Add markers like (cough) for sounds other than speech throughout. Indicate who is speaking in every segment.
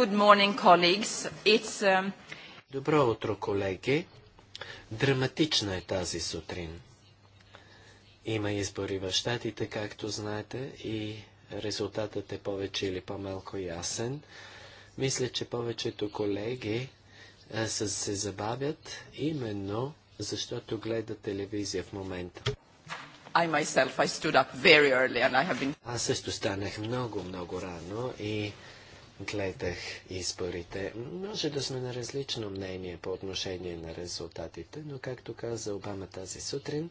Speaker 1: Good morning, colleagues. It's,
Speaker 2: um... Добро утро, колеги. Драматична е тази сутрин. Има избори в щатите, както знаете, и резултатът е повече или по-малко ясен. Мисля, че повечето колеги а, се забавят именно защото гледат телевизия в момента. I myself, I stood up very early and I have been... Аз също станах много, много рано и гледах изборите. Може да сме на различно мнение по отношение на резултатите, но както каза Обама тази сутрин,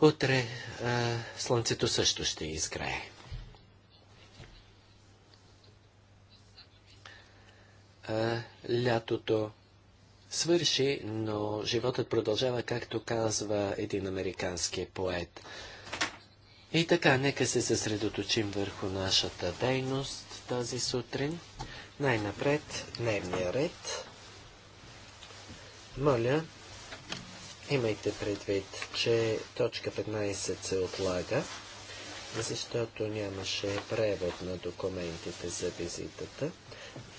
Speaker 2: утре а, слънцето също ще изгрее. А, лятото свърши, но животът продължава, както казва един американски поет. И така, нека се съсредоточим върху нашата дейност тази сутрин. Най-напред дневния ред. Моля, имайте предвид, че точка 15 се отлага, защото нямаше превод на документите за визитата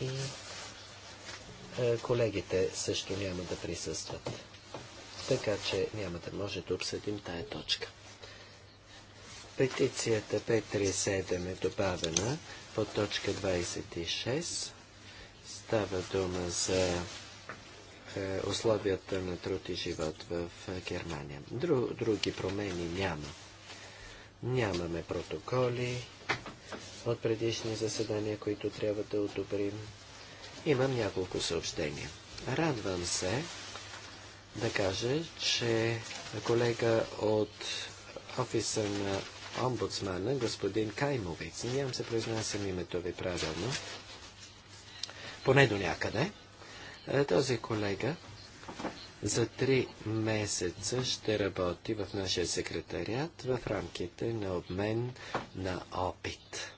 Speaker 2: и е, колегите също няма да присъстват. Така че няма да може да обсъдим тая точка. Петицията 537 е добавена по точка 26. Става дума за е, условията на труд и живот в е, Германия. Дру, други промени няма. Нямаме протоколи от предишни заседания, които трябва да одобрим. Имам няколко съобщения. Радвам се да кажа, че колега от офиса на омбудсмана, господин Каймовиц. Нямам се произнасям името ви правилно. Поне до някъде. Е, този колега за три месеца ще работи в нашия секретариат в рамките на обмен на опит.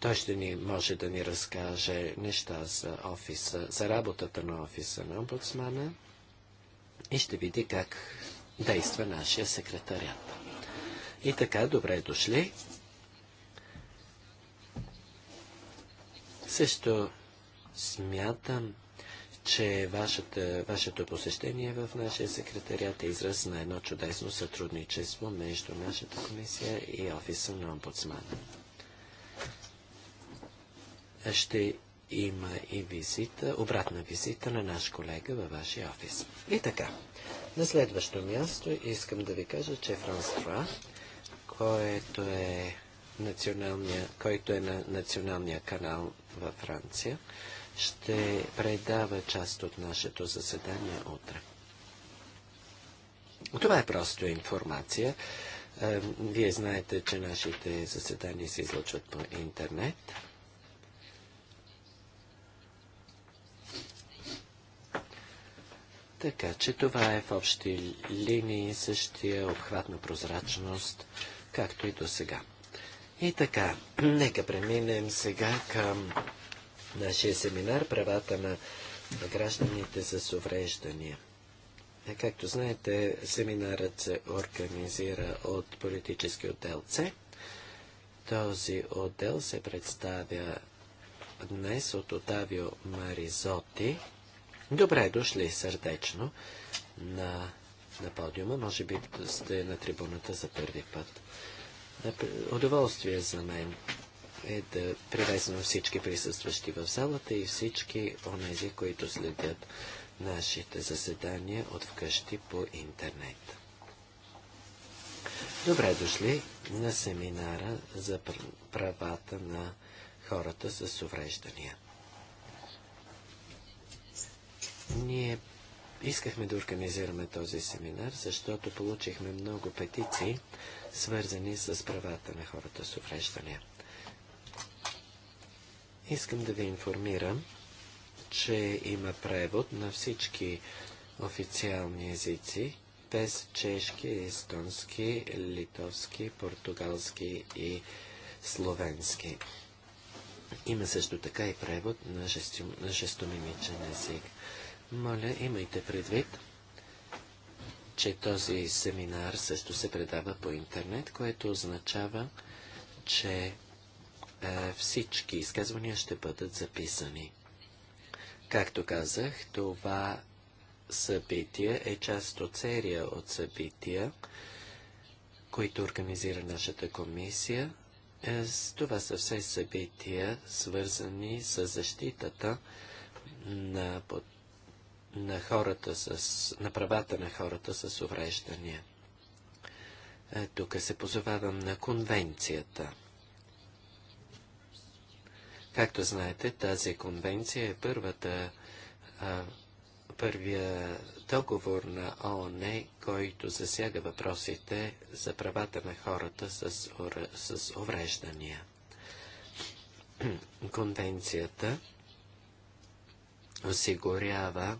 Speaker 2: Той ще ни може да ни разкаже неща за офиса, за работата на офиса на омбудсмана и ще види как действа нашия секретарят. И така, добре дошли. Също смятам, че вашата, вашето посещение в нашия секретариат е израз на едно чудесно сътрудничество между нашата комисия и офиса на омбудсмана. Ще има и визита, обратна визита на наш колега във вашия офис. И така, на следващо място искам да ви кажа, че Франс Франсуа който е, националния, който е на националния канал във Франция, ще предава част от нашето заседание утре. Това е просто информация. Е, вие знаете, че нашите заседания се излъчват по интернет. Така че това е в общи линии същия обхват на прозрачност както и до сега. И така, (clears throat) нека преминем сега към нашия семинар правата на, гражданите с увреждания. Е, както знаете, семинарът се организира от политически отдел С. Този отдел се представя днес от Отавио Маризоти. Добре дошли сърдечно на, на подиума. Може би сте на трибуната за първи път. Е, удоволствие за мен е да приветствам всички присъстващи в залата и всички онези, които следят нашите заседания от вкъщи по
Speaker 1: интернет.
Speaker 2: Добре дошли на семинара за правата на хората с увреждания. Ние Искахме да организираме този семинар, защото получихме много петиции, свързани с правата на хората с увреждания. Искам да ви информирам, че има превод на всички официални езици, без чешки, естонски, литовски, португалски и словенски. Има също така и превод на, жестомимичен език. Моля, имайте предвид, че този семинар също се предава по интернет, което означава, че е, всички изказвания ще бъдат записани. Както казах, това събитие е част от серия от събития, които организира нашата комисия. Е, това са все събития, свързани с защитата на подпочването на, хората с, на правата на хората с увреждания. Е, тук се позовавам на конвенцията. Както знаете, тази конвенция е първата, а, първия договор на ООН, който засяга въпросите за правата на хората с, с увреждания. Конвенцията осигурява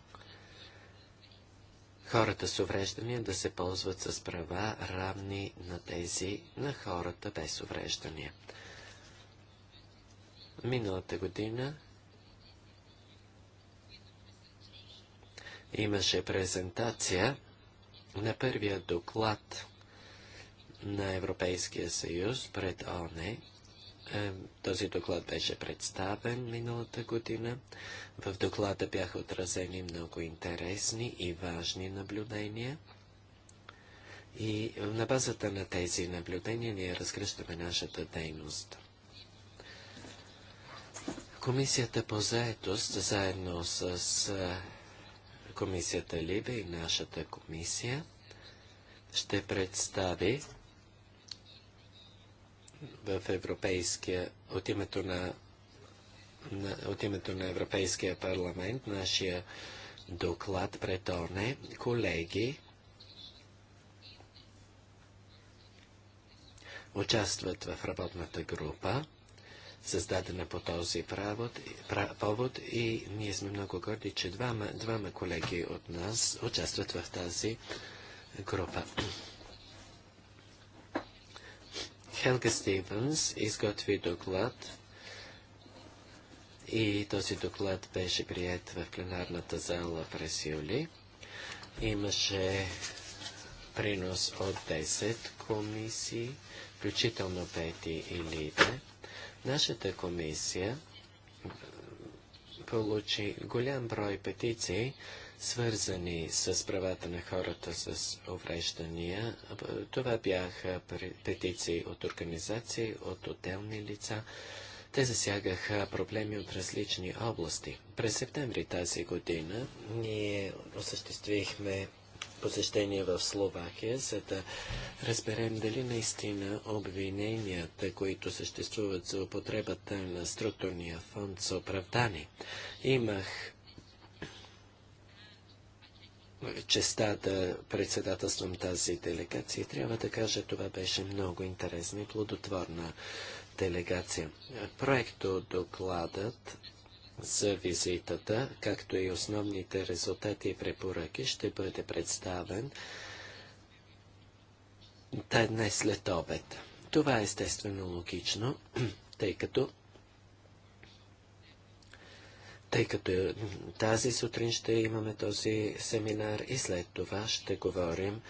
Speaker 2: хората с увреждания да се ползват с права равни на тези на хората без увреждания. Миналата година имаше презентация на първия доклад на Европейския съюз пред ОНЕ е, този доклад беше представен миналата година. В доклада бяха отразени много интересни и важни наблюдения. И на базата на тези наблюдения ние разгръщаме нашата дейност. Комисията по заетост, заедно с е, комисията Либе и нашата комисия, ще представи в Европейския, от името на, на, от името на Европейския парламент, нашия доклад пред ОНЕ. Колеги, участват в работната група, създадена по този правод, повод и ние сме много горди, че двама, двама колеги от нас участват в тази група. Хелга Стивенс изготви доклад и този доклад беше прият в пленарната зала през юли. Имаше принос от 10 комисии, включително Пети или 2. Нашата комисия получи голям брой петиции свързани с правата на хората с увреждания. Това бяха петиции от организации, от отделни лица. Те засягаха проблеми от различни области. През септември тази година ние осъществихме посещение в Словакия, за да разберем дали наистина обвиненията, които съществуват за употребата на структурния фонд, са оправдани. Имах честа да председателствам тази делегация. Трябва да кажа, това беше много интересна и плодотворна делегация. Проекто докладът за визитата, както и основните резултати и препоръки, ще бъде представен днес след обед. Това е естествено логично, тъй като тъй като тази сутрин ще имаме този семинар и след това ще говорим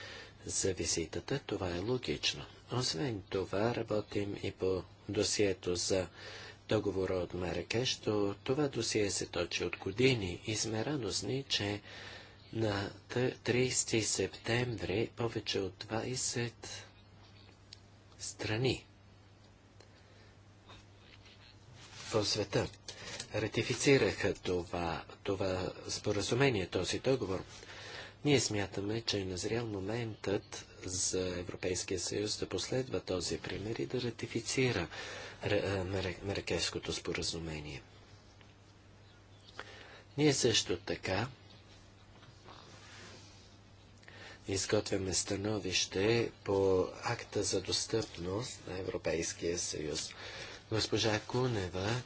Speaker 2: за визитата. Това е логично. Освен това, работим и по досието за договора от Маракеш. То, това досие се точи от години и сме радостни, че на 30 септември повече от 20 страни по света ратифицираха това, това споразумение, този договор. Ние смятаме, че е назрял моментът за Европейския съюз да последва този пример и да ратифицира Маракешското споразумение. Ние също така изготвяме становище по акта за достъпност на Европейския съюз. Госпожа Кунева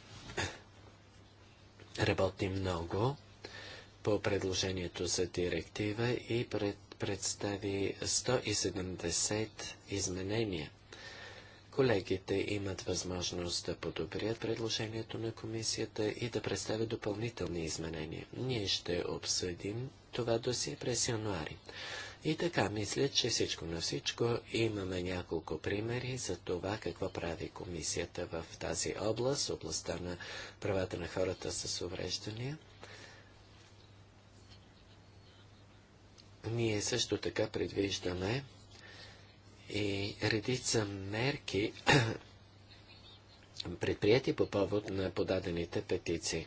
Speaker 2: Работи много по предложението за директива и пред, представи 170 изменения. Колегите имат възможност да подобрят предложението на комисията и да представят допълнителни изменения. Ние ще обсъдим това досие през януари. И така, мисля, че всичко на всичко имаме няколко примери за това какво прави комисията в тази област, областта на правата на хората с увреждания. Ние също така предвиждаме и редица мерки, (coughs) предприяти по повод на подадените петиции.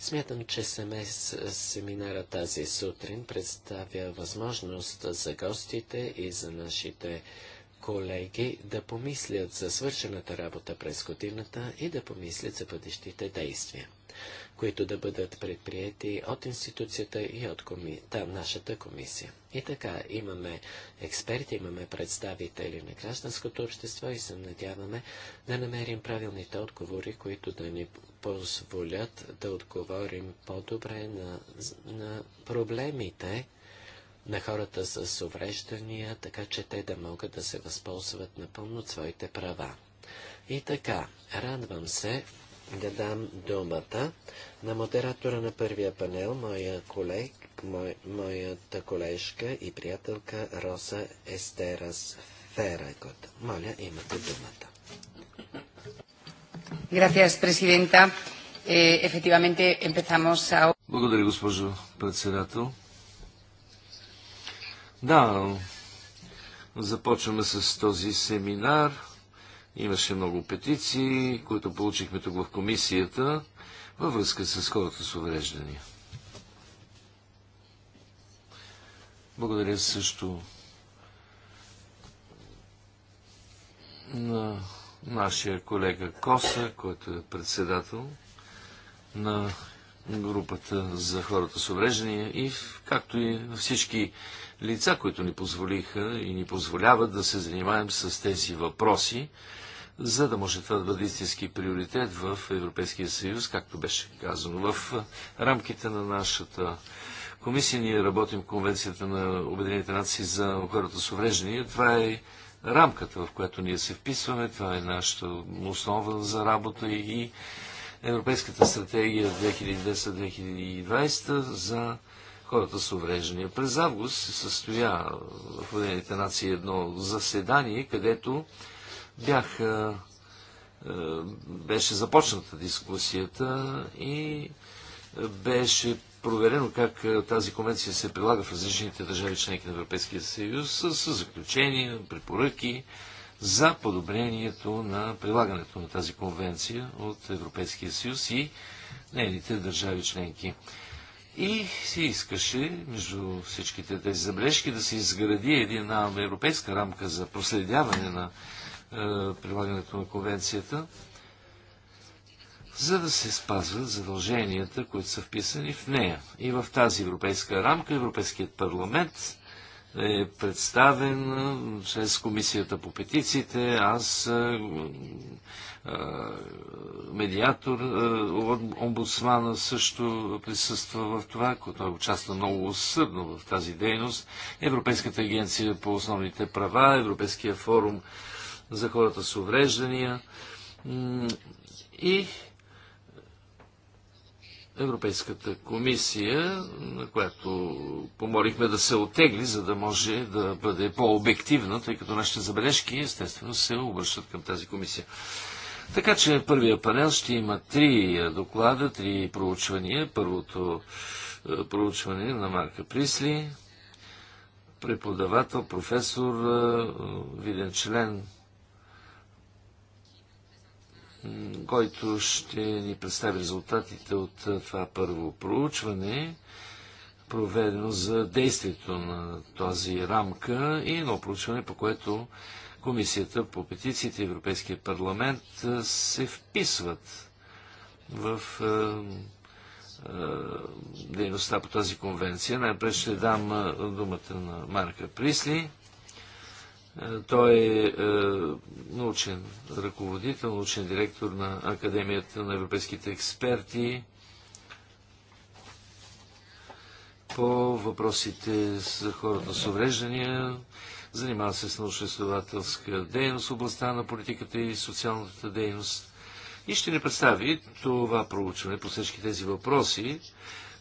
Speaker 2: Смятам, че СМС семинара тази сутрин представя възможност за гостите и за нашите колеги да помислят за свършената работа през годината и да помислят за бъдещите действия, които да бъдат предприяти от институцията и от коми... да, нашата комисия. И така, имаме експерти, имаме представители на гражданското общество и се надяваме да намерим правилните отговори, които да ни позволят да отговорим по-добре на, на проблемите на хората с увреждания, така че те да могат да се възползват напълно от своите права. И така, радвам се да дам думата на модератора на първия панел, моя колег, мой, моята колежка и приятелка Роса Естерас Ферагот. Моля, имате думата.
Speaker 3: Gracias, presidenta. Eh, efectivamente, empezamos a... Благодаря, госпожо председател. Да, започваме с този семинар. Имаше много петиции, които получихме тук в комисията във връзка с хората с увреждания. Благодаря също на нашия колега Коса, който е председател на групата за хората с увреждания и както и всички лица, които ни позволиха и ни позволяват да се занимаем с тези въпроси, за да може това да бъде истински приоритет в Европейския съюз, както беше казано. В рамките на нашата комисия ние работим Конвенцията на Обединените нации за хората с увреждания. Това е рамката, в която ние се вписваме. Това е нашата основа за работа и Европейската стратегия 2010-2020 за хората с увреждания. През август се състоя в Обединените нации едно заседание, където бях, е, беше започната дискусията и беше проверено как е, тази конвенция се прилага в различните държави членки на Европейския съюз с заключения, препоръки за подобрението на прилагането на тази конвенция от Европейския съюз и нейните държави членки. И се искаше между всичките тези забележки да се изгради една европейска рамка за проследяване на е, прилагането на конвенцията за да се спазват задълженията, които са вписани в нея. И в тази европейска рамка Европейският парламент е представен чрез Комисията по петициите, аз медиатор, омбудсмана също присъства в това, който участва много усърдно в тази дейност, Европейската агенция по основните права, Европейския форум за хората с увреждания и Европейската комисия, на която помолихме да се отегли, за да може да бъде по-обективна, тъй като нашите забележки естествено се обръщат към тази комисия. Така че първия панел ще има три е, доклада, три проучвания. Първото е, проучване на Марка Присли, преподавател, професор, е, виден член който ще ни представи резултатите от това първо проучване, проведено за действието на тази рамка и едно проучване, по което Комисията по петициите и Европейския парламент се вписват в дейността по тази конвенция. Най-пред ще дам думата на Марка Присли, е, той е, е, научен ръководител, научен директор на Академията на европейските експерти по въпросите за хората с увреждания. Занимава се с научно-изследователска дейност в областта на политиката и социалната дейност. И ще ни представи това проучване по всички тези въпроси.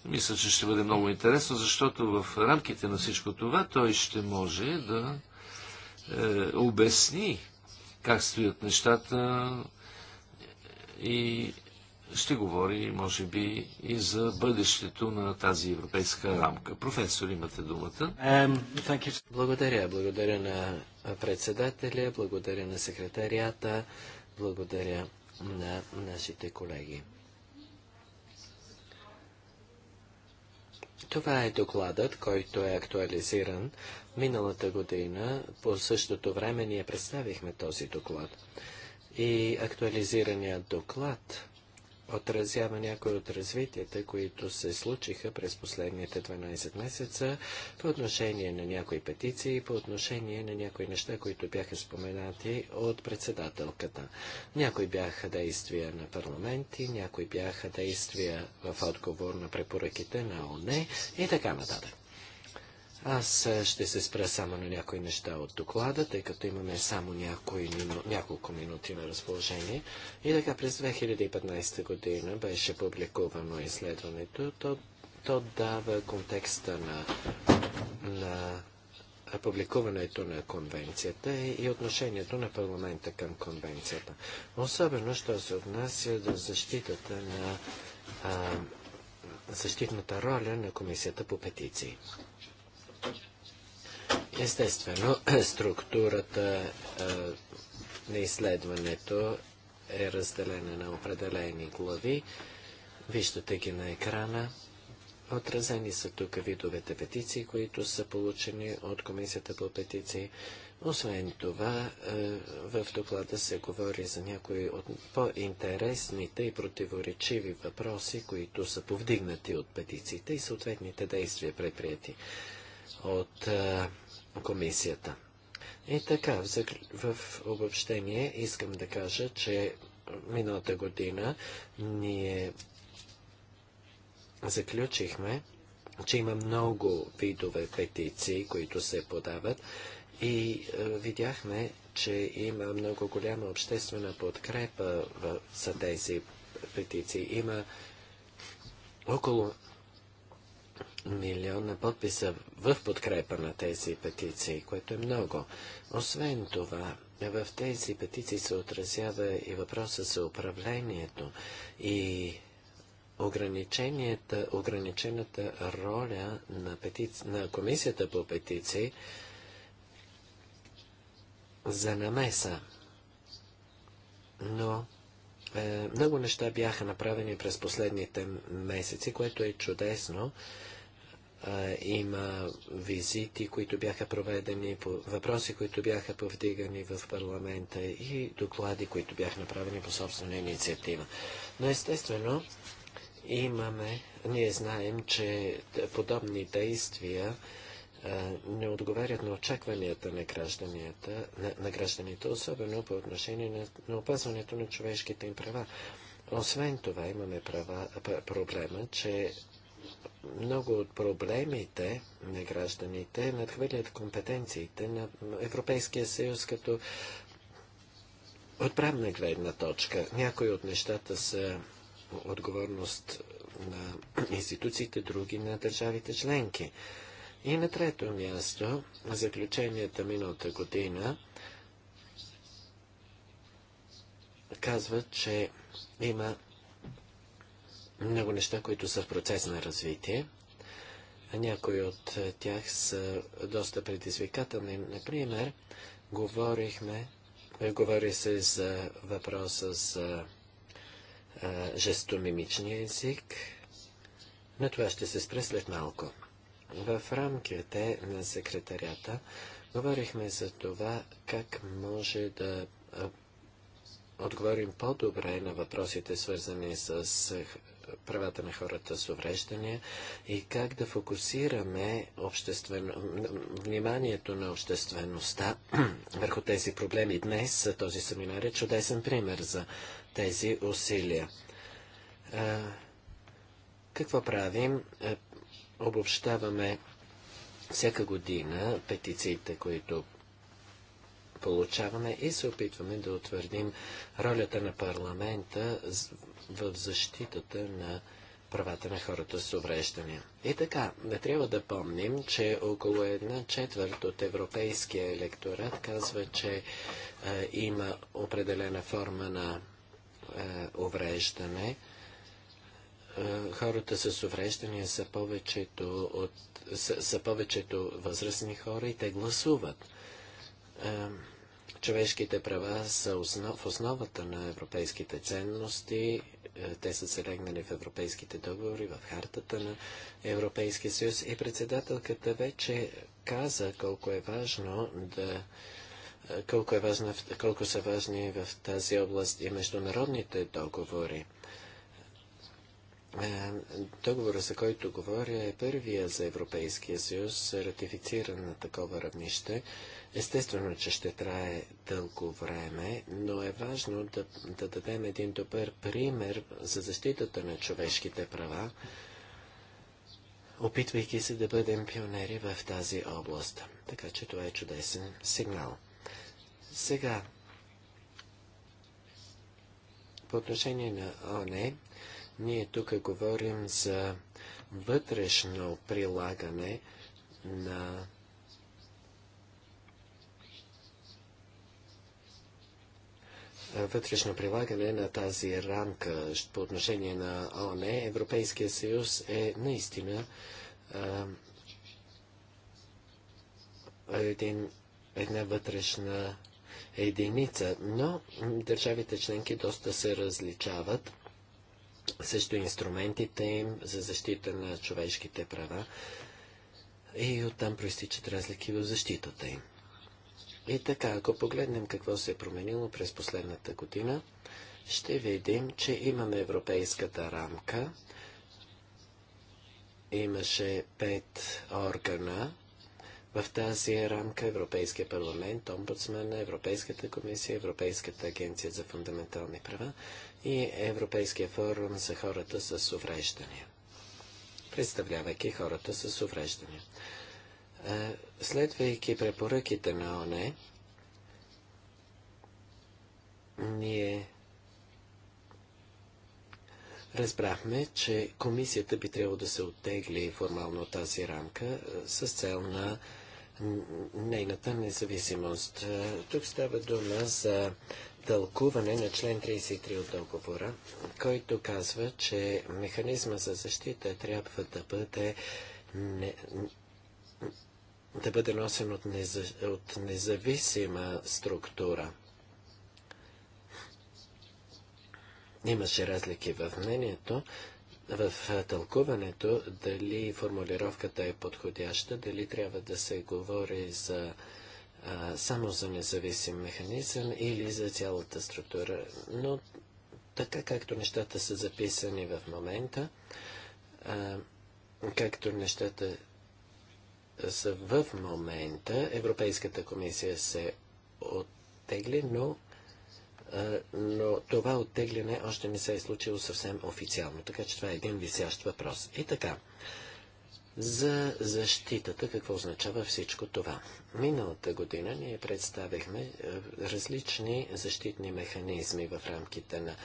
Speaker 3: Мисля, че ще бъде много интересно, защото в рамките на всичко това той ще може да е, обясни как стоят нещата и ще говори, може би, и за бъдещето на тази европейска рамка. Професор, имате думата.
Speaker 2: благодаря. Благодаря на председателя, благодаря на секретарията, благодаря на нашите колеги. Това е докладът, който е актуализиран Миналата година по същото време ние представихме този доклад. И актуализираният доклад отразява някои от развитията, които се случиха през последните 12 месеца по отношение на някои петиции, по отношение на някои неща, които бяха споменати от председателката. Някои бяха действия на парламенти, някои бяха действия в отговор на препоръките на ОНЕ и така нататък. Аз ще се спра само на някои неща от доклада, тъй като имаме само някои, няколко минути на разположение. И така през 2015 година беше публикувано изследването. То, то дава контекста на, на публикуването на конвенцията и отношението на парламента към конвенцията. Особено, що се отнася до защитата на а, защитната роля на Комисията по петиции. Естествено, (clears throat) структурата на изследването е разделена на определени глави. Виждате ги на екрана. Отразени са тук видовете петиции, които са получени от Комисията по петиции. Освен това, в доклада се говори за някои от по-интересните и противоречиви въпроси, които са повдигнати от петициите и съответните действия предприяти от комисията. И така, в, в обобщение искам да кажа, че миналата година ние заключихме, че има много видове петиции, които се подават и е, видяхме, че има много голяма обществена подкрепа за тези петиции. Има около милиона подписа в подкрепа на тези петиции, което е много. Освен това, в тези петиции се отразява и въпроса за управлението и ограниченията, ограничената роля на, петици, на комисията по петиции за намеса. Но е, много неща бяха направени през последните месеци, което е чудесно, има визити, които бяха проведени, по въпроси, които бяха повдигани в парламента и доклади, които бяха направени по собствена инициатива. Но естествено, имаме, ние знаем, че подобни действия не отговарят на очакванията на гражданите, на, на гражданите, особено по отношение на, на опазването на човешките им права. Освен това имаме права, проблема, че много от проблемите на гражданите надхвърлят компетенциите на Европейския съюз като отправна гледна точка. Някои от нещата са отговорност на институциите, други на държавите членки. И на трето място, заключенията миналата година казват, че има много неща, които са в процес на развитие. някои от тях са доста предизвикателни. Например, говорихме, говори се за въпроса за жестомимичния език. На това ще се спре след малко. В рамките на секретарята говорихме за това как може да отговорим по-добре на въпросите, свързани с правата на хората с увреждания и как да фокусираме обществено, вниманието на обществеността (clears throat) върху тези проблеми. Днес този семинар е чудесен пример за тези усилия. А, какво правим? Е, обобщаваме всяка година петициите, които получаваме и се опитваме да утвърдим ролята на парламента в защитата на правата на хората с увреждания. И така, не трябва да помним, че около една четвърт от европейския електорат казва, че е, има определена форма на е, увреждане. Е, хората с увреждания са повечето, от, са, са повечето възрастни хора и те гласуват. Е, Човешките права са основ, в основата на европейските ценности. Е, те са се легнали в европейските договори, в хартата на Европейския съюз. И председателката вече каза колко е важно да е, колко, е важна, колко са важни в тази област и международните договори. Е, Договорът, за който говоря, е първия за Европейския съюз, ратифициран на такова равнище. Естествено, че ще трае дълго време, но е важно да, да дадем един добър пример за защитата на човешките права, опитвайки се да бъдем пионери в тази област. Така че това е чудесен сигнал. Сега, по отношение на ОНЕ, ние тук говорим за вътрешно прилагане на вътрешно прилагане на тази рамка по отношение на ОНЕ, Европейския съюз е наистина а, един, една вътрешна единица, но държавите членки доста се различават. Също инструментите им за защита на човешките права и оттам проистичат разлики в защитата им. И така, ако погледнем какво се е променило през последната година, ще видим, че имаме европейската рамка. Имаше пет органа. В тази рамка Европейския парламент, Омбудсмана, Европейската комисия, Европейската агенция за фундаментални права и Европейския форум за хората с увреждания представлявайки хората с увреждания. Следвайки препоръките на ОНЕ, ние разбрахме, че комисията би трябвало да се оттегли формално тази рамка с цел на нейната независимост. Тук става дума за тълкуване на член 33 от договора, който казва, че механизма за защита трябва да бъде не, да бъде носен от, неза, от независима структура. Имаше разлики в мнението, в тълкуването, дали формулировката е подходяща, дали трябва да се говори за, а, само за независим механизъм или за цялата структура. Но така както нещата са записани в момента, а, както нещата в момента Европейската комисия се оттегли, но, но това оттегляне още не се е случило съвсем официално. Така че това е един висящ въпрос. И така, за защитата, какво означава всичко това? Миналата година ние представихме различни защитни механизми в рамките на,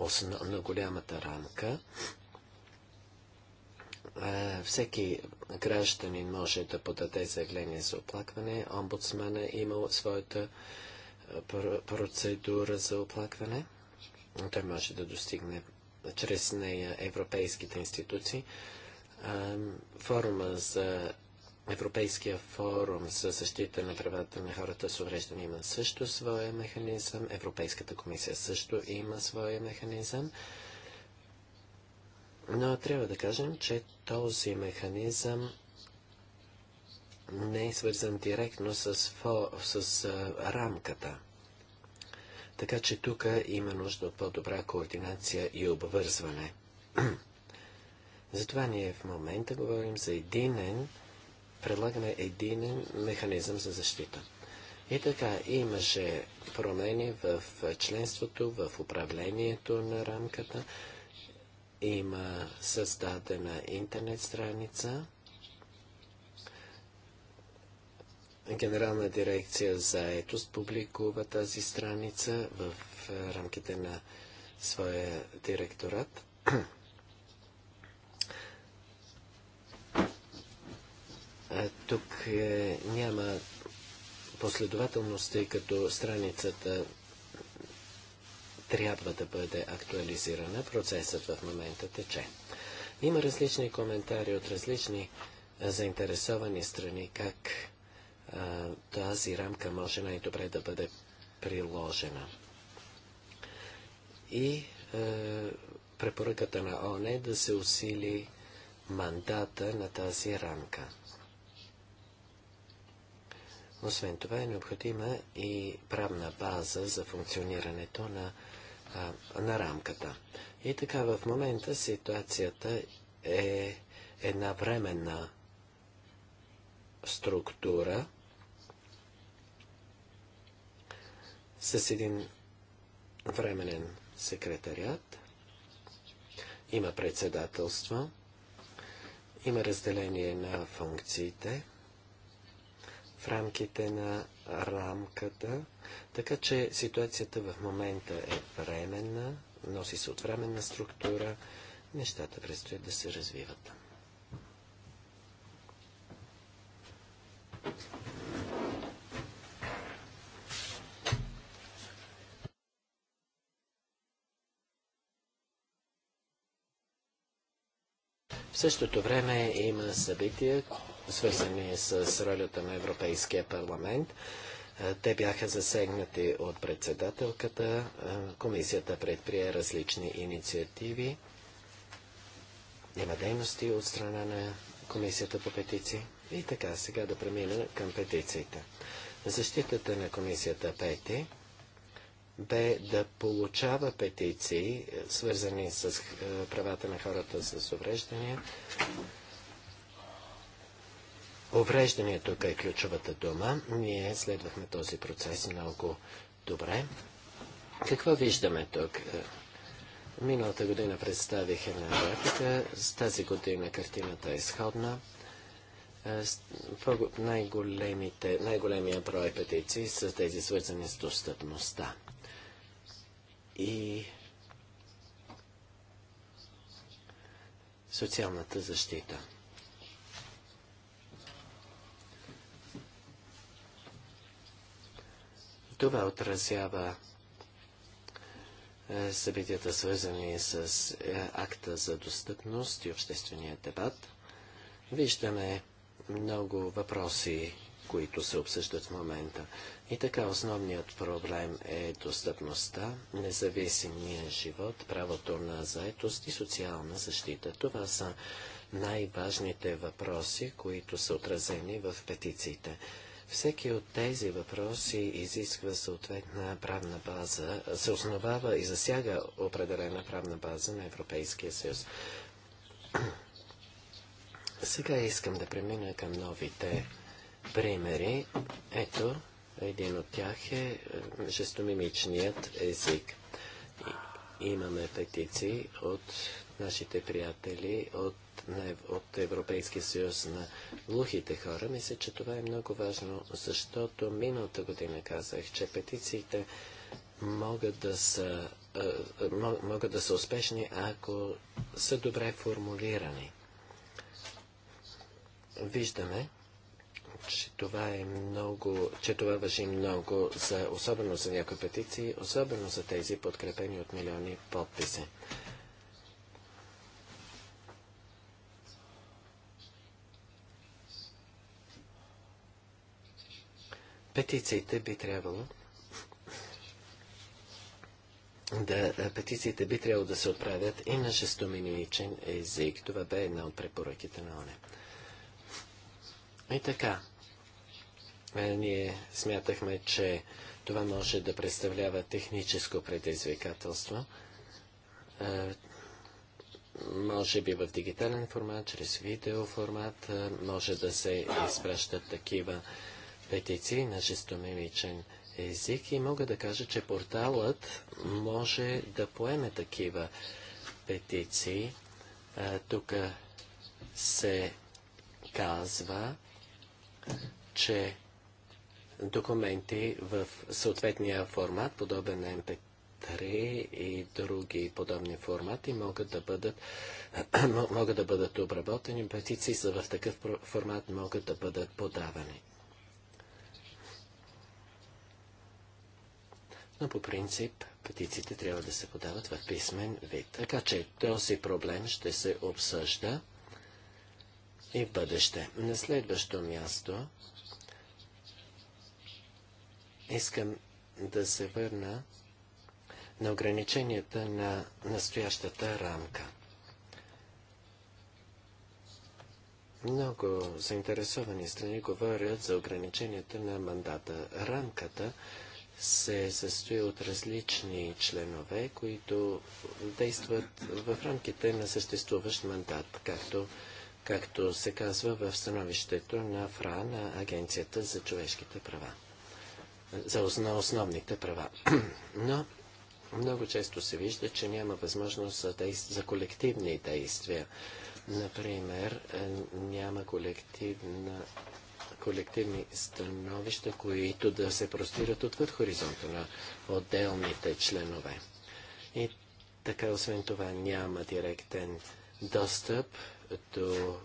Speaker 2: основ... на голямата рамка всеки гражданин може да подаде заявление за оплакване. Омбудсмана има своята процедура за оплакване. Той може да достигне чрез нея европейските институции. Форума за Европейския форум за защита на правата на хората с увреждане има също своя механизъм. Европейската комисия също има своя механизъм. Но трябва да кажем, че този механизъм не е свързан директно с, фо, с а, рамката. Така че тук има нужда от по-добра координация и обвързване. (clears throat) Затова ние в момента говорим за единен, предлагаме единен механизъм за защита. И така, имаше промени в членството, в управлението на рамката има създадена интернет страница. Генерална дирекция за етост публикува тази страница в е, рамките на своя директорат. Тук е, няма последователност, тъй като страницата трябва да бъде актуализирана. Процесът в момента тече. Има различни коментари от различни заинтересовани страни, как а, тази рамка може най-добре да бъде приложена. И а, препоръката на ОНЕ е да се усили мандата на тази рамка. Освен това е необходима и правна база за функционирането на на рамката. И така в момента ситуацията е една временна структура с един временен секретариат, има председателство, има разделение на функциите – в рамките на рамката, така че ситуацията в момента е временна, носи се от временна структура, нещата предстоят да се развиват. В същото време има събития, свързани с ролята на Европейския парламент. Е, те бяха засегнати от председателката. Е, комисията предприе различни инициативи. Има дейности от страна на Комисията по петиции. И така, сега да премина към петициите. Защитата на Комисията Пети бе да получава петиции, е, свързани с правата на хората с увреждания, Увреждане тук е ключовата дума. Ние следвахме този процес много добре. Какво виждаме тук? Е, миналата година представих една графика. С тази година картината е сходна. Е, най най-големия брой петиции са тези свързани с достъпността. И социалната защита. Това отразява е, събитията, свързани с е, акта за достъпност и обществения дебат. Виждаме много въпроси, които се обсъждат в момента. И така основният проблем е достъпността, независимия живот, правото на заетост и социална защита. Това са най-важните въпроси, които са отразени в петициите. Всеки от тези въпроси изисква съответна правна база, се основава и засяга определена правна база на Европейския съюз. Сега искам да премина към новите примери. Ето, един от тях е, е жестомимичният език. Имаме петиции от нашите приятели от от Европейския съюз на глухите хора. Мисля, че това е много важно, защото миналата година казах, че петициите могат да са, могат да са успешни, ако са добре формулирани. Виждаме, че това е много, че това въжи много, за, особено за някои петиции, особено за тези подкрепени от милиони подписи. Петициите би трябвало да, петициите би трябвало да се отправят и на жестоминичен език. Това бе една от препоръките на ОНЕ. И така, е, ние смятахме, че това може да представлява техническо предизвикателство. Е, може би в дигитален формат, чрез видеоформат, е, може да се изпращат такива петиции на жестомимичен език и мога да кажа, че порталът може да поеме такива петиции. Тук се казва, че документи в съответния формат, подобен на MP3 и други подобни формати, могат да бъдат, (clears throat) могат да бъдат обработени. Петиции са в такъв формат могат да бъдат подавани. но по принцип петициите трябва да се подават в писмен вид. Така че този проблем ще се обсъжда и в бъдеще. На следващо място искам да се върна на ограниченията на настоящата рамка. Много заинтересовани страни говорят за ограниченията на мандата. Рамката се състои от различни членове, които действат в рамките на съществуващ мандат, както, както се казва в становището на ФРА на Агенцията за човешките права, за основните права. (clears throat) Но много често се вижда, че няма възможност за, действ... за колективни действия. Например, е, няма колективна колективни становища, които да се простират отвъд хоризонта на отделните членове. И така, освен това, няма директен достъп до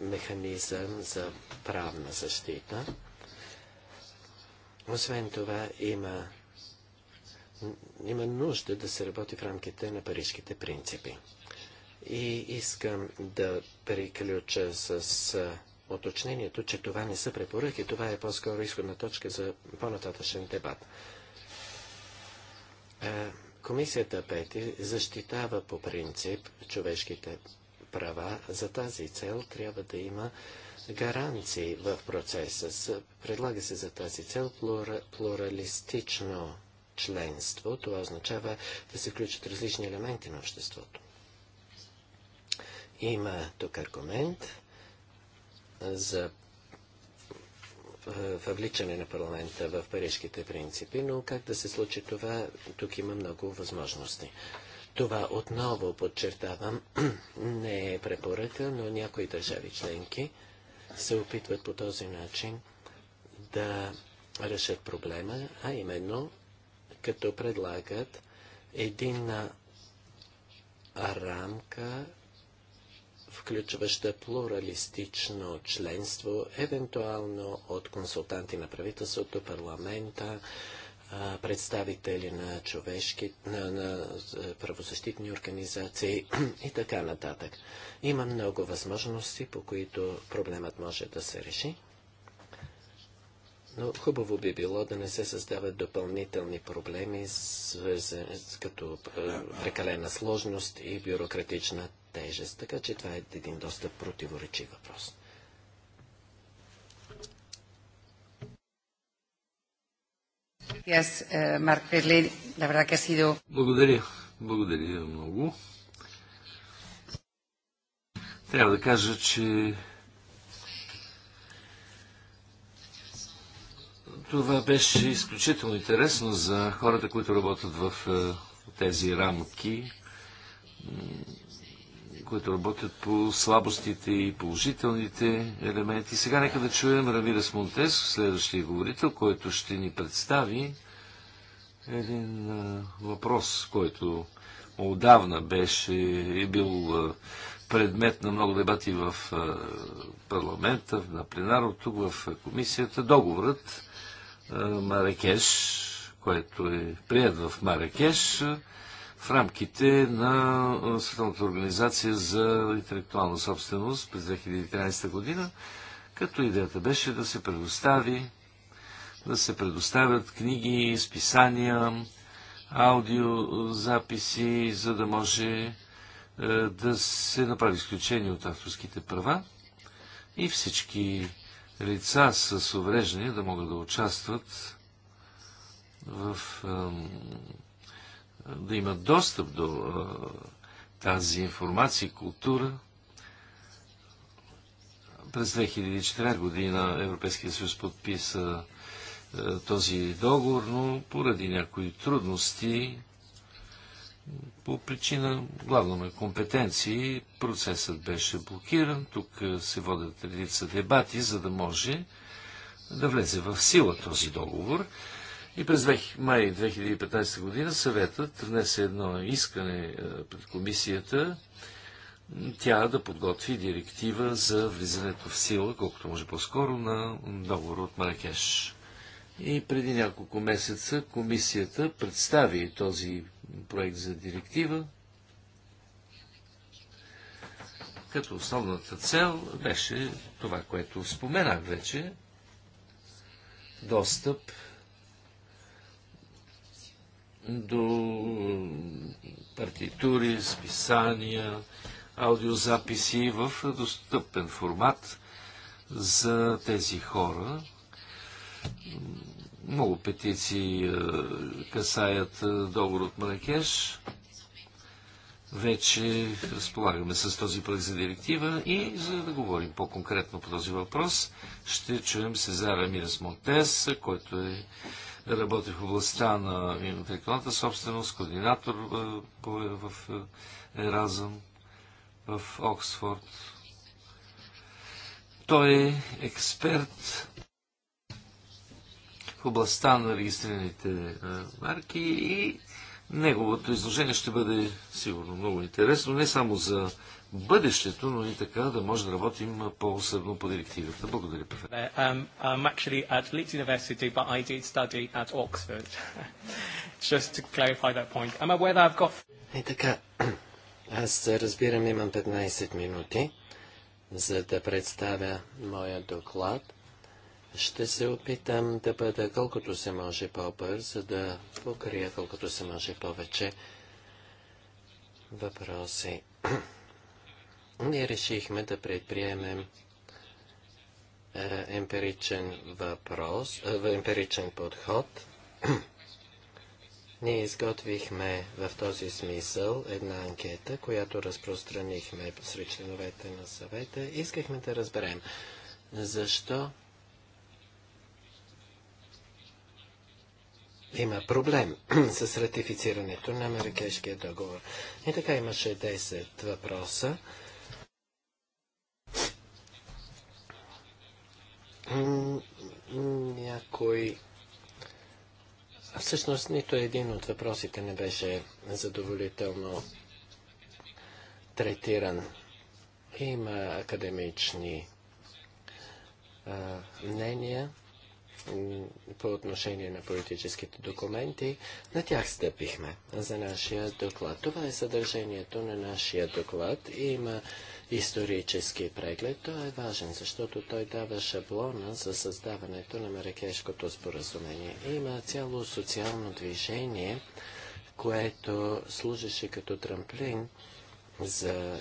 Speaker 2: механизъм за правна защита. Освен това, има, има нужда да се работи в рамките на парижките принципи. И искам да приключа с оточнението, че това не са препоръки, това е по-скоро изходна точка за по-нататъчен дебат. Е, комисията Пети защитава по принцип човешките права. За тази цел трябва да има гаранции в процеса. Предлага се за тази цел плура, плуралистично членство. Това означава да се включат различни елементи на обществото. Има тук аргумент, за е, въвличане на парламента в парижските принципи, но как да се случи това, тук има много възможности. Това отново подчертавам, (clears throat) не е препоръка, но някои държави членки се опитват по този начин да решат проблема, а именно като предлагат на рамка включваща плуралистично членство, евентуално от консултанти на правителството, парламента, представители на човешки, на, на правозащитни организации (clears throat) и така нататък. Има много възможности, по които проблемът може да се реши. Но хубаво би било да не се създават допълнителни проблеми, с, с, с като прекалена сложност и бюрократична тежест. Така че това е един доста противоречив въпрос.
Speaker 3: Uh, Благодаря. Благодаря много. Трябва да кажа, че това беше изключително интересно за хората, които работят в е, тези рамки които работят по слабостите и положителните елементи. Сега нека да чуем Равирес Монтес, следващия говорител, който ще ни представи един а, въпрос, който отдавна беше е бил а, предмет на много дебати в а, парламента, на пленара тук в комисията. Договорът а, Маракеш, който е прият в Маракеш, а, в рамките на Световната организация за интелектуална собственост през 2013 година, като идеята беше да се предостави да се предоставят книги, списания, аудиозаписи, за да може е, да се направи изключение от авторските права и всички лица с увреждания да могат да участват в да имат достъп до тази информация и култура. През 2004 година Европейския съюз подписа този договор, но поради някои трудности, по причина главно на компетенции, процесът беше блокиран. Тук се водят редица дебати, за да може да влезе в сила този договор. И през 2, май 2015 година съветът внесе едно искане е, пред комисията тя да подготви директива за влизането в сила, колкото може по-скоро, на договор от Маракеш. И преди няколко месеца комисията представи този проект за директива, като основната цел беше това, което споменах вече, достъп до партитури, списания, аудиозаписи в достъпен формат за тези хора. Много петиции е, касаят е, договор от Маракеш. Вече разполагаме с този проект за директива и за да говорим по-конкретно по този въпрос, ще чуем Сезара Мирас Монтес, който е работи в областта на интелектуалната собственост, координатор е, в е, Еразъм, в Оксфорд. Той е експерт в областта на регистрираните е, марки и неговото изложение ще бъде сигурно много интересно, не само за бъдещето, но и така да може да работим по-усърдно по директивата. Благодаря, професор. И
Speaker 2: uh, um, (laughs) е, така, (clears throat) аз разбирам, имам 15 минути, за да представя моя доклад. Ще се опитам да бъда колкото се може по-бърз, за да покрия колкото се може повече въпроси. (clears throat) ние решихме да предприемем е, емпиричен въпрос, е, емпиричен подход. (clears throat) Ние изготвихме в този смисъл една анкета, която разпространихме сред членовете на съвета. Искахме да разберем защо има проблем (clears throat) с ратифицирането на Марикешкия договор. И така имаше 10 въпроса. някой... Всъщност нито един от въпросите не беше задоволително третиран. Има академични а, мнения по отношение на политическите документи. На тях стъпихме за нашия доклад. Това е съдържанието на нашия доклад. Има исторически преглед. Той е важен, защото той дава шаблона за създаването на Маракешкото споразумение. Има цяло социално движение, което служеше като трамплин за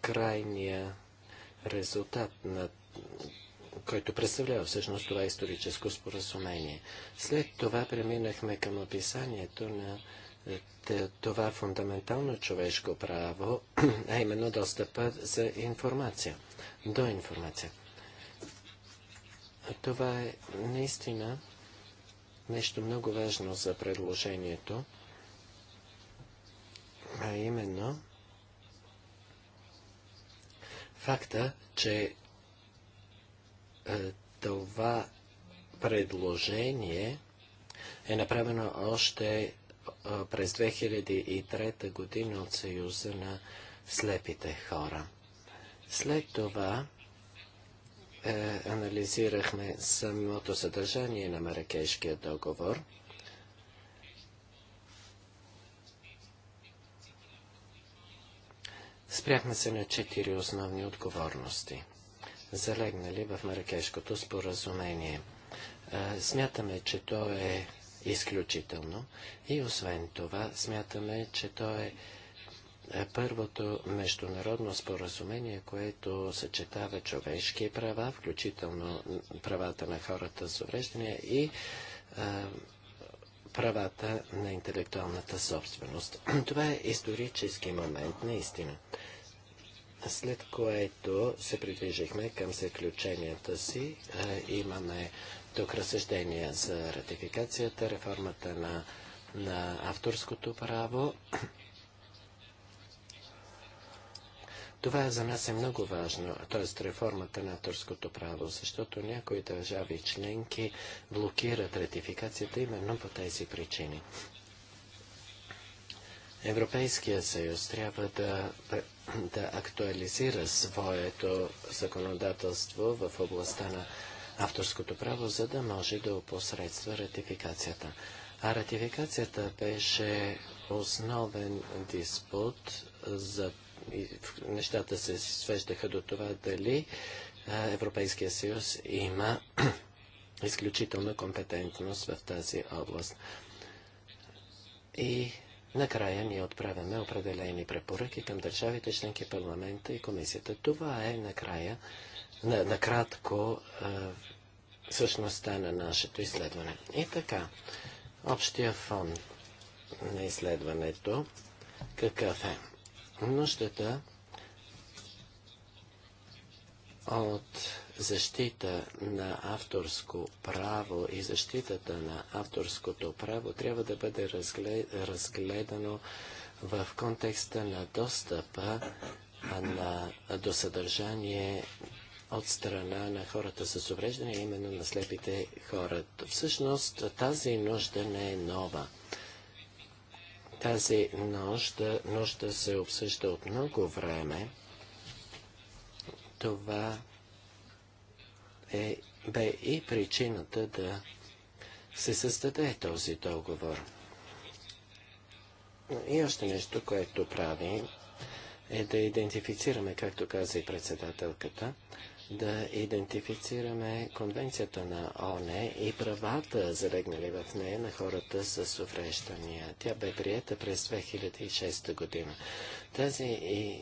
Speaker 2: крайния резултат на който представлява всъщност това историческо споразумение. След това преминахме към описанието на е, това фундаментално човешко право, (clears throat) а именно достъпа за информация, до информация. Това е наистина нещо много важно за предложението, а именно факта, че е, това предложение е направено още през 2003 година от Съюза на слепите хора. След това е, анализирахме самото съдържание на Маракешкия договор. Спряхме се на четири основни отговорности, залегнали в Маракешкото споразумение. Е, смятаме, че то е изключително. И освен това, смятаме, че то е, е първото международно споразумение, което съчетава човешки права, включително правата на хората с увреждания и а, е, правата на интелектуалната собственост. (clears throat) Това е исторически момент, наистина. След което се придвижихме към заключенията си. Е, имаме тук разсъждения за ратификацията, реформата на, на авторското право. Това за нас е много важно, т.е. реформата на авторското право, защото някои държави членки блокират ратификацията именно по тези причини. Европейския съюз трябва да, да актуализира своето законодателство в областта на авторското право, за да може да опосредства ратификацията. А ратификацията беше основен диспут за нещата се свеждаха до това дали Европейския съюз има (clears throat) изключителна компетентност в тази област. И накрая ние отправяме определени препоръки към държавите, членки парламента и комисията. Това е накрая накратко същността на нашето изследване. И така, общия фон на изследването какъв е? Нуждата от защита на авторско право и защитата на авторското право трябва да бъде разгледано в контекста на достъпа на, до съдържание от страна на хората с увреждане, именно на слепите хора. Всъщност тази нужда не е нова. Тази нужда, нужда се обсъжда от много време. Това е, бе и причината да се създаде този договор. И още нещо, което правим, е да идентифицираме, както каза и председателката, да идентифицираме конвенцията на ОНЕ и правата, залегнали в нея на хората с увреждания. Тя бе приета през 2006 година. Тази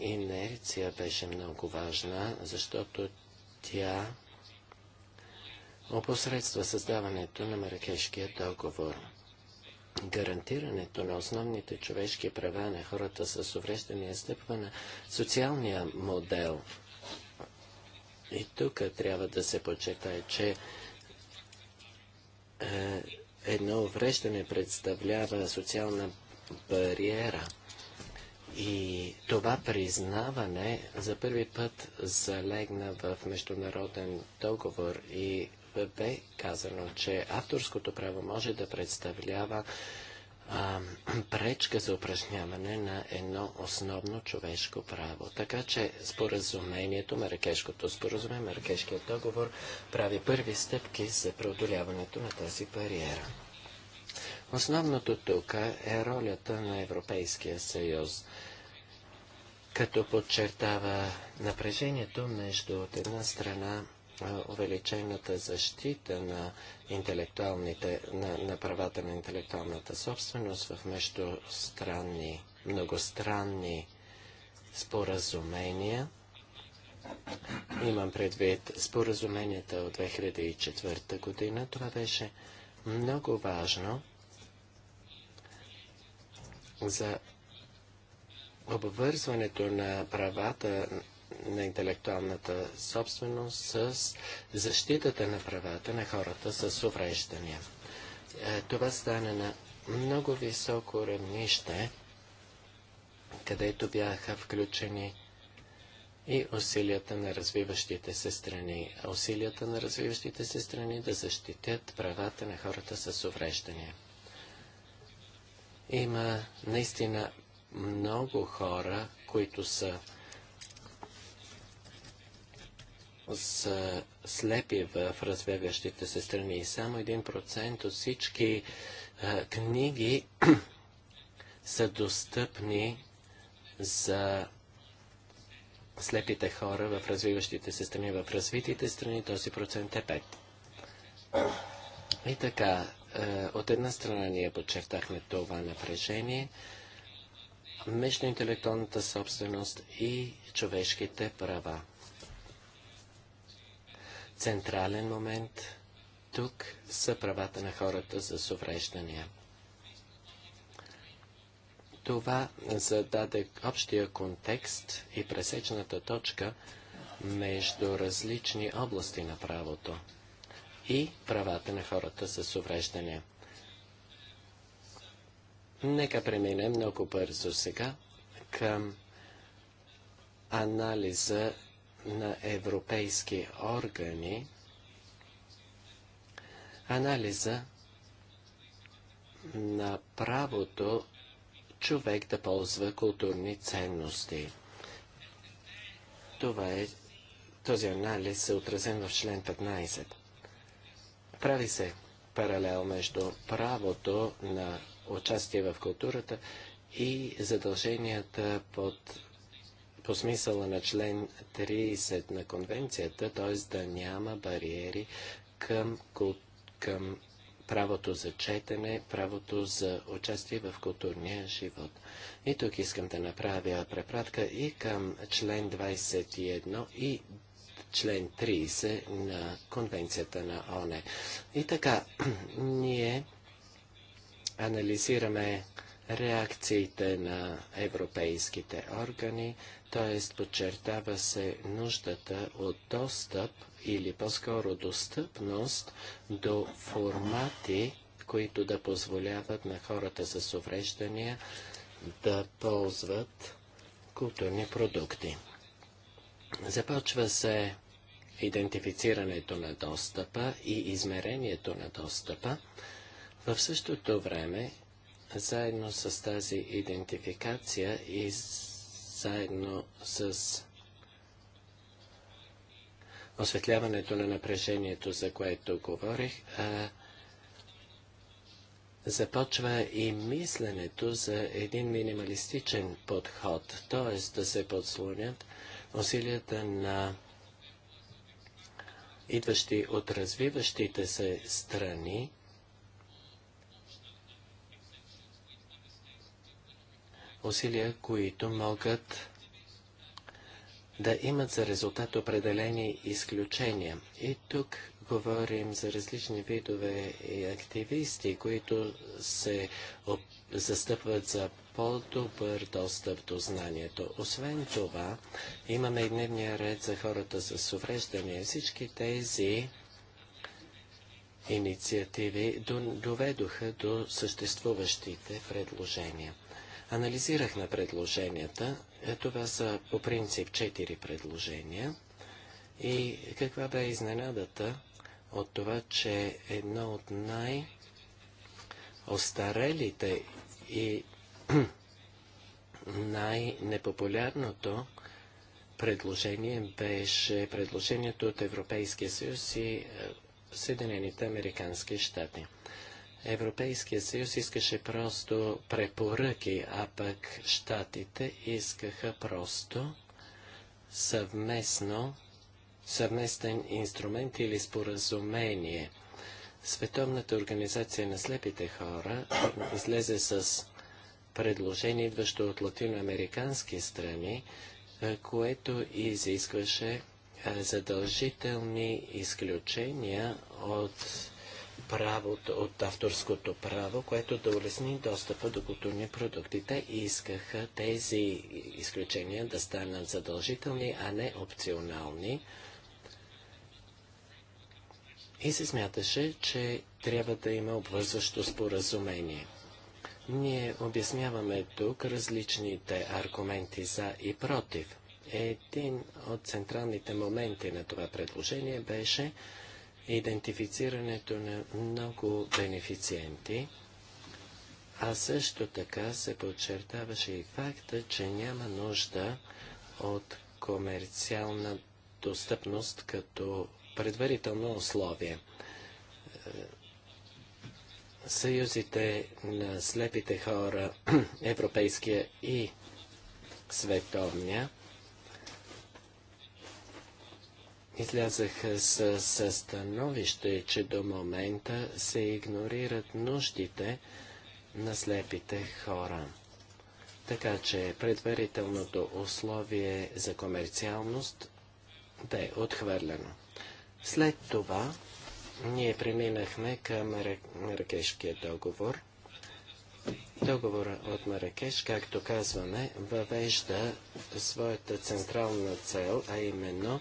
Speaker 2: инерция беше много важна, защото тя опосредства създаването на Маракешкия договор. Гарантирането на основните човешки права на хората с увреждания стъпва на социалния модел – и тук трябва да се почетае, че е, едно увреждане представлява социална бариера. И това признаване за първи път залегна в международен договор и бе казано, че авторското право може да представлява а, (clears throat) пречка за упражняване на едно основно човешко право. Така че споразумението, Маракешкото споразумение, Маракешкият договор прави първи стъпки за преодоляването на тази бариера. Основното тук е ролята на Европейския съюз, като подчертава напрежението между от една страна увеличената защита на, интелектуалните, на, на правата на интелектуалната собственост в междустранни, многостранни споразумения. Имам предвид споразуменията от 2004 година. Това беше много важно за обвързването на правата на интелектуалната собственост с защитата на правата на хората с увреждания. Е, това стана на много високо равнище, където бяха включени и усилията на развиващите се страни. Усилията на развиващите се страни да защитят правата на хората с увреждания. Има наистина много хора, които са са слепи в развиващите се страни. Само 1% от всички книги (clears throat) са достъпни за слепите хора в развиващите се страни. В развитите страни този процент е 5. И така, от една страна ние подчертахме това напрежение между интелектуалната собственост и човешките права. Централен момент тук са правата на хората с увреждания. Това зададе общия контекст и пресечната точка между различни области на правото и правата на хората с увреждания. Нека преминем много бързо сега към анализа на европейски органи, анализа на правото човек да ползва културни ценности. Това е, този анализ е отразен в член 15. Прави се паралел между правото на участие в културата и задълженията под по смисъла на член 30 на конвенцията, т.е. да няма бариери към, към правото за четене, правото за участие в културния живот. И тук искам да направя препратка и към член 21 и член 30 на Конвенцията на ОНЕ. И така, (clears throat) ние анализираме реакциите на европейските органи, т.е. подчертава се нуждата от достъп или по-скоро достъпност до формати, които да позволяват на хората с увреждания да ползват културни продукти. Започва се идентифицирането на достъпа и измерението на достъпа. В същото време, заедно с тази идентификация, из заедно с осветляването на напрежението, за което говорих, а, започва и мисленето за един минималистичен подход, т.е. да се подслонят усилията на идващи от развиващите се страни усилия, които могат да имат за резултат определени изключения. И тук говорим за различни видове и активисти, които се застъпват за по-добър достъп до знанието. Освен това, имаме и дневния ред за хората с увреждания. Всички тези инициативи доведоха до съществуващите предложения. Анализирахме предложенията. Е, това са по принцип четири предложения. И каква бе изненадата от това, че едно от най- остарелите и (clears throat) най-непопулярното предложение беше предложението от Европейския съюз и е, Съединените Американски щати. Европейския съюз искаше просто препоръки, а пък щатите искаха просто съвместно, съвместен инструмент или споразумение. Световната организация на слепите хора излезе с предложение, идващо от латиноамерикански страни, което изискваше задължителни изключения от правото, от авторското право, което да улесни достъпа до културни продукти. Те искаха тези изключения да станат задължителни, а не опционални. И се смяташе, че трябва да има обвързващо споразумение. Ние обясняваме тук различните аргументи за и против. Един от централните моменти на това предложение беше, идентифицирането на много бенефициенти, а също така се подчертаваше и факта, че няма нужда от комерциална достъпност като предварително условие. Е, съюзите на слепите хора, (clears throat) европейския и световния, излязаха с, състановище, становище, че до момента се игнорират нуждите на слепите хора. Така че предварителното условие за комерциалност бе отхвърлено. След това ние преминахме към Маракешкия договор. Договора от Маракеш, както казваме, въвежда своята централна цел, а именно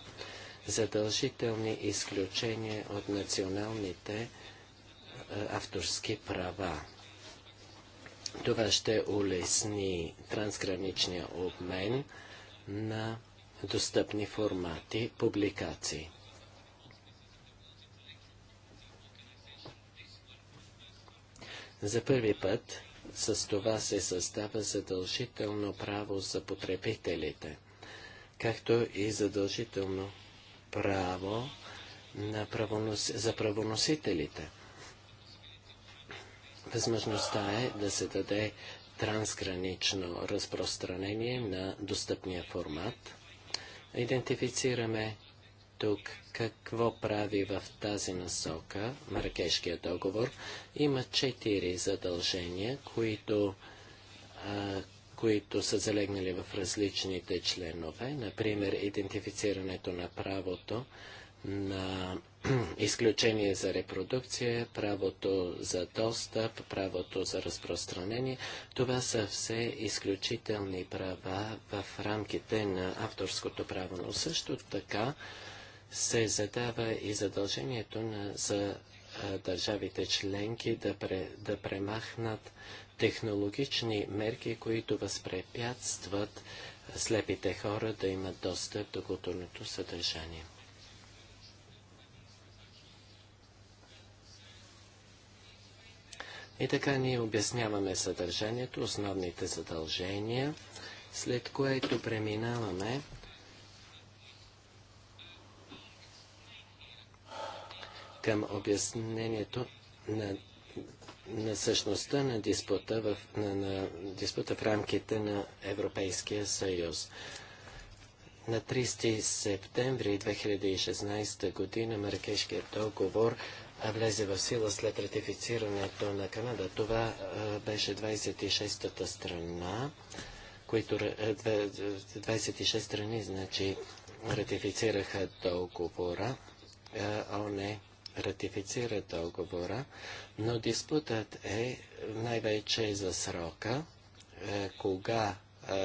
Speaker 2: задължителни изключения от националните е, авторски права. Това ще улесни трансграничния обмен на достъпни формати публикации. За първи път с това се създава задължително право за потребителите, както и задължително право на правонос... за правоносителите. Възможността е да се даде трансгранично разпространение на достъпния формат. Идентифицираме тук какво прави в тази насока Маракешкия договор. Има четири задължения, които а, които са залегнали в различните членове, например идентифицирането на правото на (clears throat) изключение за репродукция, правото за достъп, правото за разпространение. Това са все изключителни права в рамките на авторското право, но също така се задава и задължението на, за а, държавите членки да, пре, да премахнат технологични мерки, които възпрепятстват слепите хора да имат достъп до културното съдържание. И така ние обясняваме съдържанието, основните задължения, след което преминаваме към обяснението на на същността на диспута в, на, на диспута в рамките на Европейския съюз. На 30 септември 2016 година Маракешкият договор влезе в сила след ратифицирането на Канада. Това а, беше 26-та страна, които 26 страни, значи, ратифицираха договора. не ратифицира договора, но диспутът е най-вече за срока, е, кога е,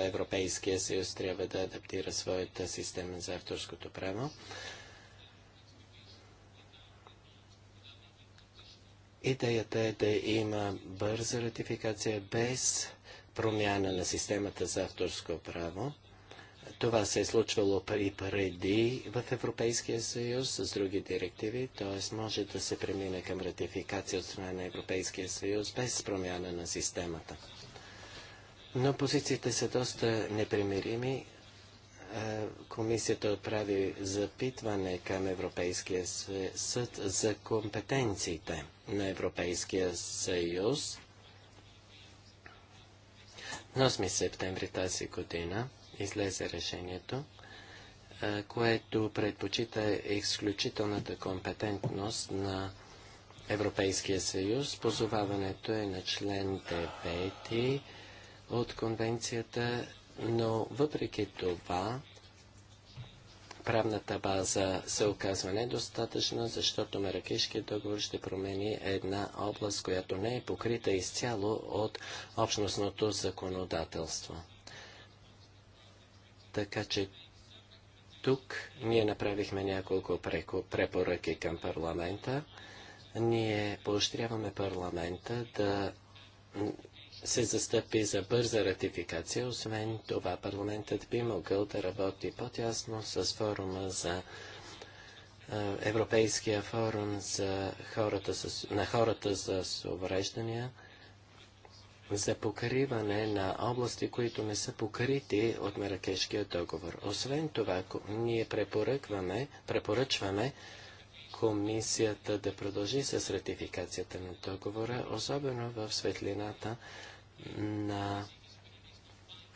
Speaker 2: Европейския съюз трябва да адаптира своята система за авторското право. Идеята е да има бърза ратификация без промяна на системата за авторско право. Това се е случвало и преди в Европейския съюз с други директиви, т.е. може да се премине към ратификация от страна на Европейския съюз без промяна на системата. Но позициите са доста непримирими. Е, комисията отправи запитване към Европейския съд за компетенциите на Европейския съюз на 8 септември тази година излезе решението, което предпочита изключителната компетентност на Европейския съюз. Позоваването е на член 9 от конвенцията, но въпреки това правната база се оказва недостатъчна, защото маракишкият договор ще промени една област, която не е покрита изцяло от общностното законодателство. Така че тук ние направихме няколко препоръки към парламента. Ние поощряваме парламента да се застъпи за бърза ратификация. Освен това, парламентът би могъл да работи по-тясно с форума за е, Европейския форум за хората с, на хората за увреждания за покриване на области, които не са покрити от Маракешкия договор. Освен това, ние препоръкваме, препоръчваме комисията да продължи с ратификацията на договора, особено в светлината на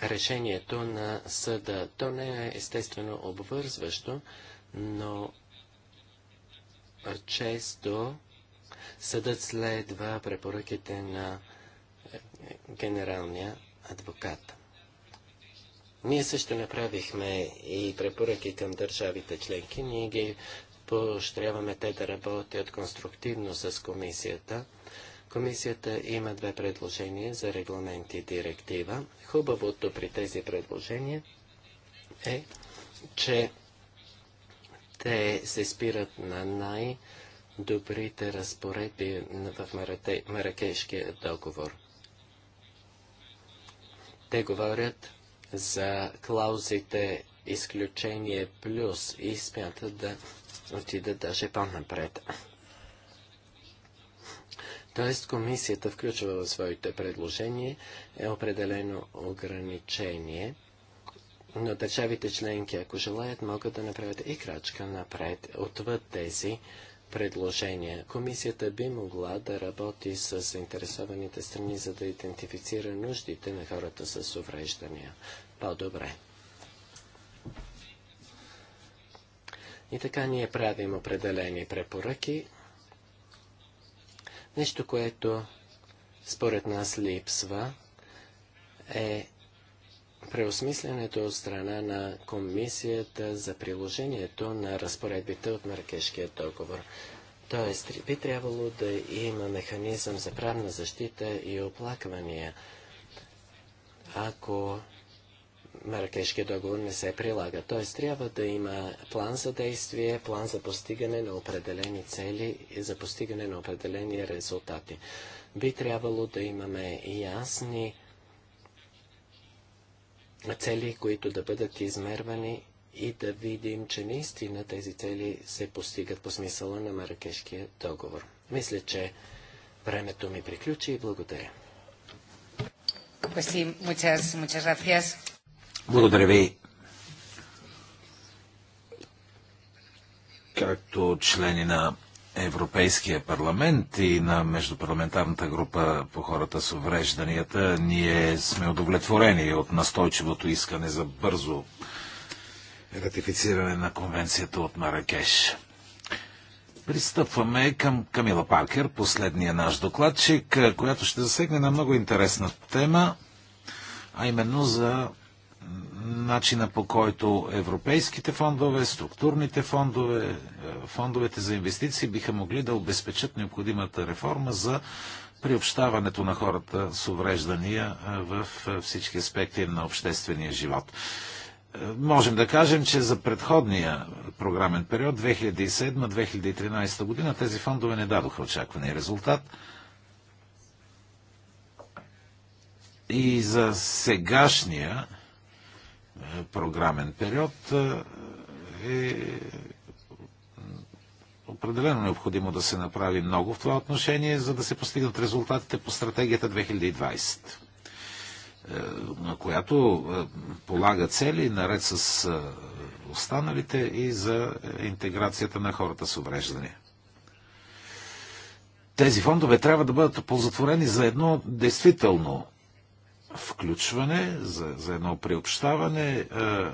Speaker 2: решението на съда. То не е естествено обвързващо, но често съдът следва препоръките на генералния адвокат. Ние също направихме и препоръки към държавите членки. Ние ги поощряваме те да работят конструктивно с комисията. Комисията има две предложения за регламент и директива. Хубавото при тези предложения е, че те се спират на най- добрите разпоредби в Маракешкия договор. Те говорят за клаузите изключение плюс и смятат да отидат даже по-напред. Тоест комисията включва в своите предложения е определено ограничение, но държавите членки, ако желаят, могат да направят и крачка напред, отвъд тези предложения. Комисията би могла да работи с заинтересованите страни, за да идентифицира нуждите на хората с увреждания. По-добре. И така ние правим определени препоръки. Нещо, което според нас липсва е преосмисленето от страна на комисията за приложението на разпоредбите от Маркешкия договор. Тоест, би трябвало да има механизъм за правна защита и оплаквания, ако Маракешкият договор не се прилага. Тоест, трябва да има план за действие, план за постигане на определени цели и за постигане на определени резултати. Би трябвало да имаме ясни цели, които да бъдат измервани и да видим, че наистина тези цели се постигат по смисъла на Маракешкия договор. Мисля, че времето ми приключи и благодаря.
Speaker 1: Благодаря ви. Както члени на Европейския парламент и на Междупарламентарната група по хората с уврежданията, ние сме удовлетворени от настойчивото искане за бързо ратифициране на конвенцията от Маракеш. Пристъпваме към Камила Пакер, последния наш докладчик, която ще засегне на много интересна тема, а именно за начина по който европейските фондове, структурните фондове, е, фондовете за инвестиции биха могли да обезпечат необходимата реформа за приобщаването на хората с увреждания е, в е, всички аспекти на обществения живот. Можем да кажем, че за предходния програмен период 2007-2013 година тези фондове не дадоха очаквания резултат. И за сегашния програмен период е, е определено необходимо да се направи много в това отношение, за да се постигнат резултатите по стратегията 2020 е, на която е, полага цели, наред с останалите и за интеграцията на хората с увреждания. Тези фондове трябва да бъдат оползотворени за едно действително включване, за, за едно приобщаване а, е, а,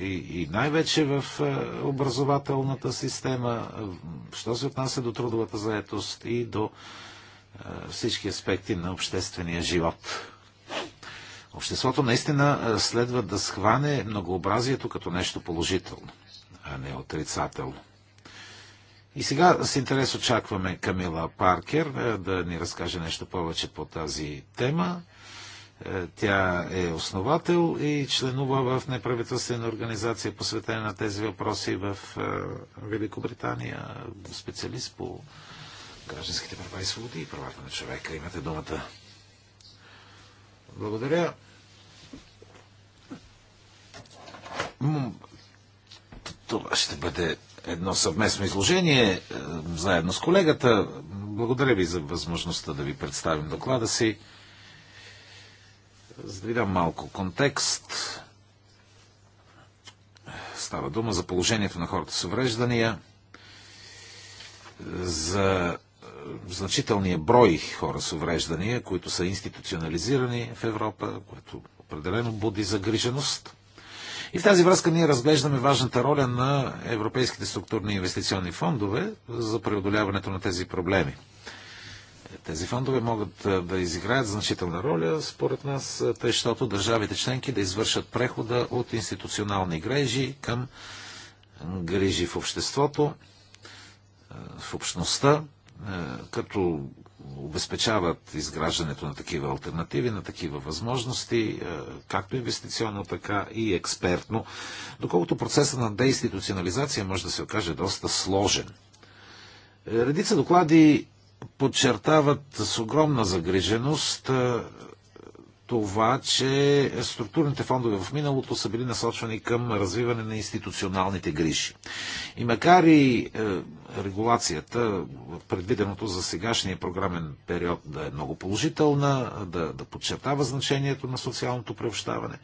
Speaker 1: е, и, и най-вече в а, е, образователната система, що се отнася до трудовата заетост и до а, всички аспекти на обществения живот. Обществото наистина следва да схване многообразието като нещо положително, а не отрицателно. И сега с интерес очакваме Камила Паркер да ни разкаже нещо повече по тази тема. Тя е основател и членува в неправителствена организация, посветена на тези въпроси в е, Великобритания, специалист по гражданските права и свободи и правата на човека. Имате думата. Благодаря. Това ще бъде едно съвместно изложение е, заедно с колегата. Благодаря ви за възможността да ви представим доклада си. За да ви дам малко контекст, става дума за положението на хората с увреждания, за е, значителния брой хора с увреждания, които са институционализирани в Европа, което определено буди загриженост. И в тази връзка ние разглеждаме важната роля на европейските структурни инвестиционни фондове за преодоляването на тези проблеми. Тези фондове могат да изиграят значителна роля, според нас, тъй, защото държавите членки да извършат прехода от институционални грежи към грижи в обществото, в общността, като обезпечават изграждането на такива альтернативи, на такива възможности, както инвестиционно, така и експертно, доколкото процесът на деинституционализация може да се окаже доста сложен. Редица доклади подчертават с огромна загриженост това, че структурните фондове в миналото са били насочвани към развиване на институционалните грижи. И макар и е, регулацията, предвиденото за сегашния програмен период да е много положителна, да, да подчертава значението на социалното преобщаване,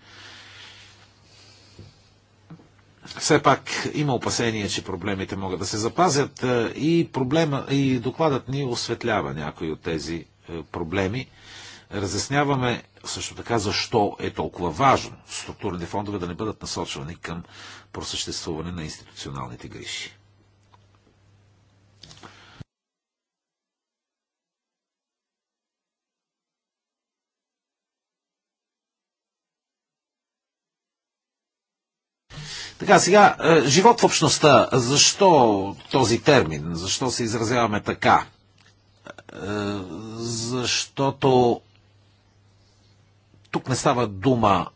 Speaker 1: все пак има опасение, че проблемите могат да се запазят е, и, проблема, и докладът ни осветлява някои от тези е, проблеми. Разясняваме също така защо е толкова важно структурните фондове да не бъдат насочвани към просъществуване на институционалните грижи. Така, сега, е, живот в общността. Защо този термин? Защо се изразяваме така? Е, защото тук не става дума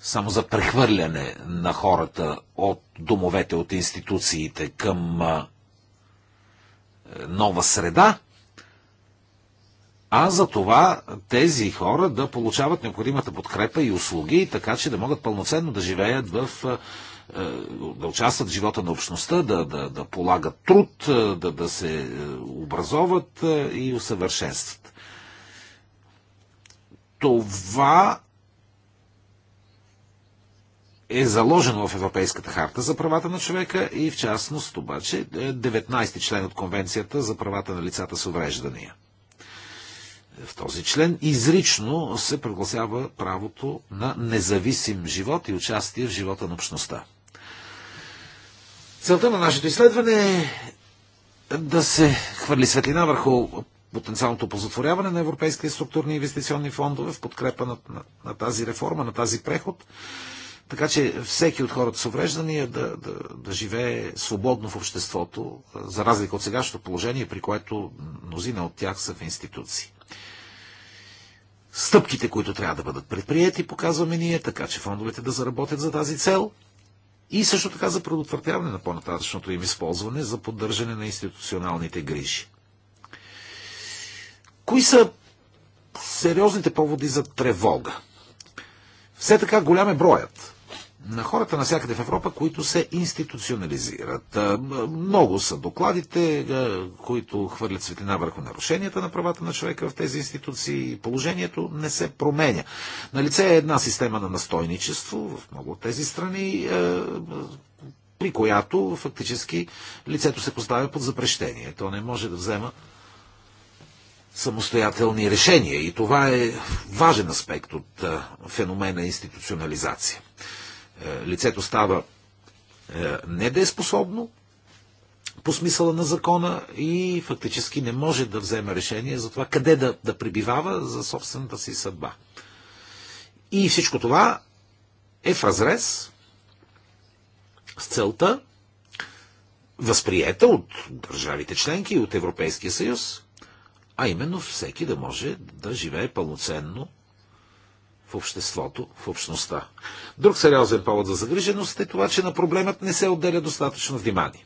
Speaker 1: само за прехвърляне на хората от домовете, от институциите към е, нова среда, а за това тези хора да получават необходимата подкрепа и услуги, така че да могат пълноценно да живеят в да участват в живота на общността, да, да, да полагат труд, да, да се образоват и усъвършенстват. Това е заложено в Европейската харта за правата на човека и в частност обаче 19 е, ти член от Конвенцията за правата на лицата с увреждания в този член изрично се прогласява правото на независим живот и участие в живота на общността. Целта на нашето изследване е да се хвърли светлина върху потенциалното позатворяване на европейските структурни инвестиционни фондове в подкрепа на, на, на тази реформа, на тази преход, така че всеки от хората с увреждания да, да, да живее свободно в обществото, за разлика от сегашното положение, при което мнозина от тях са в институции стъпките, които трябва да бъдат предприяти, показваме ние, така че фондовете да заработят за тази цел и също така за предотвратяване на по-нататъчното им използване за поддържане на институционалните грижи. Кои са сериозните поводи за тревога? Все така голям е броят на хората навсякъде в Европа, които се институционализират. Много са докладите, които хвърлят светлина върху нарушенията на правата на човека в тези институции. Положението не се променя. На лице е една система на настойничество в много от тези страни, при която фактически лицето се поставя под запрещение. То не може да взема самостоятелни решения и това е важен аспект от феномена институционализация. Е, лицето става е, недееспособно по смисъла на закона и фактически не може да вземе решение за това къде да, да пребивава за собствената си съдба. И всичко това е в разрез с целта, възприета от държавите членки и от Европейския съюз, а именно всеки да може да живее пълноценно в обществото, в общността. Друг сериозен повод за загриженост е това, че на проблемът не се отделя достатъчно внимание.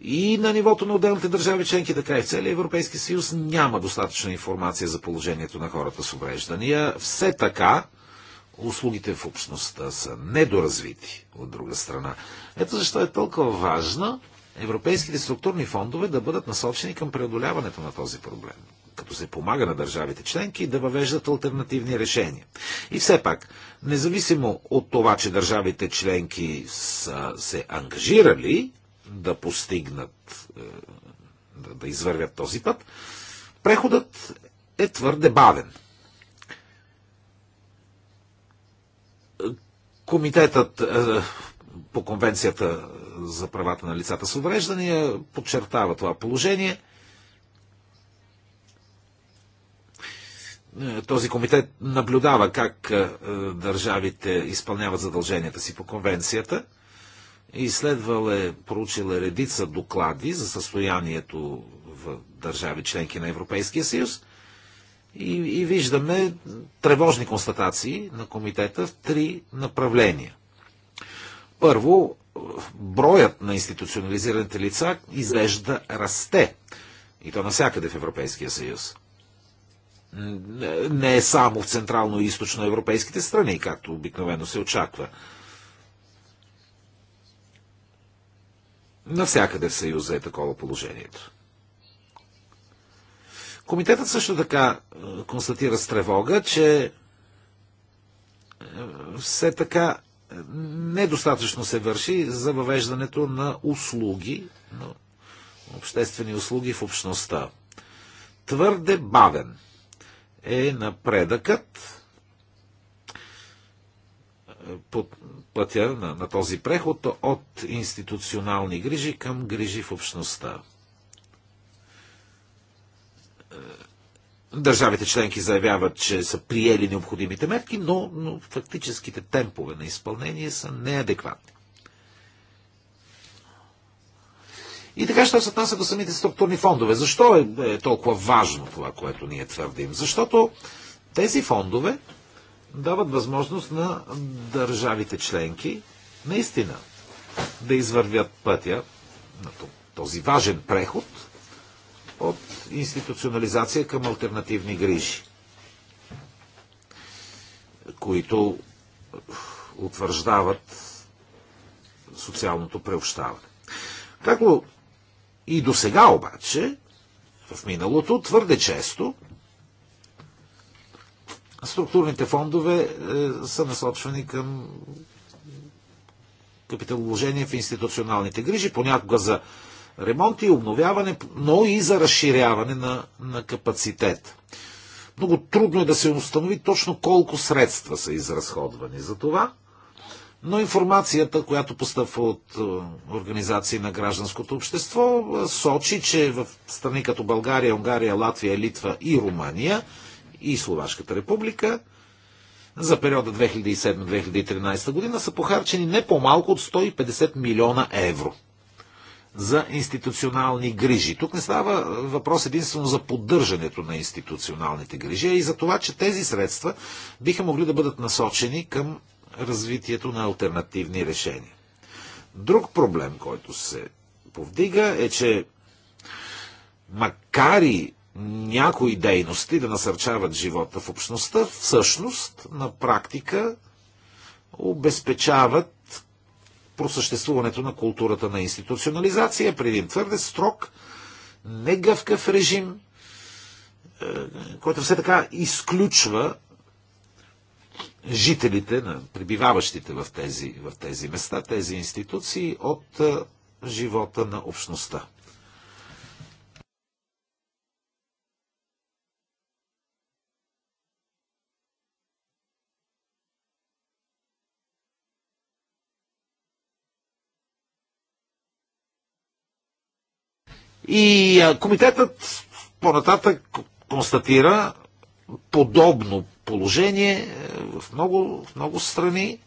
Speaker 1: И на нивото на отделните държави членки, така и в целия Европейски съюз, няма достатъчна информация за положението на хората с увреждания. Все така, услугите в общността са недоразвити, от друга страна. Ето защо е толкова важно европейските структурни фондове да бъдат насочени към преодоляването на този проблем като се помага на държавите членки, да въвеждат альтернативни решения. И все пак, независимо от това, че държавите членки са се ангажирали да постигнат, е, да извървят този път, преходът е твърде бавен. Комитетът е, по Конвенцията за правата на лицата с увреждания подчертава това положение Е, този комитет наблюдава как е, е, държавите изпълняват задълженията си по конвенцията. Изследвал е, проучил е редица доклади за състоянието в държави членки на Европейския съюз. И, и виждаме тревожни констатации на комитета в три направления. Първо, броят на институционализираните лица изглежда расте. И то навсякъде в Европейския съюз не е само в централно и източно европейските страни, както обикновено се очаква. Навсякъде в Съюза е такова положението. Комитетът също така е, констатира с тревога, че е, все така е, недостатъчно се върши за въвеждането на услуги, на обществени услуги в общността. Твърде бавен е напредъкът по пътя на, на този преход от институционални грижи към грижи в общността. Държавите членки заявяват, че са приели необходимите мерки, но, но фактическите темпове на изпълнение са неадекватни. И така, що се отнася до самите структурни фондове. Защо е, е толкова важно това, което ние твърдим? Защото тези фондове дават възможност на държавите членки наистина да извървят пътя на този важен преход от институционализация към альтернативни грижи, които утвърждават социалното преобщаване. Какво и до сега обаче, в миналото, твърде често, структурните фондове е, са насочвани към капиталовложение в институционалните грижи, понякога за ремонт и обновяване, но и за разширяване на, на капацитет. Много трудно е да се установи точно колко средства са изразходвани за това – но информацията, която постъпва от е, организации на гражданското общество, е, сочи, че в страни като България, Унгария, Латвия, Литва и Румъния и Словашката република за периода 2007-2013 година са похарчени не по-малко от 150 милиона евро за институционални грижи. Тук не става е, въпрос единствено за поддържането на институционалните грижи, а и за това, че тези средства биха могли да бъдат насочени към развитието на альтернативни решения. Друг проблем, който се повдига е, че макар и някои дейности да насърчават живота в общността, всъщност на практика обезпечават просъществуването на културата на институционализация при един твърде строг, негъвкав режим, е, който все така изключва жителите, на пребиваващите в тези, в тези места, тези институции от живота на общността. И комитетът по-нататък констатира подобно положение е, в много, в много страни.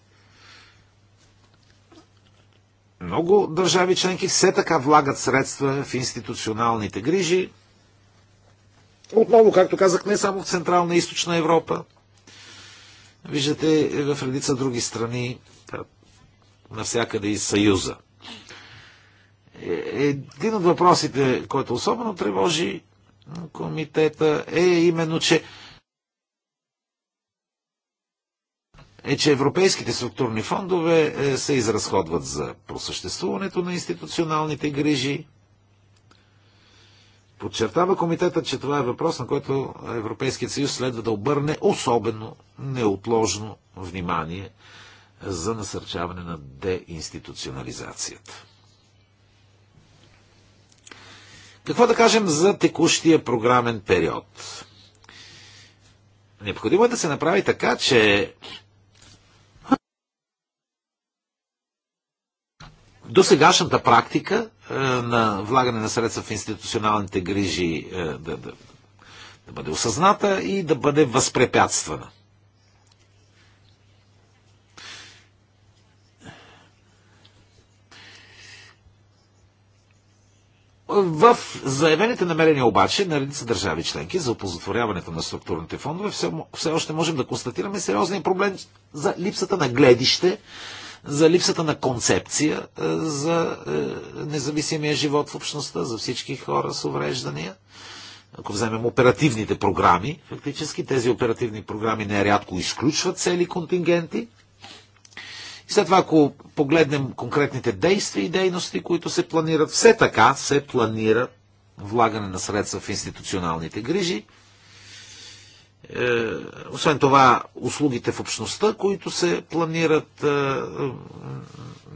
Speaker 1: Много държави членки все така влагат средства в институционалните грижи. Отново, както казах, не само в Централна и Източна Европа. Виждате е, в редица други страни, е, навсякъде и Съюза. Един от въпросите, който особено тревожи комитета, е именно, че е, че европейските структурни фондове е, се изразходват за просъществуването на институционалните грижи. Подчертава комитета, че това е въпрос, на който Европейският съюз следва да обърне особено неотложно внимание за насърчаване на деинституционализацията. Какво да кажем за текущия програмен период? Необходимо е да се направи така, че До сегашната практика е, на влагане на средства в институционалните грижи е, да, да, да бъде осъзната и да бъде възпрепятствана. В заявените намерения обаче на редица държави членки за опозотворяването на структурните фондове все, все още можем да констатираме сериозния проблем за липсата на гледище за липсата на концепция е, за е, независимия живот в общността, за всички хора с увреждания. Ако вземем оперативните програми, фактически тези оперативни програми нерядко изключват цели контингенти. И след това, ако погледнем конкретните действия и дейности, които се планират, все така се планира влагане на средства в институционалните грижи, е, освен това, услугите в общността, които се планират, е, е,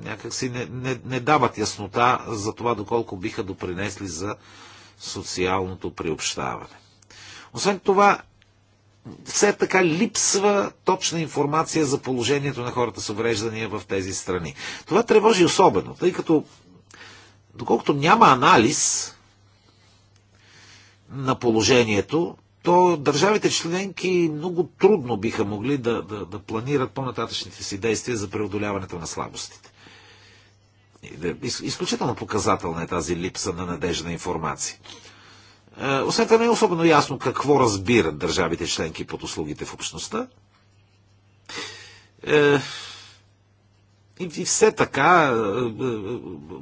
Speaker 1: някакси не, не, не дават яснота за това, доколко биха допринесли за социалното приобщаване. Освен това, все така липсва точна информация за положението на хората с увреждания в тези страни. Това тревожи особено, тъй като доколкото няма анализ на положението, то държавите членки много трудно биха могли да, да, да планират по-нататъчните си действия за преодоляването на слабостите. Изключително показателна е тази липса на надежна информация. Е, освен това не е особено ясно какво разбират държавите членки под услугите в общността. Е, и все така е,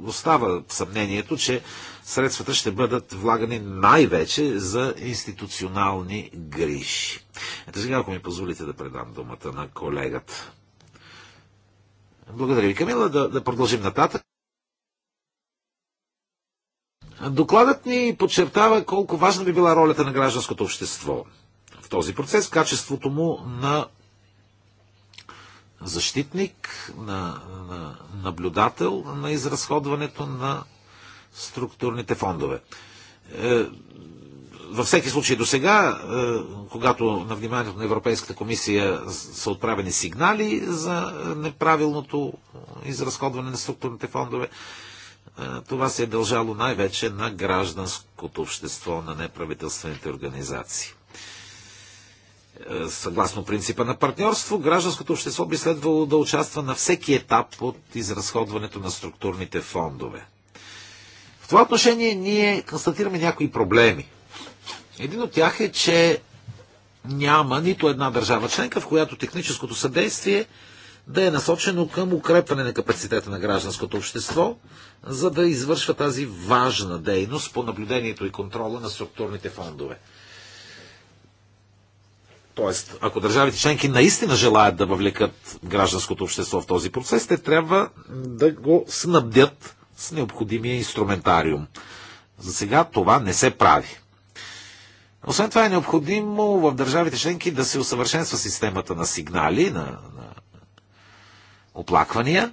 Speaker 1: остава съмнението, че средствата ще бъдат влагани най-вече за институционални грижи. Ето сега, ако ми позволите да предам думата на колегата. Благодаря ви, Камила. Да, да продължим нататък. Докладът ни подчертава колко важна би била ролята на гражданското общество в този процес, в качеството му на защитник, на, на наблюдател на изразходването на структурните фондове. Е, във всеки случай до сега, е, когато на вниманието на Европейската комисия са отправени сигнали за е, неправилното изразходване на структурните фондове, това се е дължало най-вече на гражданското общество, на неправителствените организации съгласно принципа на партньорство, гражданското общество би следвало да участва на всеки етап от изразходването на структурните фондове. В това отношение ние констатираме някои проблеми. Един от тях е, че няма нито една държава членка, в която техническото съдействие да е насочено към укрепване на капацитета на гражданското общество, за да извършва тази важна дейност по наблюдението и контрола на структурните фондове. Тоест, ако държавите членки наистина желаят да въвлекат гражданското общество в този процес, те трябва да го снабдят с необходимия инструментариум. За сега това не се прави. Освен това е необходимо в държавите членки да се усъвършенства системата на сигнали, на, на оплаквания.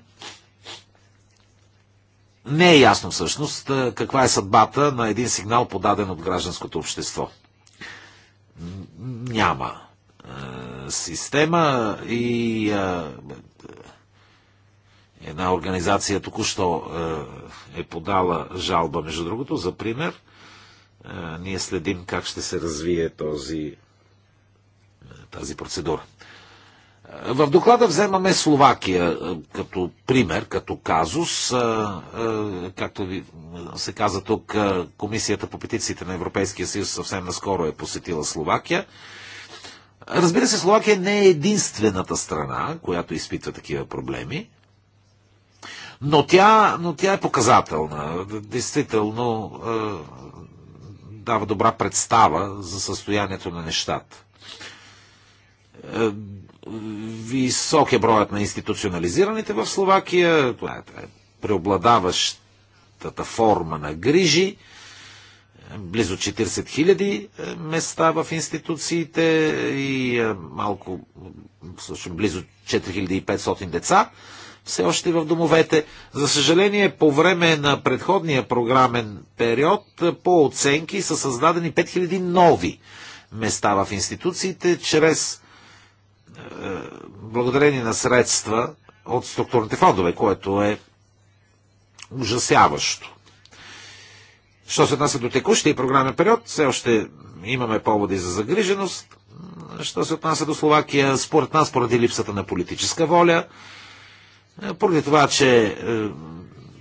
Speaker 1: Не е ясно всъщност каква е съдбата на един сигнал подаден от гражданското общество. Няма система и Една организация току-що е, е подала жалба, между другото, за пример. Е, ние следим как ще се развие този, е, тази процедура. В доклада вземаме Словакия като пример, като казус. Както ви се каза тук, Комисията по петициите на Европейския съюз съвсем наскоро е посетила Словакия. Разбира се, Словакия не е единствената страна, която изпитва такива проблеми. Но тя, но тя е показателна. Действително е, дава добра представа за състоянието на нещата. Е, висок е броят на институционализираните в Словакия. Това е, е преобладаващата форма на грижи близо 40 хиляди места в институциите и малко, всъщност близо 4500 деца все още в домовете. За съжаление, по време на предходния програмен период, по оценки, са създадени 5000 нови места в институциите, чрез е, благодарение на средства от структурните фондове, което е ужасяващо. Що се отнася до текущия програмен период, все още имаме поводи за загриженост. Що се отнася до Словакия, според нас, поради липсата на политическа воля, поради това, че е,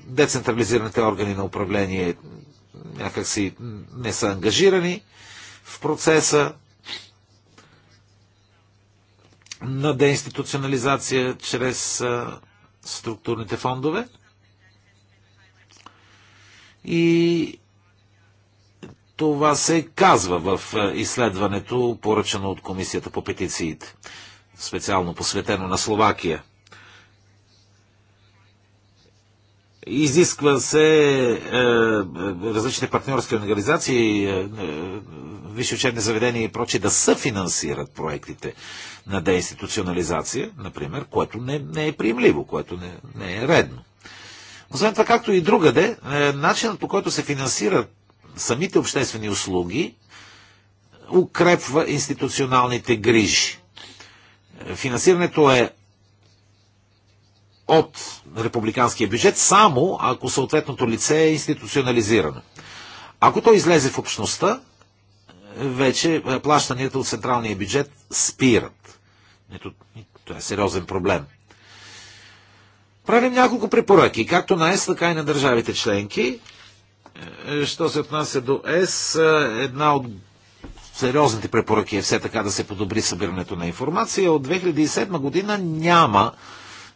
Speaker 1: децентрализираните органи на управление някакси не са ангажирани в процеса на деинституционализация чрез е, структурните фондове. И това се казва в е, изследването, поръчано от Комисията по петициите, специално посветено на Словакия. Изисква се е, е различните партньорски организации, е, е, висши учебни заведения и прочи, да съфинансират проектите на деинституционализация, например, което не, не е приемливо, което не, не е редно. Освен това, както и другаде, е, начинът по който се финансират самите обществени услуги укрепва институционалните грижи. Финансирането е от републиканския бюджет, само ако съответното лице е институционализирано. Ако то излезе в общността, вече е, плащанията от централния бюджет спират. Ето, това е сериозен проблем. Правим няколко препоръки, както на ЕС, така и на държавите членки. Е, що се отнася до ЕС, е, една от сериозните препоръки е все така да се подобри събирането на информация. От 2007 година няма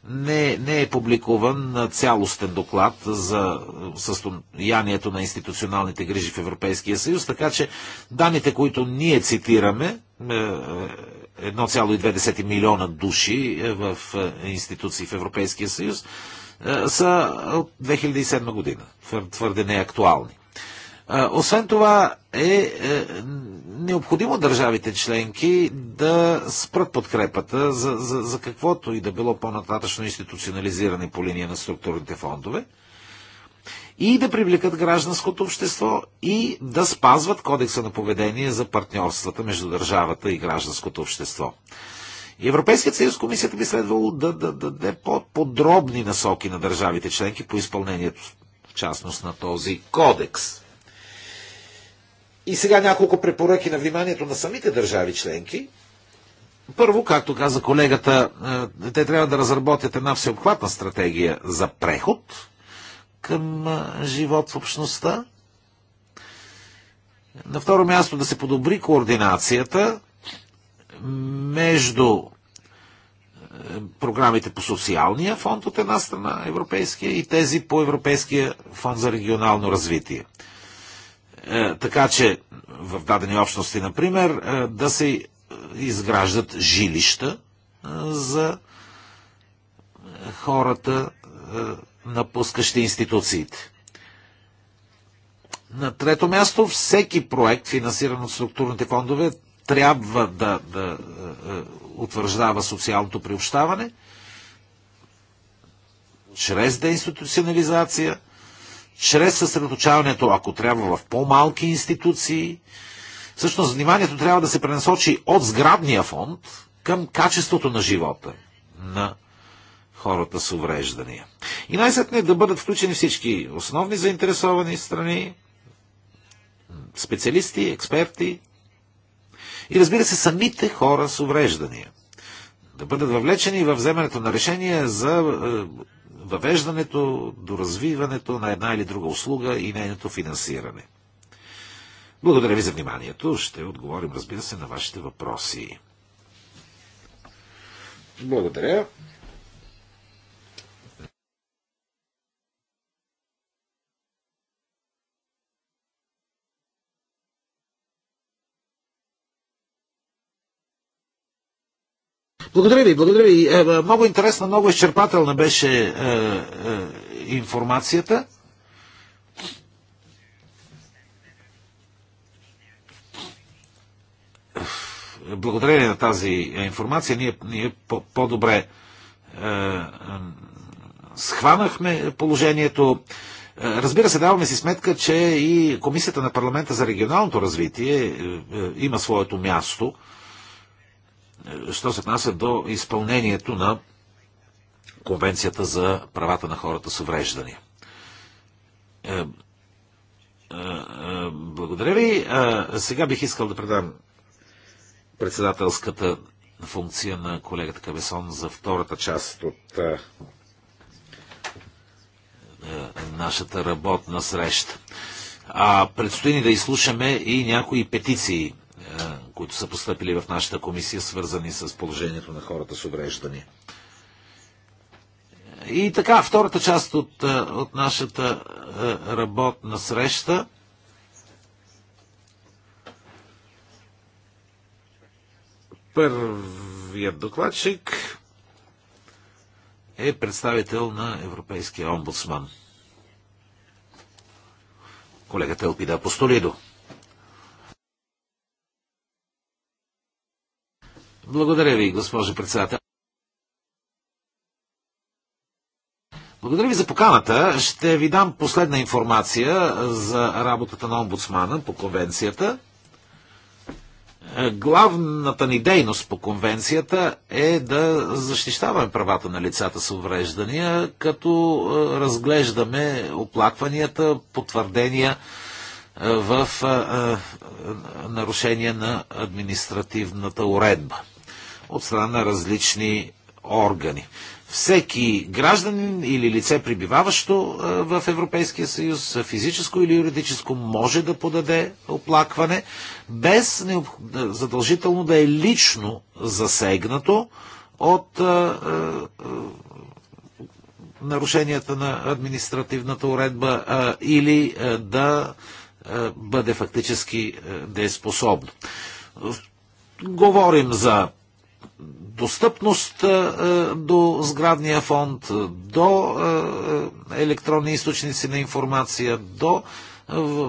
Speaker 1: не, не е публикуван цялостен доклад за състоянието на институционалните грижи в Европейския съюз, така че данните, които ние цитираме, 1,2 е, е, милиона души е, в институции в Европейския съюз, са от 2007 година, твърде неактуални. Освен това е, е необходимо държавите членки да спрат подкрепата за, за, за каквото и да било по-нататъчно институционализиране по линия на структурните фондове и да привлекат гражданското общество и да спазват кодекса на поведение за партньорствата между държавата и гражданското общество. Европейският съюз, комисията би следвало да, да, да даде по-подробни насоки на държавите членки по изпълнението, в частност на този кодекс. И сега няколко препоръки на вниманието на самите държави членки. Първо, както каза колегата, е, те трябва да разработят една всеобхватна стратегия за преход към е, живот в общността. На второ място да се подобри координацията между е, програмите по социалния фонд от една страна, европейския, и тези по Европейския фонд за регионално развитие. Е, така че в дадени общности, например, е, да се изграждат жилища е, за хората, напускащи институциите. На трето място, всеки проект, финансиран от структурните фондове, трябва да, да утвърждава социалното приобщаване чрез деинституционализация – чрез съсредоточаването, ако трябва, в по-малки институции. Всъщност, вниманието трябва да се пренасочи от сградния фонд към качеството на живота на хората с увреждания. И най-сетне да бъдат включени всички основни заинтересовани страни, специалисти, експерти и разбира се самите хора с увреждания. Да бъдат въвлечени в вземането на решения за е, въвеждането, до развиването на една или друга услуга и нейното финансиране. Благодаря ви за вниманието. Ще отговорим, разбира се, на вашите въпроси. Благодаря. Благодаря ви, благодаря ви. Е, е, много интересна, много изчерпателна беше е, информацията. благодарение на тази информация ние, ние по-добре по е, е, схванахме положението. разбира се, даваме си сметка, че и Комисията на парламента за регионалното развитие е, е, има своето място що се отнася до изпълнението на Конвенцията за правата на хората с увреждания. Е, е, е, благодаря ви. Сега бих искал да предам председателската функция на колегата Кабесон за втората част от нашата работна среща. А предстои ни да изслушаме и някои петиции които са поступили в нашата комисия, свързани с положението на хората с увреждания. И така, втората част от, от нашата работна среща Първият докладчик е представител на Европейския омбудсман. Колегата Елпида Постолидо. Благодаря ви, госпожо председател. Благодаря ви за поканата. Ще ви дам последна информация за работата на омбудсмана по конвенцията. Главната ни дейност по конвенцията е да защищаваме правата на лицата с увреждания, като е, разглеждаме оплакванията, потвърдения е, в е, нарушение на административната уредба от страна на различни органи. Всеки гражданин или лице, прибиваващо в Европейския съюз, физическо или юридическо, може да подаде оплакване, без задължително да е лично засегнато от нарушенията на административната уредба или да бъде фактически дееспособно. Говорим за достъпност е, е, до сградния фонд, до е, електронни източници на информация, до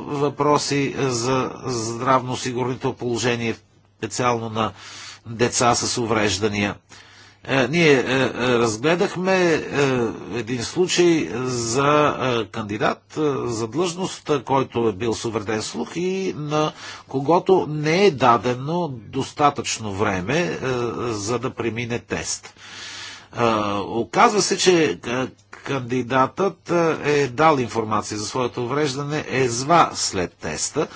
Speaker 1: въпроси за здравно сигурното положение, специално на деца с увреждания – е, ние е, е, разгледахме един случай за кандидат за длъжност, който е бил с слух и на когото не е дадено достатъчно време, за да премине тест. Оказва се, че кандидатът е дал информация за своето увреждане зва след теста,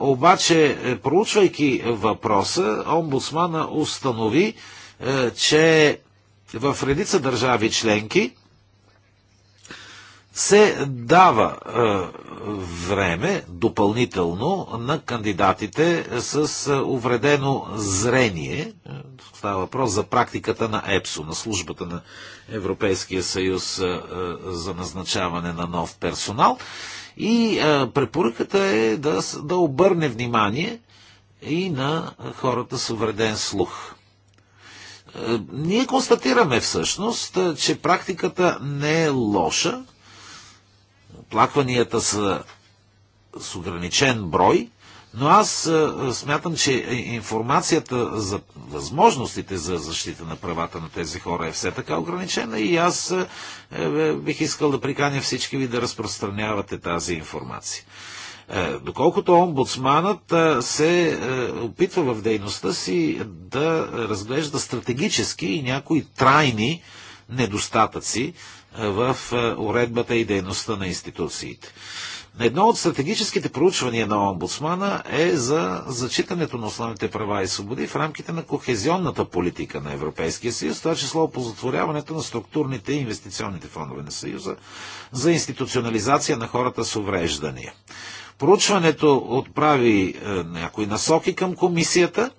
Speaker 1: обаче проучвайки въпроса, омбудсмана установи, е, че в редица държави членки се дава е, време допълнително на кандидатите с е, увредено зрение. Става въпрос за практиката на ЕПСО, на службата на Европейския съюз за назначаване на нов персонал. И препоръката е да, да обърне внимание и на хората с увреден слух. Ние констатираме всъщност, е, че практиката не е лоша. Плакванията са с ограничен брой, но аз е, смятам, че информацията за възможностите за защита на правата на тези хора е все така ограничена и аз е, бих искал да приканя всички ви да разпространявате тази информация. Е, доколкото омбудсманът е, се е, опитва в дейността си да разглежда стратегически и някои трайни недостатъци в уредбата и дейността на институциите. Едно от стратегическите проучвания на омбудсмана е за зачитането на основните права и свободи в рамките на кохезионната политика на Европейския съюз, това число опозотворяването на структурните и инвестиционните фондове на Съюза за институционализация на хората с увреждания. Проучването отправи е, някои насоки към комисията,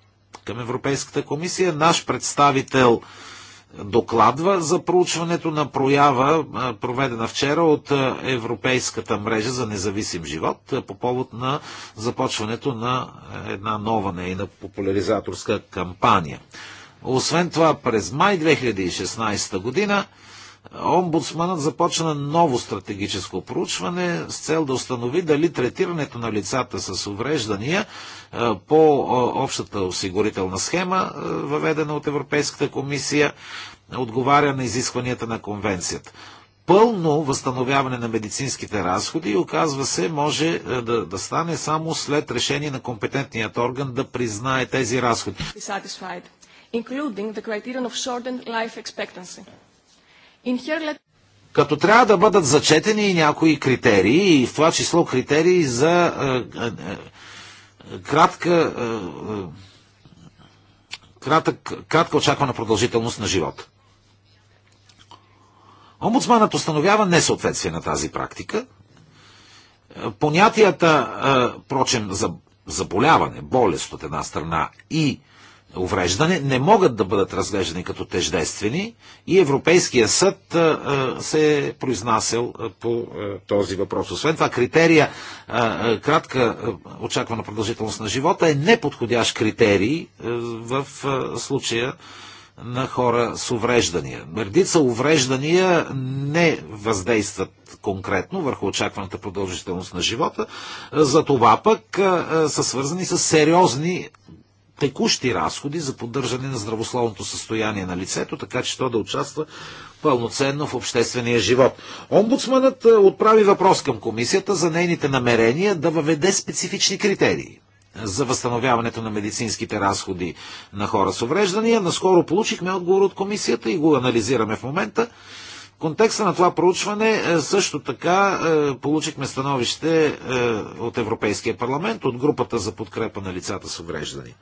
Speaker 1: към Европейската комисия. Наш представител е, докладва за проучването на проява, е, проведена вчера от Европейската мрежа за независим живот по повод на започването на една нова нейна популяризаторска кампания. Освен това, през май 2016 година омбудсманът започна ново стратегическо проучване с цел да установи дали третирането на лицата с увреждания по общата осигурителна схема, въведена от Европейската комисия, отговаря на изискванията на конвенцията. Пълно възстановяване на медицинските разходи, оказва се, може да, да стане само след решение на компетентният орган да признае тези разходи. Като трябва да бъдат зачетени и някои критерии, и в това число критерии за е, е, е, кратка, кратък, кратка очаквана продължителност на живота. Омбудсманът установява несъответствие на тази практика. Понятията, прочем, за заболяване, болест от една страна и увреждане не могат да бъдат разглеждани като теждествени и Европейския съд се е произнасял по този въпрос. Освен това, критерия кратка очаквана продължителност на живота е неподходящ критерий в случая на хора с увреждания. Мърдица увреждания не въздействат конкретно върху очакваната продължителност на живота, за това пък са свързани с сериозни текущи разходи за поддържане на здравословното състояние на лицето, така че то да участва пълноценно в обществения живот. Омбудсманът е, отправи въпрос към комисията за нейните намерения да въведе специфични критерии за възстановяването на медицинските разходи на хора с увреждания. Наскоро получихме отговор от комисията и го анализираме в момента. В контекста на това проучване е, също така е, получихме становище от Европейския парламент, от групата за подкрепа на лицата с увреждания.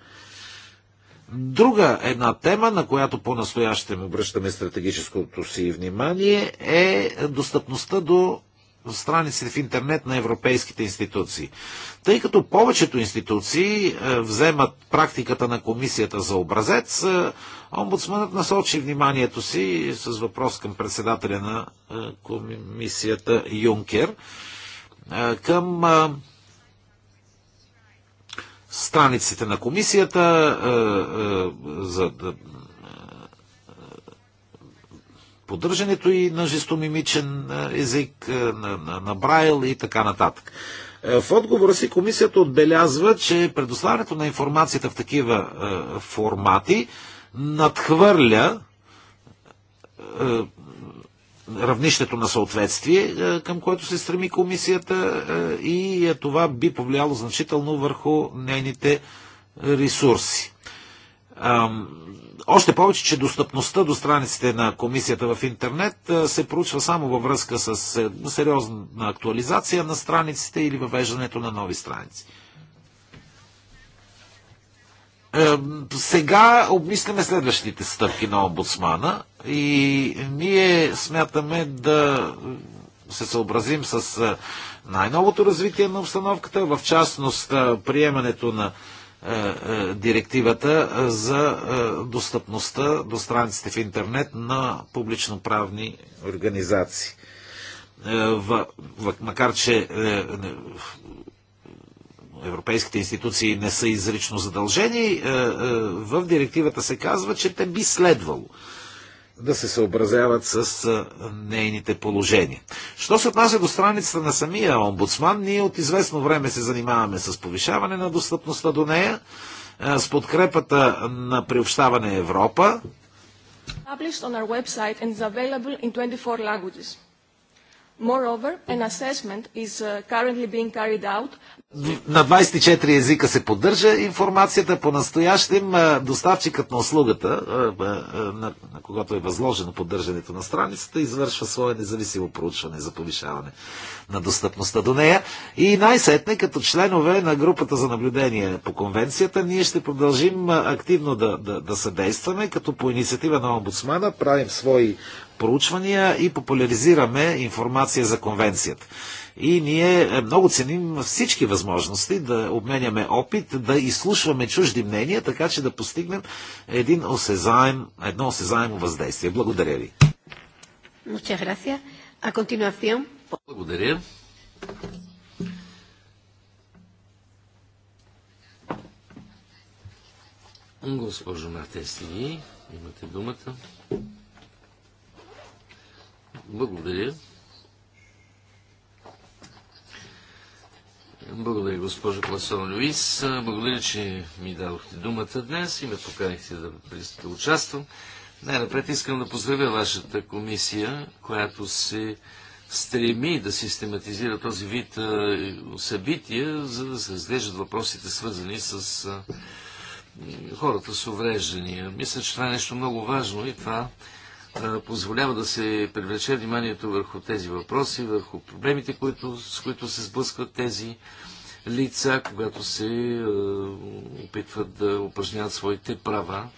Speaker 1: Друга една тема, на която по-настоящем обръщаме стратегическото си внимание, е достъпността до страниците в интернет на европейските институции. Тъй като повечето институции е, вземат практиката на комисията за образец, е, омбудсманът насочи вниманието си с въпрос към председателя на е, комисията Юнкер към страниците на комисията е, е, за е, поддържането и на жестомимичен език, на, на, на Брайл и така нататък. В отговора си комисията отбелязва, че предоставянето на информацията в такива формати надхвърля равнището на съответствие, е, към което се стреми комисията е, и е, това би повлияло значително върху нейните ресурси. Още повече, че достъпността до страниците на комисията в интернет се проучва само във връзка с сериозна актуализация на страниците или въвеждането на нови страници сега обмисляме следващите стъпки на омбудсмана и ние смятаме да се съобразим с е, най-новото развитие на обстановката, в частност е, приемането на е, директивата за достъпността до страниците в интернет на публично-правни организации. В, в, макар, че европейските институции не са изрично задължени, е, е, в директивата се казва, че те би следвало да се съобразяват с е, нейните положения. Що се отнася до страницата на самия омбудсман, ние от известно време се занимаваме с повишаване на достъпността до нея, с подкрепата на приобщаване Европа.
Speaker 2: Published on our website and is available
Speaker 3: in 24 languages. Moreover, an assessment is uh, currently being carried out.
Speaker 1: На 24 езика се поддържа информацията. По настоящем доставчикът на услугата, на когато е възложено поддържането на страницата, извършва свое независимо проучване за повишаване на достъпността до нея. И най-сетне, като членове на групата за наблюдение по конвенцията, ние ще продължим активно да, да, да съдействаме, като по инициатива на омбудсмана правим свои проучвания и популяризираме информация за конвенцията. И ние е, много ценим всички възможности да обменяме опит, да изслушваме чужди мнения, така че да постигнем един осезаем, едно осезаемо въздействие. Благодаря ви.
Speaker 3: Благодаря. Госпожо Мартесни, имате думата. Благодаря. Благодаря, госпожо Класон Луис. Благодаря, че ми дадохте думата днес и ме поканихте да, да участвам. Най-напред искам да поздравя вашата комисия, която се стреми да систематизира този вид събития, за да се разглеждат въпросите, свързани с хората с увреждания. Мисля, че това е нещо много важно и това позволява да се привлече вниманието върху тези въпроси, върху проблемите, които, с които се сблъскват тези лица, когато се опитват да упражняват своите права.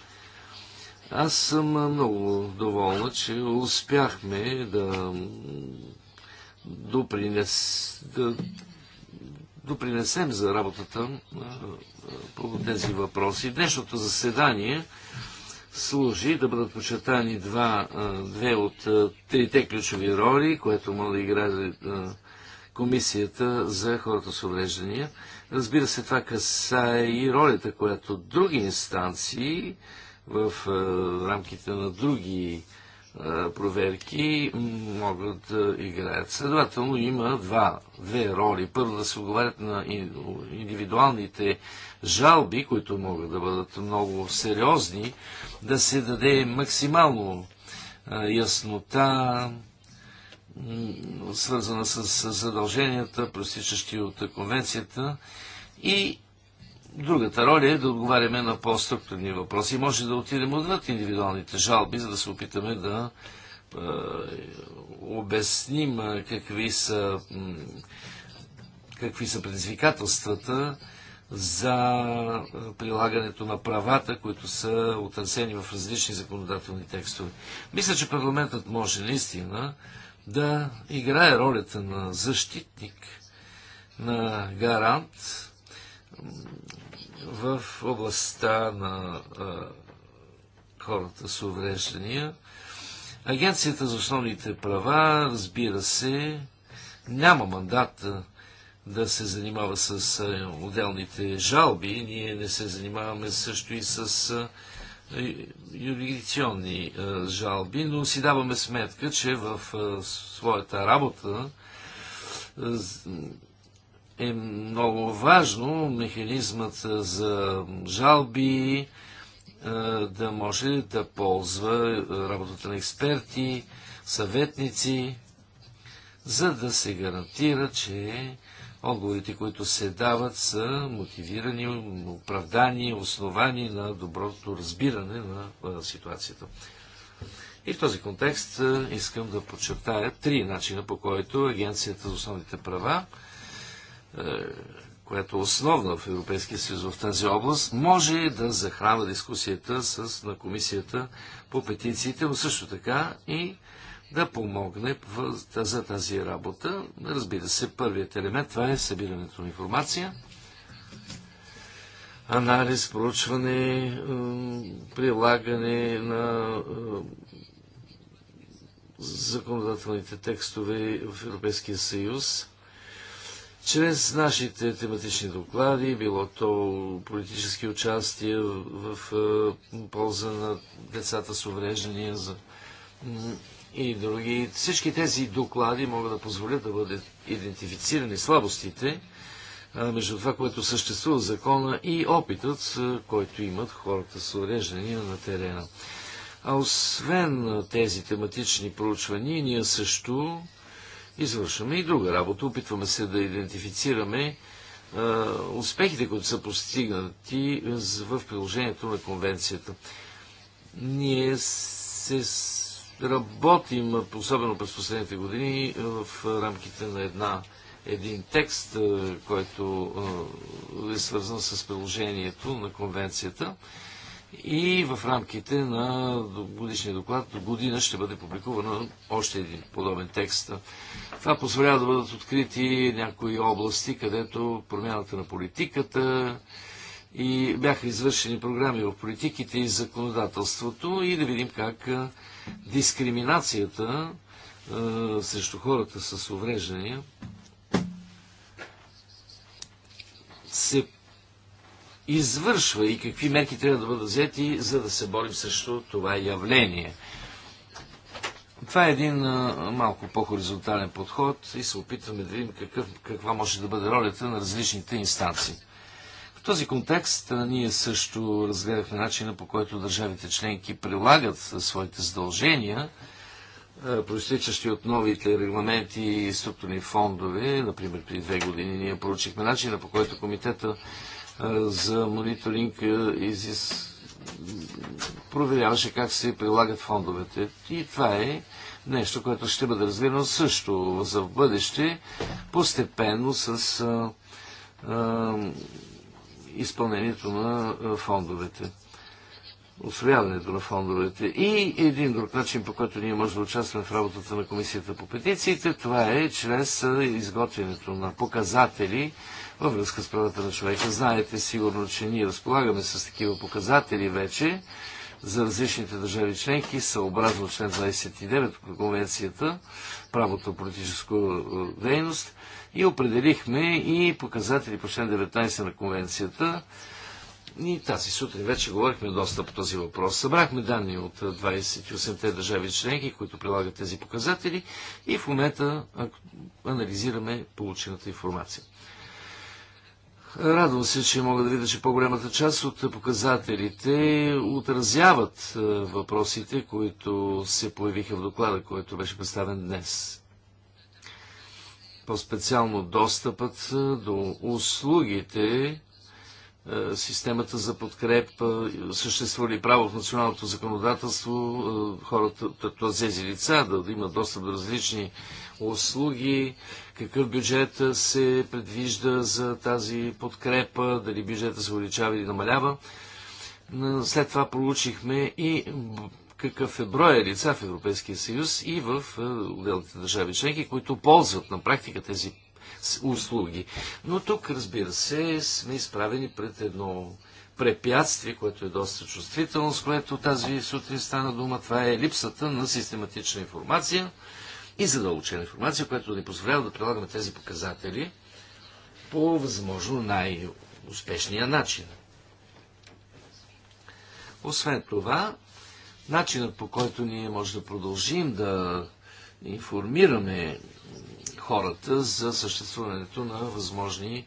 Speaker 3: Аз съм много доволна, че успяхме да допринес, да допринесем за работата по тези въпроси. Днешното заседание служи да бъдат почертани два, две от трите ключови роли, което може да играе Комисията за хората с увреждания. Разбира се, това касае и ролята, която други инстанции в рамките на други проверки могат да играят. Следователно има два, две роли. Първо да се отговарят на индивидуалните жалби, които могат да бъдат много сериозни, да се даде максимално яснота, свързана с задълженията, простичащи от конвенцията и Другата роля е да отговаряме на по-структурни въпроси. Може да отидем отвъд индивидуалните жалби, за да се опитаме да обясним какви са, какви са предизвикателствата за прилагането на правата, които са отърсени в различни законодателни текстове. Мисля, че парламентът може наистина да играе ролята на защитник, на гарант, в областта на а, хората с увреждания. Агенцията за основните права, разбира се, няма мандат да се занимава с отделните жалби. Ние не се занимаваме също и с а, жалби, но си даваме сметка, че в своята работа е много важно механизмът за жалби е, да може да ползва работата на експерти, съветници, за да се гарантира, че отговорите, които се дават, са мотивирани, оправдани, основани на доброто разбиране на е, ситуацията. И в този контекст е, искам да подчертая три начина, по който Агенцията за основните права е, която е основна в Европейския съюз в тази област, може да захранва дискусията с, на комисията по петициите, но също така и да помогне в, за тази работа. Разбира се, първият елемент това е събирането на информация, анализ, проучване, прилагане на законодателните текстове в Европейския съюз чрез нашите тематични доклади, било то политически участия в, в е, полза на децата с увреждания за, и други, всички тези доклади могат да позволят да бъдат идентифицирани слабостите е, между това, което съществува в закона и опитът, е, който имат хората с увреждания на терена. А освен тези тематични проучвания, ние също извършваме и друга работа. Опитваме се да идентифицираме а, успехите, които са постигнати в приложението на конвенцията. Ние се работим, особено през последните години, в рамките на една, един текст, който е свързан с приложението на конвенцията. И в рамките на годишния доклад до година ще бъде публикуван още един подобен текст. Това позволява да бъдат открити някои области, където промяната на политиката и бяха извършени програми в политиките и законодателството и да видим как дискриминацията е, срещу хората с увреждания се извършва и какви мерки трябва да бъдат взети, за да се борим срещу това явление. Това е един а, малко по-хоризонтален подход и се опитваме да видим какъв, каква може да бъде ролята на различните инстанции. В този контекст а, ние също разгледахме начина по който държавите членки прилагат своите задължения, проистичащи от новите регламенти и структурни фондове. Например, при две години ние поручихме начина по който комитета за мониторинг изис... проверяваше как се прилагат фондовете. И това е нещо, което ще бъде разгледано също за в бъдеще, постепенно с а, а, изпълнението на фондовете освояването на фондовете. И един друг начин, по който ние можем да участваме в работата на Комисията по петициите, това е чрез изготвянето на показатели във връзка с правата на човека. Знаете сигурно, че ние разполагаме с такива показатели вече за различните държави членки, съобразно член 29 от Конвенцията, правото политическо е, дейност и определихме и показатели по член 19 на Конвенцията. И тази сутрин вече говорихме доста по този въпрос. Събрахме данни от 28-те държави членки, които прилагат тези показатели и в момента анализираме получената информация. Радвам се, че мога да видя, че по-голямата част от показателите отразяват е, въпросите, които се появиха в доклада, който беше представен днес. По-специално достъпът е, до услугите, е, системата за подкрепа, съществува ли право в националното законодателство хората, тези лица да имат достъп до различни услуги, какъв бюджет се предвижда за тази подкрепа, дали бюджета се увеличава или намалява. След това получихме и какъв е броя лица в Европейския съюз и в е, отделните държави членки, които ползват на практика тези услуги. Но тук, разбира се, сме изправени пред едно препятствие, което е доста чувствително, с което тази сутрин стана дума. Това е липсата на систематична информация и задълбочена информация, която ни позволява да прилагаме тези показатели по възможно най-успешния начин. Освен това, начинът по който ние може да продължим да информираме хората за съществуването на възможни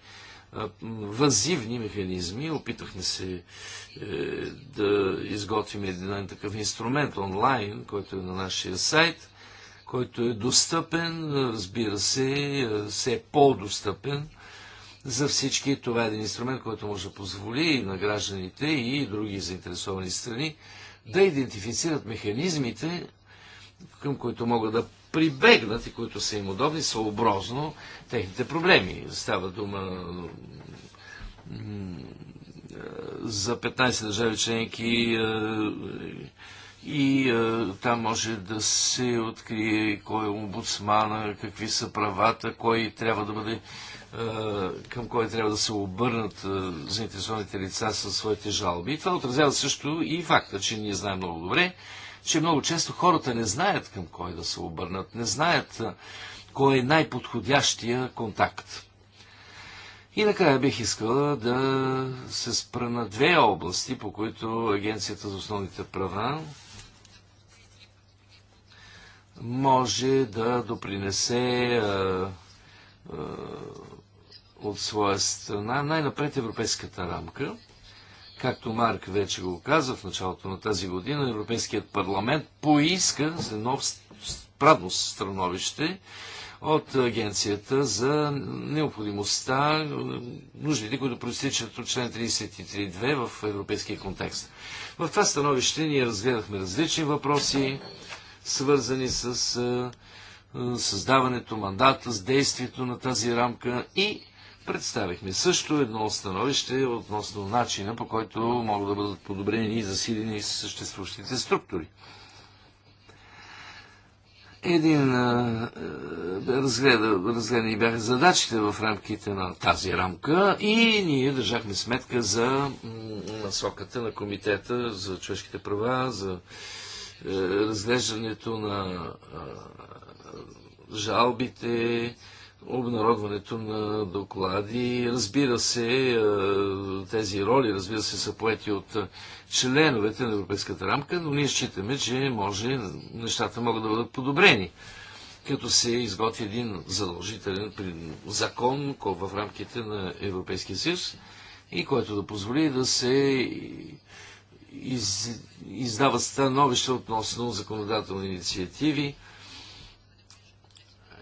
Speaker 3: вазивни механизми. Опитахме се е, да изготвим един такъв инструмент онлайн, който е на нашия сайт, който е достъпен, разбира се, е, все по-достъпен за всички. Това е един инструмент, който може да позволи и на гражданите и други заинтересовани страни да идентифицират механизмите, към които могат да прибегнат и които са им удобни, съобразно техните проблеми. Става дума е, за 15 държави членки е, и а, е, там може да се открие кой е омбудсмана, какви са правата, кой трябва да бъде, а, е, към кой трябва да се обърнат а, е, заинтересованите лица със своите жалби. И това отразява също и факта, че ние знаем много добре, че много често хората не знаят към кой да се обърнат, не знаят кой е най-подходящия контакт. И накрая бих искала да се спра на две области, по които Агенцията за основните права може да допринесе а, е, а, е, от своя страна най-напред европейската рамка. Както Марк вече го каза в началото на тази година, Европейският парламент поиска за нов правно становище от агенцията за необходимостта, нуждите, които проистичат от член 33.2 в европейския контекст. В това становище ние разгледахме различни въпроси, свързани с създаването, мандата, с действието на тази рамка и представихме също едно становище относно начина, по който могат да бъдат подобрени и засилени съществуващите структури. Един разгледа, разгледани бяха задачите в рамките на тази рамка и ние държахме сметка за насоката на Комитета за човешките права, за е, разглеждането на е, жалбите, обнародването на доклади. Разбира се, е, тези роли, разбира се, са поети от членовете на Европейската рамка, но ние считаме, че може, нещата могат да бъдат подобрени като се изготви един задължителен закон в рамките на Европейския съюз и който да позволи да се из, издават становища относно законодателни инициативи.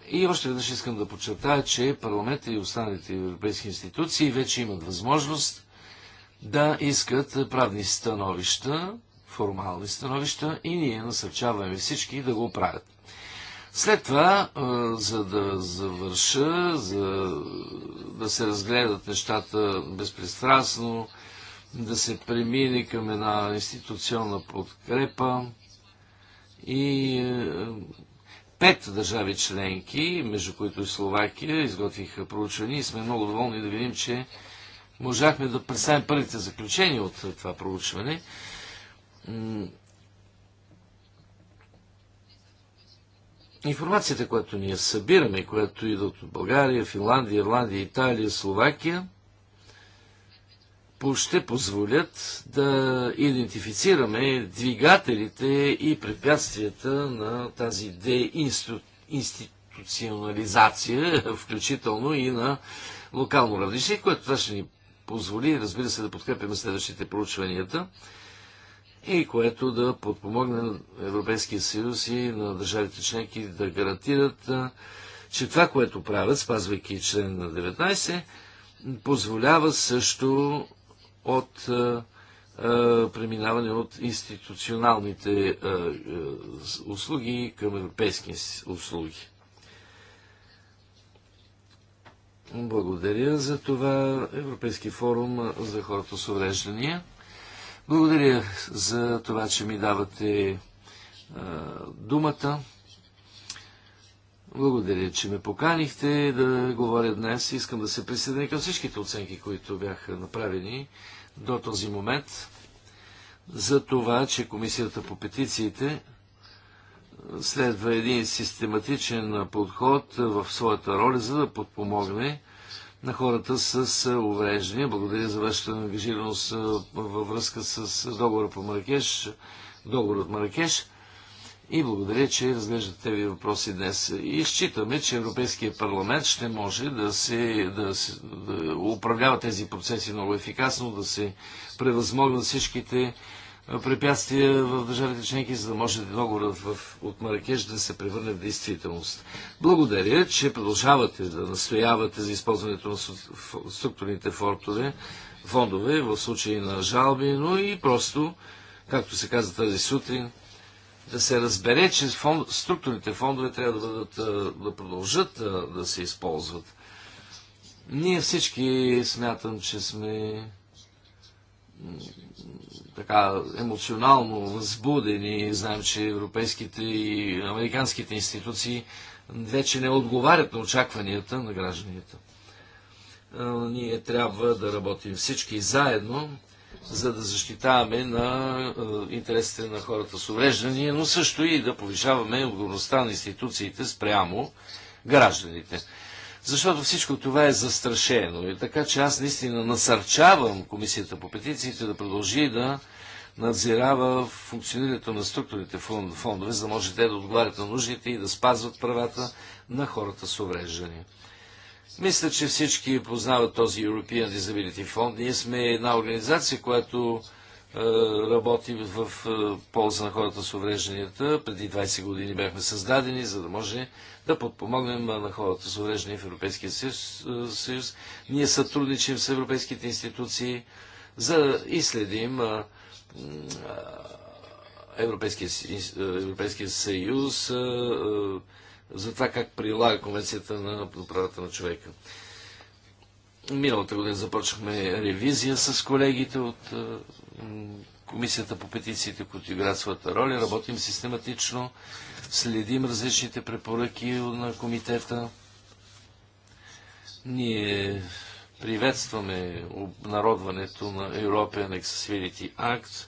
Speaker 3: И още веднъж искам да подчертая, че парламента и останалите европейски институции вече имат възможност да искат правни становища, формални становища и ние насърчаваме всички да го правят. След това, за да завърша, за да се разгледат нещата безпристрастно, да се премине към една институционна подкрепа и е, пет държави членки, между които и Словакия, изготвиха проучване и сме много доволни да видим, че можахме да представим първите заключения от това проучване. Информацията, която ние събираме, която идва от България, Финландия, Ирландия, Италия, Словакия – ще позволят да идентифицираме двигателите и препятствията на тази деинституционализация, включително и на локално равнище, което това ще ни позволи, разбира се, да подкрепяме следващите проучванията и което да подпомогне Европейския съюз и на държавите членки да гарантират, че това, което правят, спазвайки член на 19, позволява също от е, е, преминаване от институционалните е, услуги към европейски услуги. Благодаря за това Европейски форум за хората с увреждания. Благодаря за това, че ми давате думата. Благодаря, че ме поканихте да говоря днес. Искам да се присъединя към всичките оценки, които бяха направени до този момент за това, че Комисията по петициите следва един систематичен подход в своята роля, за да подпомогне на хората с увреждания. Благодаря за вашата ангажираност във връзка с договора по Маракеш, договор от Маракеш и благодаря, че разглеждате тези въпроси днес. И считаме, че Европейския парламент ще може да, се, да, се, да управлява тези процеси много ефикасно, да се превъзмогнат всичките препятствия в държавите членки, за да може договорът в, от Маракеш да се превърне в действителност. Благодаря, че продължавате да настоявате за използването на структурните фортове, фондове в случай на жалби, но и просто, както се каза тази сутрин, да се разбере, че фонд, структурните фондове трябва да, бъдат, да продължат да, да се използват. Ние всички смятам, че сме така емоционално възбудени. Знаем, че европейските и американските институции вече не отговарят на очакванията на гражданите. Ние трябва да работим всички заедно за да защитаваме на е, интересите на хората с увреждания, но също и да повишаваме отговорността на институциите спрямо гражданите. Защото всичко това е застрашено. И така че аз наистина насърчавам Комисията по петициите да продължи да надзирава функционирането на структурните фондове, за да може те да отговарят на нуждите и да спазват правата на хората с увреждания. Мисля, че всички познават този European Disability Fund. Ние сме една организация, която е, работи в, е, полза на хората с уврежданията. Преди 20 години бяхме създадени, за да може да подпомогнем е, на хората с увреждания в Европейския съюз. Е, Ние сътрудничим с европейските институции, за да изследим Европейския, Европейския съюз, за това как прилага Конвенцията на правата на човека. Миналата година започнахме ревизия с колегите от е, Комисията по петициите, които играят своята роля. Работим систематично, следим различните препоръки на комитета. Ние приветстваме обнародването на European Accessibility Act.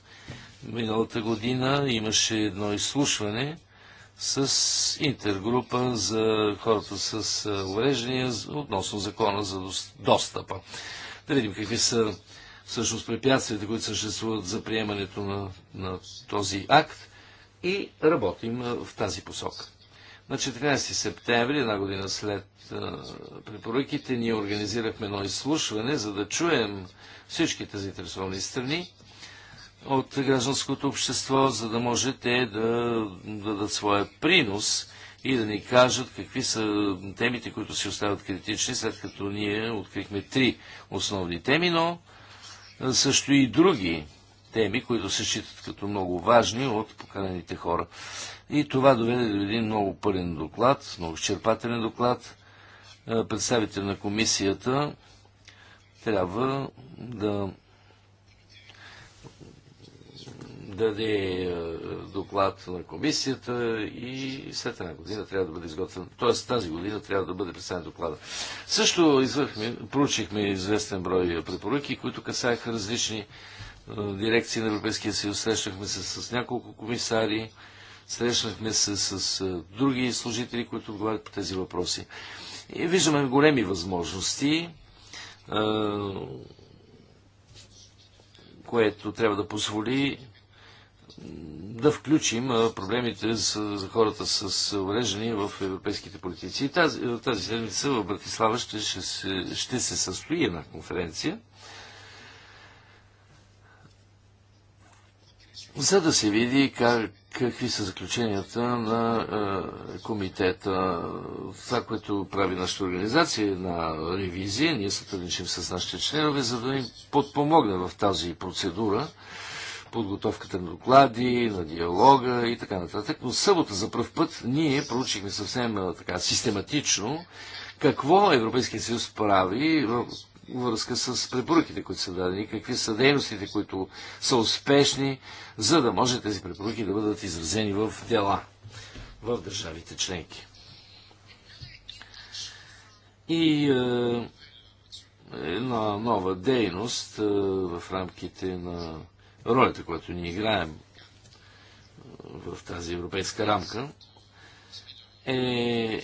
Speaker 3: Миналата година имаше едно изслушване с интергрупа за хората с увреждания относно закона за достъпа. Да видим какви са всъщност препятствията, които съществуват за приемането на, на този акт и работим в тази посока. На 14 септември, една година след препоръките, ние организирахме едно изслушване, за да чуем всичките заинтересовани страни от гражданското общество, за да може те да дадат своя принос и да ни кажат какви са темите, които си остават критични, след като ние открихме три основни теми, но също и други теми, които се считат като много важни от поканените хора. И това доведе до един много пълен доклад, много изчерпателен доклад. Представител на комисията трябва да даде е, доклад на комисията и след една година трябва да бъде изготвен, т.е. тази година трябва да бъде представен доклада. Също извърхме, проучихме известен брой препоръки, които касаеха различни е, дирекции на Европейския съюз. срещахме се с няколко комисари, срещнахме се с е, други служители, които отговарят по тези въпроси. И виждаме големи възможности което трябва да позволи да включим проблемите за хората с увреждания в европейските политици. И тази, тази седмица в Братислава ще, ще, се, ще се състои една конференция, за да се види как, какви са заключенията на е, комитета. Това, което прави нашата организация е на ревизия, ние сътрудничим с нашите членове, за да им подпомогне в тази процедура подготовката на доклади, на диалога и така нататък. Но събота за пръв път ние проучихме съвсем така систематично какво Европейския съюз прави в връзка с препоръките, които са дадени, какви са дейностите, които са успешни, за да може тези препоръки да бъдат изразени в дела в държавите членки. И е, една нова дейност е, в рамките на ролята, която ние играем в тази европейска рамка, е, е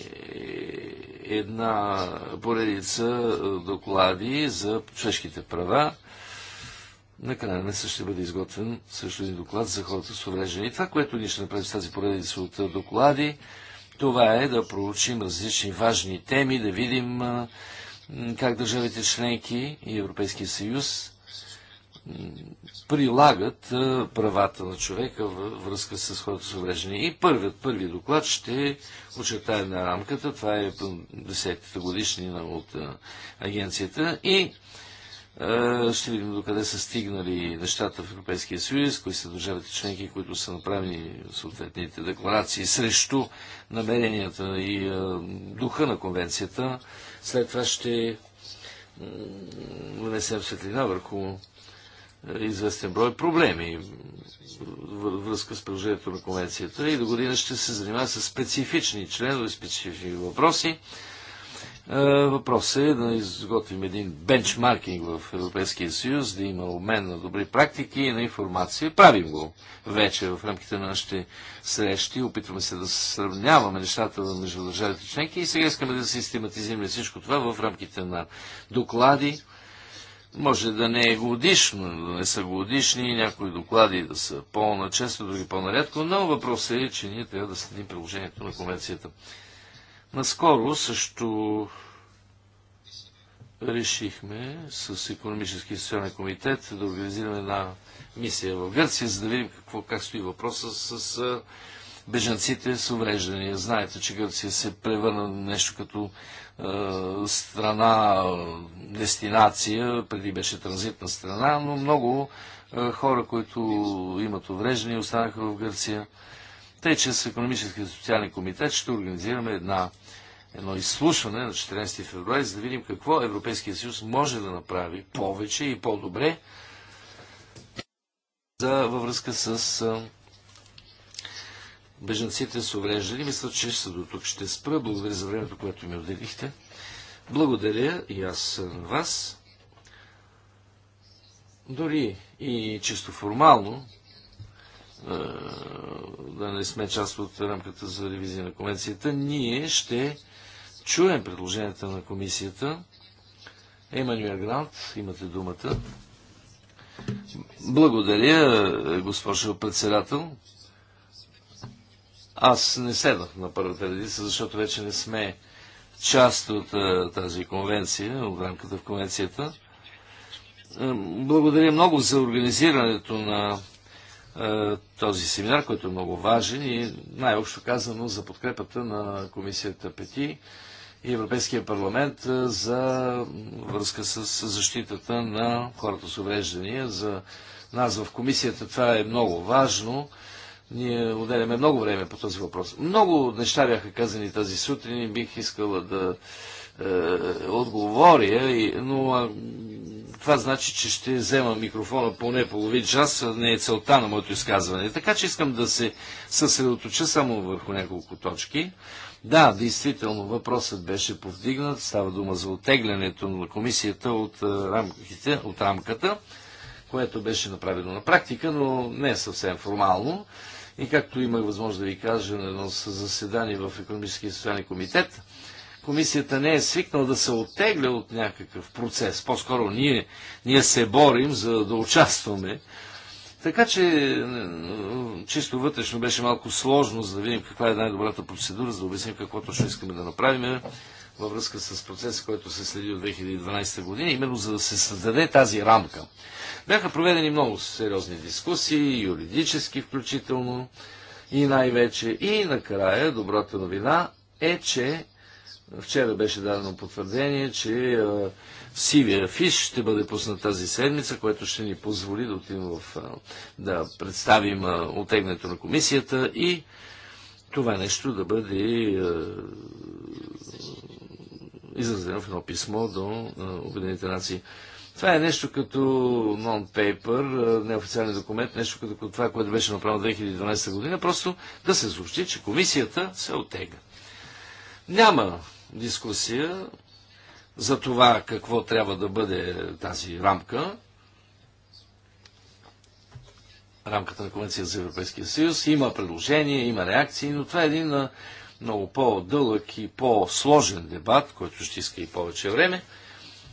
Speaker 3: една поредица доклади за човешките права. Накрая на месец ще бъде изготвен също един доклад за хората с увреждане. Това, което ние ще направим с тази поредица от доклади, това е да проучим различни важни теми, да видим как държавите членки и Европейския съюз прилагат правата на човека във връзка с хората с увреждане. И първият, първи доклад ще очертая на рамката. Това е 10-та годишнина от агенцията. И ще видим докъде са стигнали нещата в Европейския съюз, кои са държавите членки, които са направени съответните декларации срещу намеренията и духа на конвенцията. След това ще внесем светлина върху известен брой проблеми във връзка с приложението на конвенцията и до година ще се занимава с специфични членове, специфични въпроси. Е, въпросът е да изготвим един бенчмаркинг в Европейския съюз, да има обмен на добри практики и на информация. Правим го вече в рамките на нашите срещи. Опитваме се да сравняваме нещата между държавите членки и сега искаме да систематизираме всичко това в рамките на доклади, може да не е годишно, да не са годишни, някои доклади да са по-начесто, други по-нарядко, но въпросът е, че ние трябва да следим приложението на конвенцията. Наскоро също решихме с економически и социален комитет да организираме една мисия в Гърция, за да видим какво, как стои въпроса с, с с увреждания. Знаете, че Гърция се превърна нещо като е, страна, дестинация, преди беше транзитна страна, но много е, хора, които имат увреждане, останаха в Гърция. Тъй, че с економически и социален комитет ще организираме една, едно изслушване на 14 февруари, за да видим какво Европейския съюз може да направи повече и по-добре за, във връзка с е, беженците с увреждани. Мисля, че ще до тук ще спра. Благодаря за времето, което ми отделихте. Благодаря и аз на вас. Дори и чисто формално, да не сме част от рамката за ревизия на конвенцията, ние ще чуем предложенията на комисията. Емануел Грант, имате думата. Благодаря, госпожо председател. Аз не седнах на първата редица, защото вече не сме част от е, тази конвенция, от рамката в конвенцията. Е, благодаря много за организирането на е, този семинар, който е много важен и най-общо казано за подкрепата на комисията Пети и Европейския парламент за връзка с защитата на хората с увреждания. За нас в комисията това е много важно. Ние отделяме много време по този въпрос. Много неща бяха казани тази сутрин и бих искала да е, отговоря, но а, това значи, че ще взема микрофона поне половин час, не е целта на моето изказване. Така че искам да се съсредоточа само върху няколко точки. Да, действително, въпросът беше повдигнат. Става дума за отеглянето на комисията от, е, рамките, от рамката, което беше направено на практика, но не е съвсем формално. И както имах възможност да ви кажа на едно заседание в Економическия и социален комитет, комисията не е свикнала да се оттегля от някакъв процес. По-скоро ние, ние се борим за да участваме. Така че чисто вътрешно беше малко сложно, за да видим каква е най-добрата процедура, за да обясним какво точно искаме да направим във връзка с процеса, който се следи от 2012 година, именно за да се създаде тази рамка. Бяха проведени много сериозни дискусии, юридически включително и най-вече. И накрая добрата новина е, че вчера беше дадено потвърдение, че а, сивия фиш ще бъде пуснат тази седмица, което ще ни позволи да отидем в, а, да представим а, на комисията и това нещо да бъде изразено в едно писмо до Обединените нации. Това е нещо като non-paper, неофициален документ, нещо като това, което беше направено 2012 година, просто да се съобщи, че комисията се отега. Няма дискусия за това какво трябва да бъде тази рамка, рамката на Конвенцията за Европейския съюз. Има предложения, има реакции, но това е един много по-дълъг и по-сложен дебат, който ще иска и повече време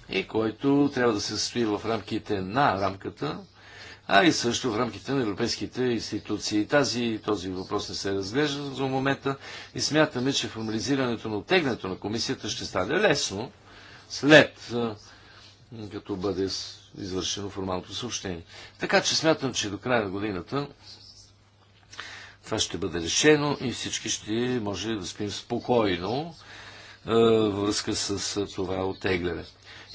Speaker 3: и който трябва да се състои в рамките на рамката, а и също в рамките на европейските институции. Тази, този въпрос не се разглежда за момента и смятаме, че формализирането на оттегнането на комисията ще стане лесно, след като бъде извършено формалното съобщение. Така че смятам, че до края на годината това ще бъде решено и всички ще може да спим спокойно във връзка с това отегляне.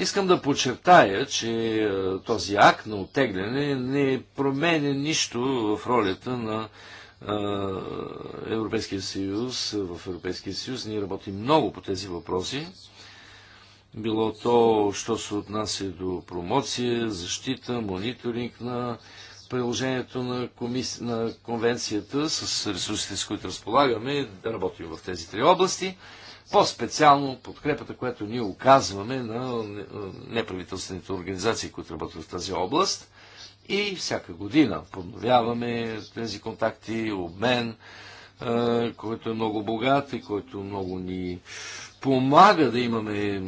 Speaker 3: Искам да подчертая, че е, този акт на отегляне не променя нищо в ролята на е, Европейския съюз. В Европейския съюз ние работим много по тези въпроси. Било то, що се отнася до промоция, защита, мониторинг на приложението на, комис... на конвенцията с ресурсите, с които разполагаме, да работим в тези три области – по-специално подкрепата, която ние оказваме на неправителствените организации, които работят в тази област. И всяка година подновяваме тези контакти, обмен, е, който е много богат и който много ни помага да имаме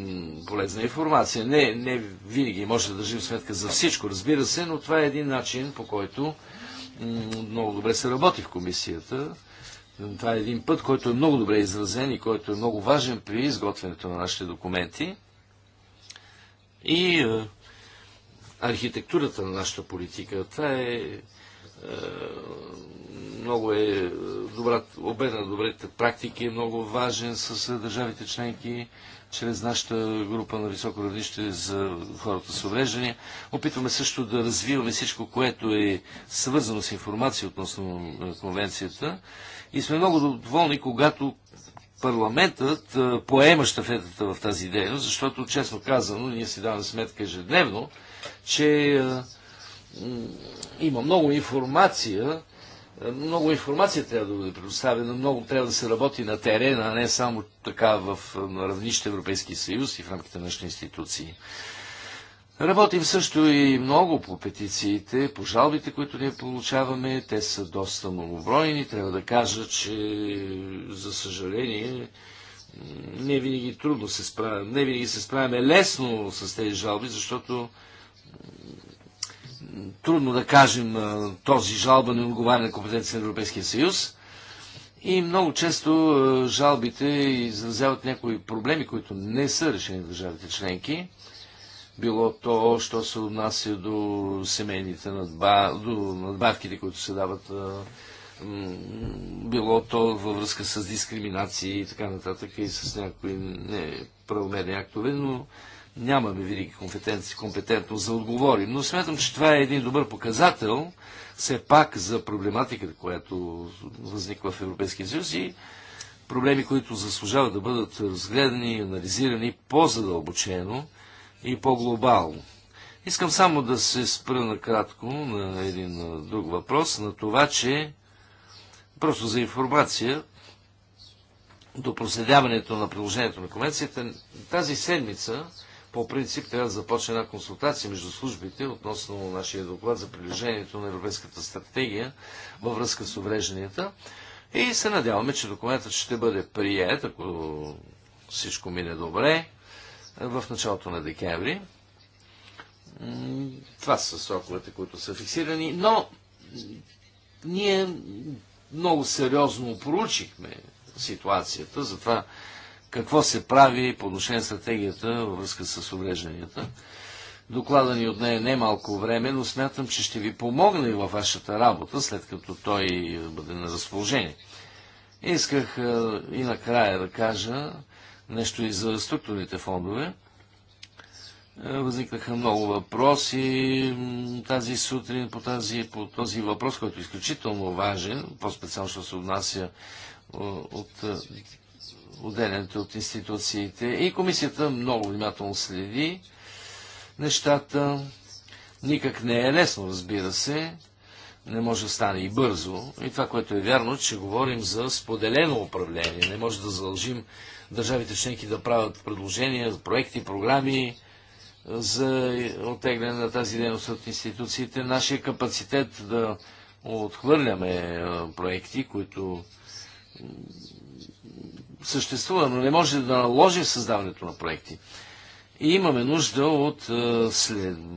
Speaker 3: полезна информация. Не, не винаги може да държим сметка за всичко, разбира се, но това е един начин, по който много добре се работи в комисията това е един път, който е много добре изразен и който е много важен при изготвянето на нашите документи. И е, архитектурата на нашата политика. Това е, е много е добра, обеда на добрите практики е много важен с е, държавите членки чрез нашата група на високо равнище за хората с увреждания. Опитваме също да развиваме всичко, което е свързано с информация относно е, конвенцията и сме много доволни, когато парламентът поема щафетата в тази дейност, защото, честно казано, ние си даваме сметка ежедневно, че има много информация, много информация трябва да бъде предоставена, много трябва да се работи на терена, а не само така в на равнище Европейски съюз и в рамките на нашите институции. Работим също и много по петициите, по жалбите, които ние получаваме. Те са доста многобройни. Трябва да кажа, че за съжаление не винаги трудно се справим, не винаги се справяме лесно с тези жалби, защото трудно да кажем този жалба не отговаря на компетенция на Европейския съюз. И много често жалбите изразяват някои проблеми, които не са решени в държавите членки било то, що се отнася до семейните надба, до надбавките, които се дават, било то във връзка с дискриминации и така нататък и с някои неправомерни актове, но нямаме велики компетентност да отговорим. Но смятам, че това е един добър показател все пак за проблематиката, която възниква в Европейския съюз и проблеми, които заслужават да бъдат разгледани и анализирани по-задълбочено и по-глобално. Искам само да се спра накратко на един друг въпрос, на това, че просто за информация до проследяването на приложението на конвенцията, тази седмица по принцип трябва да започне една консултация между службите относно нашия доклад за приложението на Европейската стратегия във връзка с уврежданията. И се надяваме, че документът ще бъде прият, ако всичко мине добре, в началото на декември. Това са сроковете, които са фиксирани, но ние много сериозно проучихме ситуацията за това какво се прави по отношение на стратегията във връзка с уврежданията. Доклада ни от нея не е малко време, но смятам, че ще ви помогне и във вашата работа, след като той бъде на разположение. Исках и накрая да кажа, нещо и за структурните фондове. Е, възникнаха много въпроси тази сутрин по, тази, по този въпрос, който е изключително важен, по-специално, що се отнася е, от е, отделянето от институциите. И комисията много внимателно следи нещата. Никак не е лесно, разбира се. Не може да стане и бързо. И това, което е вярно, че говорим за споделено управление. Не може да задължим държавите членки да правят предложения, проекти, програми е, за оттегляне на тази дейност от институциите. Нашия капацитет да отхвърляме е, проекти, които съществува, но не може да наложи създаването на проекти. И имаме нужда от е,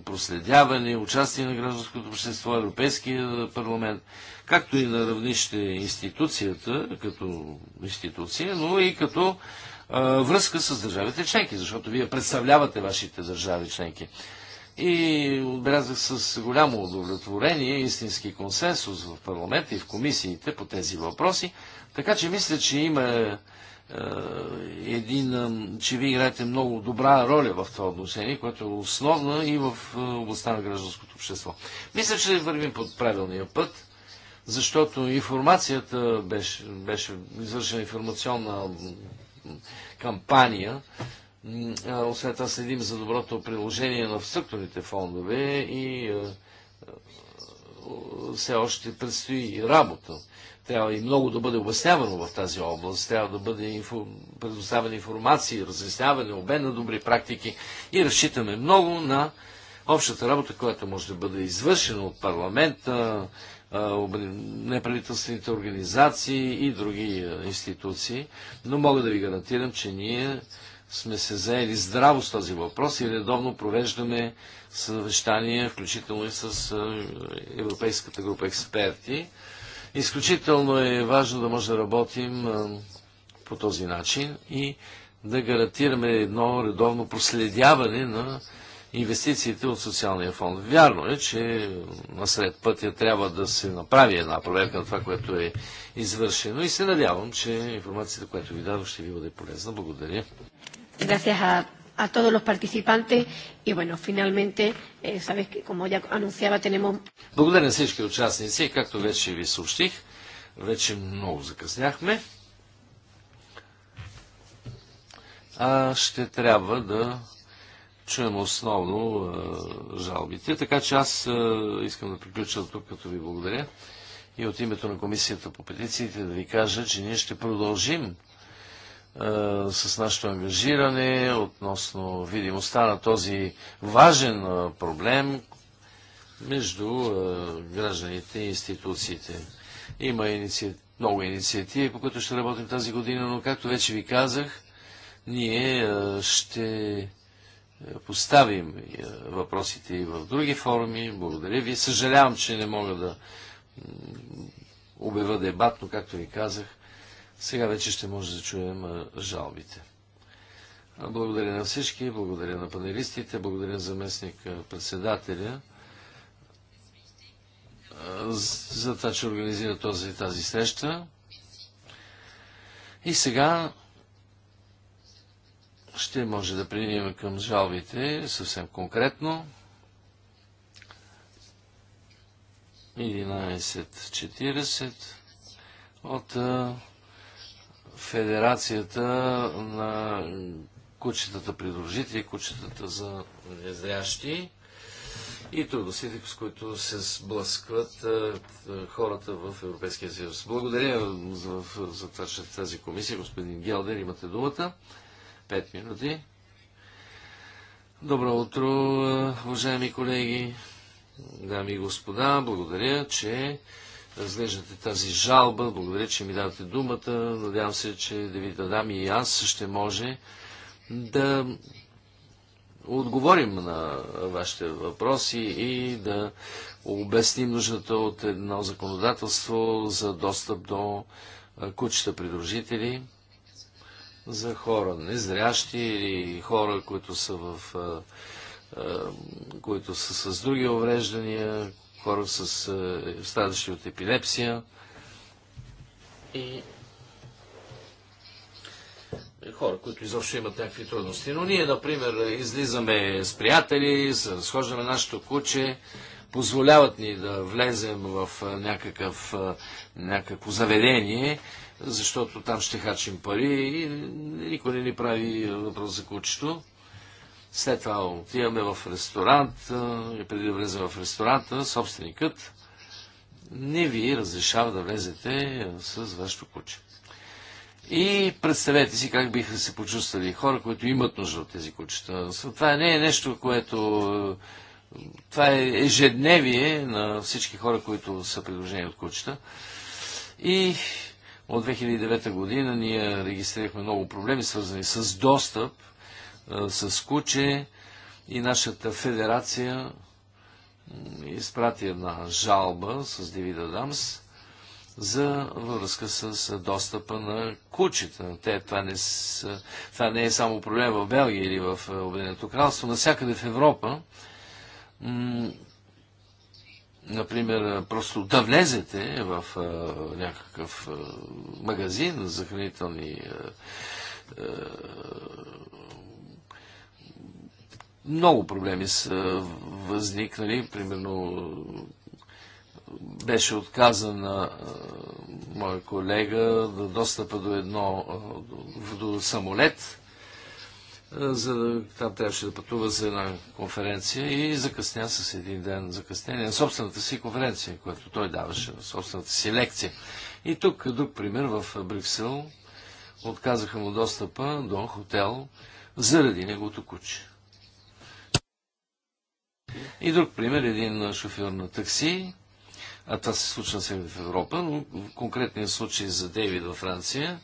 Speaker 3: проследяване, участие на гражданското общество, Европейския парламент, както и на равнище институцията, като институция, но и като е, връзка с държавите членки, защото вие представлявате вашите държави членки. И отбелязах с голямо удовлетворение истински консенсус в парламента и в комисиите по тези въпроси, така че мисля, че има е, един, че вие играете много добра роля в това отношение, което е основна и в е, областта на гражданското общество. Мисля, че вървим под правилния път, защото информацията беше, беше извършена информационна кампания. Освен това следим за доброто приложение на структурните фондове и е, все още предстои работа. Трябва и много да бъде обяснявано в тази област. Трябва да бъде инфо... предоставена информация, разясняване, обмен на добри практики и разчитаме много на общата работа, която може да бъде извършена от парламента, неправителствените организации и други институции, но мога да ви гарантирам, че ние сме се заели здраво с този въпрос и редовно провеждаме съвещания, включително и с Европейската група експерти. Изключително е важно да може да работим по този начин и да гарантираме едно редовно проследяване на инвестициите от социалния фонд. Вярно е, че насред пътя трябва да се направи една проверка на това, което е извършено и се надявам, че информацията, която ви дадох, ще ви бъде полезна. Благодаря.
Speaker 2: Gracias a a todos los participantes y bueno, finalmente, eh, sabes que como ya anunciaba, tenemos...
Speaker 3: Благодаря на всички участници, както вече ви съобщих, вече много закъсняхме. А ще трябва да чуем основно а, жалбите. Така че аз а, искам да приключа тук, като ви благодаря. И от името на Комисията по петициите да ви кажа, че ние ще продължим е, с нашето ангажиране относно видимостта на този важен е, проблем между е, гражданите и институциите. Има иници... много инициативи, по които ще работим тази година, но както вече ви казах, ние ще поставим въпросите и в други форуми. Благодаря ви. Съжалявам, че не мога да обява дебат, но както ви казах, сега вече ще може да чуем жалбите. Благодаря на всички, благодаря на панелистите, благодаря на заместник председателя за това, че организира този, тази среща. И сега ще може да преминем към жалбите съвсем конкретно. 11.40 от Федерацията на кучетата придружители, кучетата за незрящи. И трудностите, с които се сблъскват е, е, хората в Европейския съюз. Благодаря за, за това, че тази комисия. Господин Гелдер, имате думата. Пет минути. Добро утро, е, уважаеми колеги, дами и господа. Благодаря, че разглеждате тази жалба. Благодаря, че ми давате думата. Надявам се, че да ви дадам и аз ще може да отговорим на вашите въпроси и да обясним нуждата от едно законодателство за достъп до кучета придружители за хора незрящи или хора, които са в които са с други увреждания, хора с е, страдащи от епилепсия и хора, които изобщо имат някакви трудности. Но ние, например, излизаме с приятели, схождаме нашето куче, позволяват ни да влезем в е, някакъв, е, някакво заведение, защото там ще хачим пари и никой не ни прави въпрос за кучето. След това отиваме в ресторант, и преди да влезем в ресторанта, собственикът не ви разрешава да влезете с вашето куче. И представете си как биха се почувствали хора, които имат нужда от тези кучета. Това не е нещо, което... Това е ежедневие на всички хора, които са придружени от кучета. И от 2009 година ние регистрирахме много проблеми, свързани с достъп с куче и нашата федерация изпрати една жалба с Девида Дамс за връзка с достъпа на кучета. Те, това, не с, това не е само проблем в Белгия или в Обединеното кралство, навсякъде в Европа. Например, просто да влезете в а, някакъв а, магазин за хранителни а, много проблеми са възникнали. Примерно беше отказан на моя колега да достъпа до едно до самолет, за да, там трябваше да пътува за една конференция и закъсня с един ден закъснение на собствената си конференция, която той даваше, на собствената си лекция. И тук, друг пример, в Брюксел отказаха му достъпа до хотел заради неговото куче. И друг пример, един шофьор на такси, а това се случва сега в Европа, но в конкретния случай за Дейвид във Франция,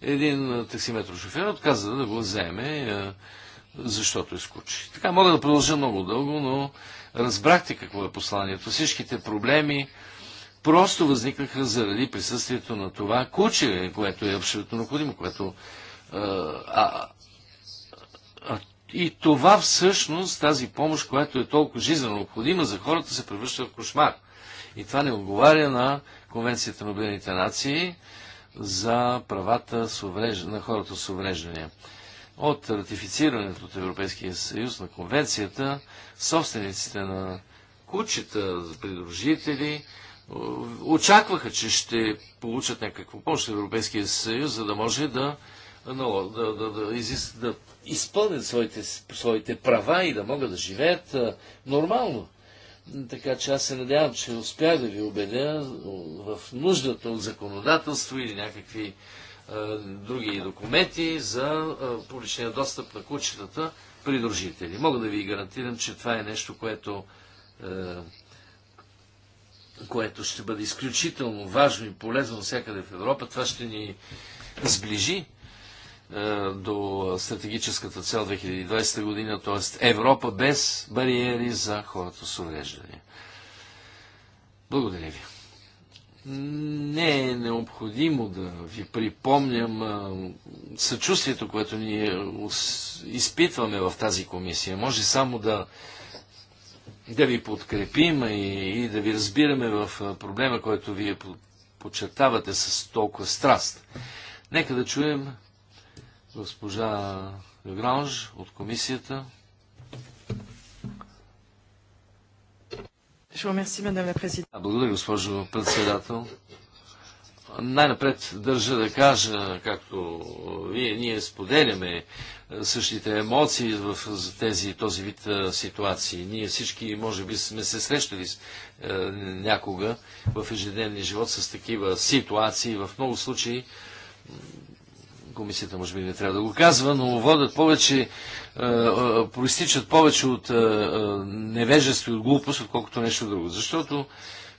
Speaker 3: един таксиметро шофьор отказа да го вземе, защото изкучи. Е така, мога да продължа много дълго, но разбрахте какво е посланието. Всичките проблеми просто възникнаха заради присъствието на това куче, което е абсолютно необходимо, което а, а, и това всъщност, тази помощ, която е толкова жизненно необходима за хората, се превръща в кошмар. И това не отговаря на Конвенцията на Обединените нации за правата на хората с увреждания. От ратифицирането от Европейския съюз на конвенцията, собствениците на кучета, придружители, очакваха, че ще получат някаква помощ от Европейския съюз, за да може да но, да, да, да, изис, да изпълнят своите, своите права и да могат да живеят а, нормално. Така че аз се надявам, че успях да ви убедя в нуждата от законодателство или някакви а, други документи за а, публичния достъп на кучетата при дружители. Мога да ви гарантирам, че това е нещо, което, а, което ще бъде изключително важно и полезно всякъде в Европа. Това ще ни сближи е, до стратегическата цел 2020 година, т.е. Европа без бариери за хората с увреждания. Благодаря ви. Не е необходимо да ви припомням съчувствието, което ние изпитваме в тази комисия. Може само да, да ви подкрепим и, и да ви разбираме в проблема, който вие подчертавате с толкова страст. Нека да чуем Госпожа Легранж от комисията. Благодаря, госпожо председател. Най-напред държа да кажа, както вие, ние споделяме е, същите емоции в тези, този вид е, ситуации. Ние всички, може би, сме се срещали е, някога в ежедневния живот с такива ситуации. В много случаи комисията може би не трябва да го казва, но водят повече, е, е, проистичат повече от е, невежество и от глупост, отколкото нещо друго. Защото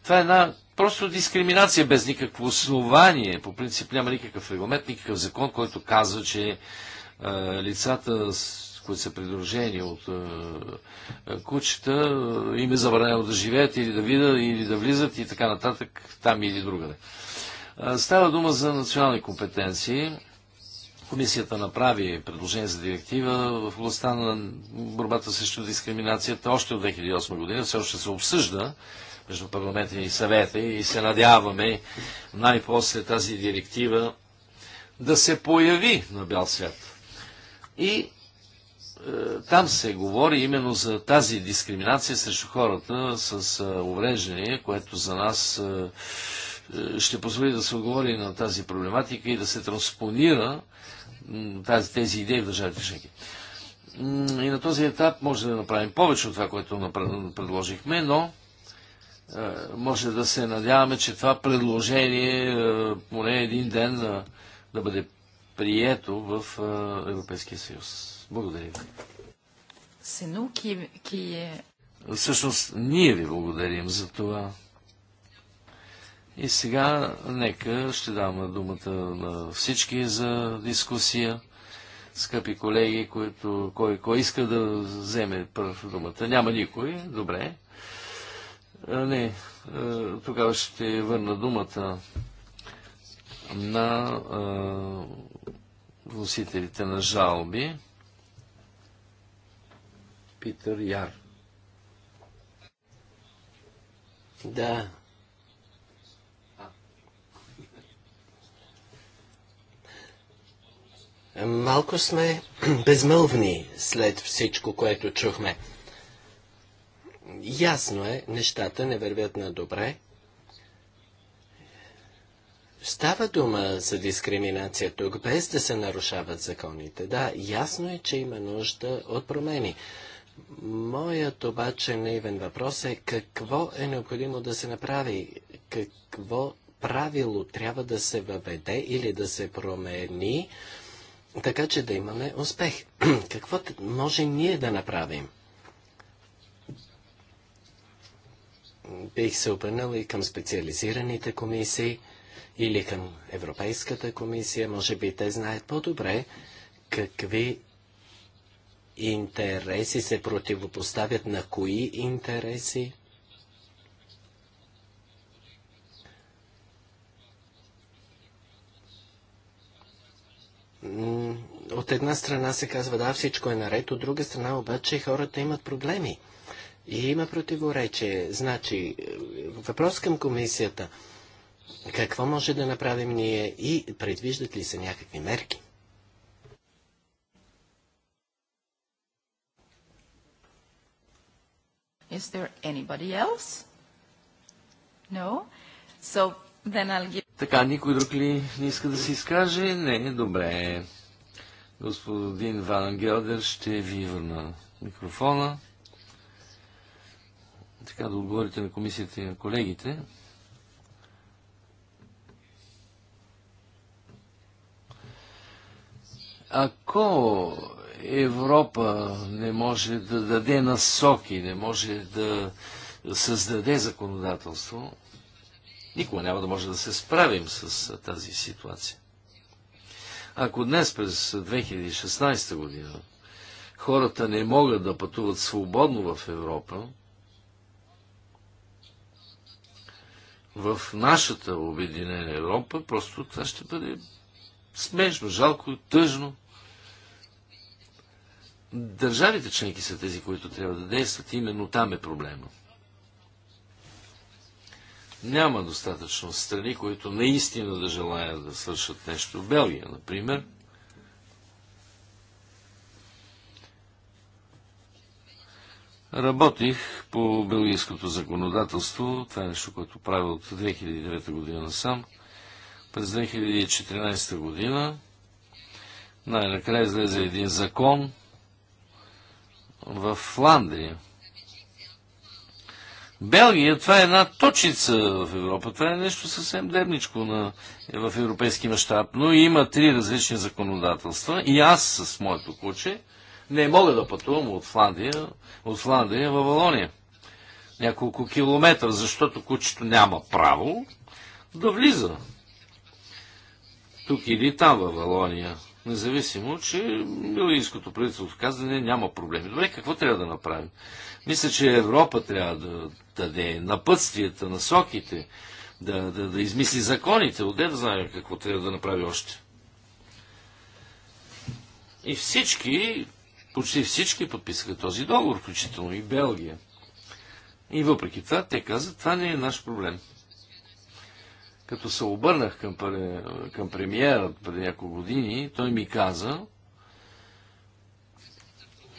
Speaker 3: това е една просто дискриминация без никакво основание. По принцип няма никакъв регламент, никакъв закон, който казва, че лицата, които са придружени от кучета, им е забранено да живеят или да видят, или да влизат и така нататък, там или другаде. Става дума за национални компетенции. Комисията направи предложение за директива в областта на борбата срещу дискриминацията още от 2008 година. Все още се обсъжда между парламента и съвета и се надяваме най-после тази директива да се появи на бял свят. И е, там се говори именно за тази дискриминация срещу хората с е, увреждания, което за нас е, ще позволи да се отговори на тази проблематика и да се транспонира тази, тези идеи в държавите членки. И на този етап може да направим повече от това, което предложихме, но е, може да се надяваме, че това предложение е, поне един ден да, е, да бъде прието в Европейския съюз. Благодаря ви. Сену, ки, ки е... Всъщност, ние ви благодарим за това. И сега нека ще дам думата на всички за дискусия. Скъпи колеги, които, кой, кой иска да вземе първ думата? Няма никой. Добре. Не, тогава ще върна думата на вносителите на жалби. Питър Яр. Да,
Speaker 2: Малко сме (clears throat) безмълвни след всичко, което чухме. Ясно е, нещата не вървят на добре. Става дума за дискриминация тук, без да се нарушават законите. Да, ясно е, че има нужда от промени. Моят обаче наивен въпрос е какво е необходимо да се направи, какво правило трябва да се въведе или да се промени, така че да имаме успех. (clears throat) Какво може ние да направим? Бих се обърнал и към специализираните комисии или към Европейската комисия. Може би те знаят по-добре какви интереси се противопоставят на кои интереси. от една страна се казва, да, всичко е наред, от друга страна обаче хората имат проблеми. И има противоречие. Значи, е, въпрос към комисията. Какво може да направим ние и предвиждат ли се някакви мерки?
Speaker 1: Is there anybody else? No? So then I'll give
Speaker 3: така, никой друг ли не иска да се изкаже? Не, добре. Господин Ван Гелдер ще ви върна микрофона. Така да отговорите на комисията и на колегите. Ако Европа не може да даде насоки, не може да създаде законодателство, Никога няма да може да се справим с тази ситуация. Ако днес през 2016 година хората не могат да пътуват свободно в Европа, в нашата обединена Европа, просто това ще бъде смешно, жалко, тъжно. Държавите членки са тези, които трябва да действат. Именно там е проблема. Няма достатъчно страни, които наистина да желаят да свършат нещо. Белгия, например, Работих по белгийското законодателство. Това е нещо, което правя от 2009 година сам. През 2014 година най-накрая излезе един закон в Фландрия, Белгия, това е една точица в Европа. Това е нещо съвсем дебничко на, е, в европейски мащаб, но има три различни законодателства и аз с моето куче не мога да пътувам от Фландия, от Фландия в Валония. Няколко километра, защото кучето няма право да влиза тук или там във Валония. Независимо, че милийското правителство каза, не, няма проблеми. Добре, какво трябва да направим? Мисля, че Европа трябва да даде напътствията, насоките, да, да, да измисли законите. Отде да знаем какво трябва да направи още. И всички, почти всички подписаха този договор, включително и Белгия. И въпреки това, те казват, това не е наш проблем. Като се обърнах към, към премиера преди няколко години, той ми каза,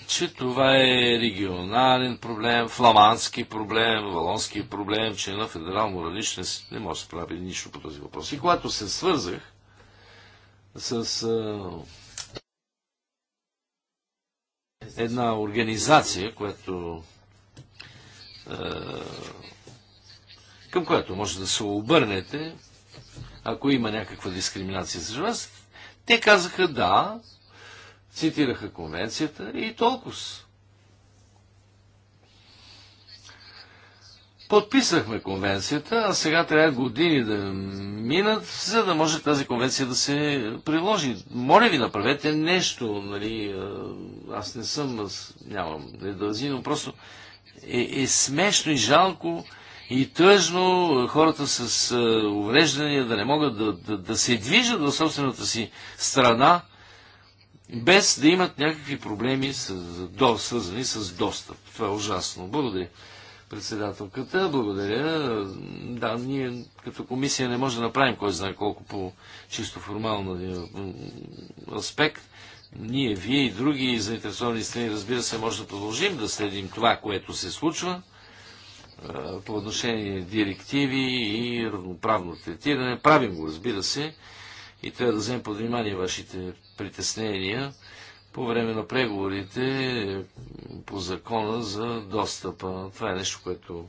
Speaker 3: че това е регионален проблем, фламандски проблем, валонски проблем, че на федерално равнище не може да се прави нищо по този въпрос. И когато се свързах с а, една организация, която а, към която може да се обърнете, ако има някаква дискриминация за вас. Те казаха да, цитираха конвенцията и толкова. Подписахме конвенцията, а сега трябва години да минат, за да може тази конвенция да се приложи. Моля ви, направете нещо. Нали, аз не съм, аз нямам недълзи, но просто е, е смешно и жалко и тъжно хората с увреждания да не могат да, да, да се движат в собствената си страна, без да имат някакви проблеми, с, до, свързани с достъп. Това е ужасно. Благодаря председателката. Благодаря. Да, ние като комисия не може да направим кой знае колко по чисто формален аспект. Ние, вие и други заинтересовани страни, разбира се, може да продължим да следим това, което се случва по отношение директиви и равноправно третиране. Правим го, разбира се, и трябва да вземем под внимание вашите притеснения по време на преговорите по закона за достъпа. Това е нещо, което,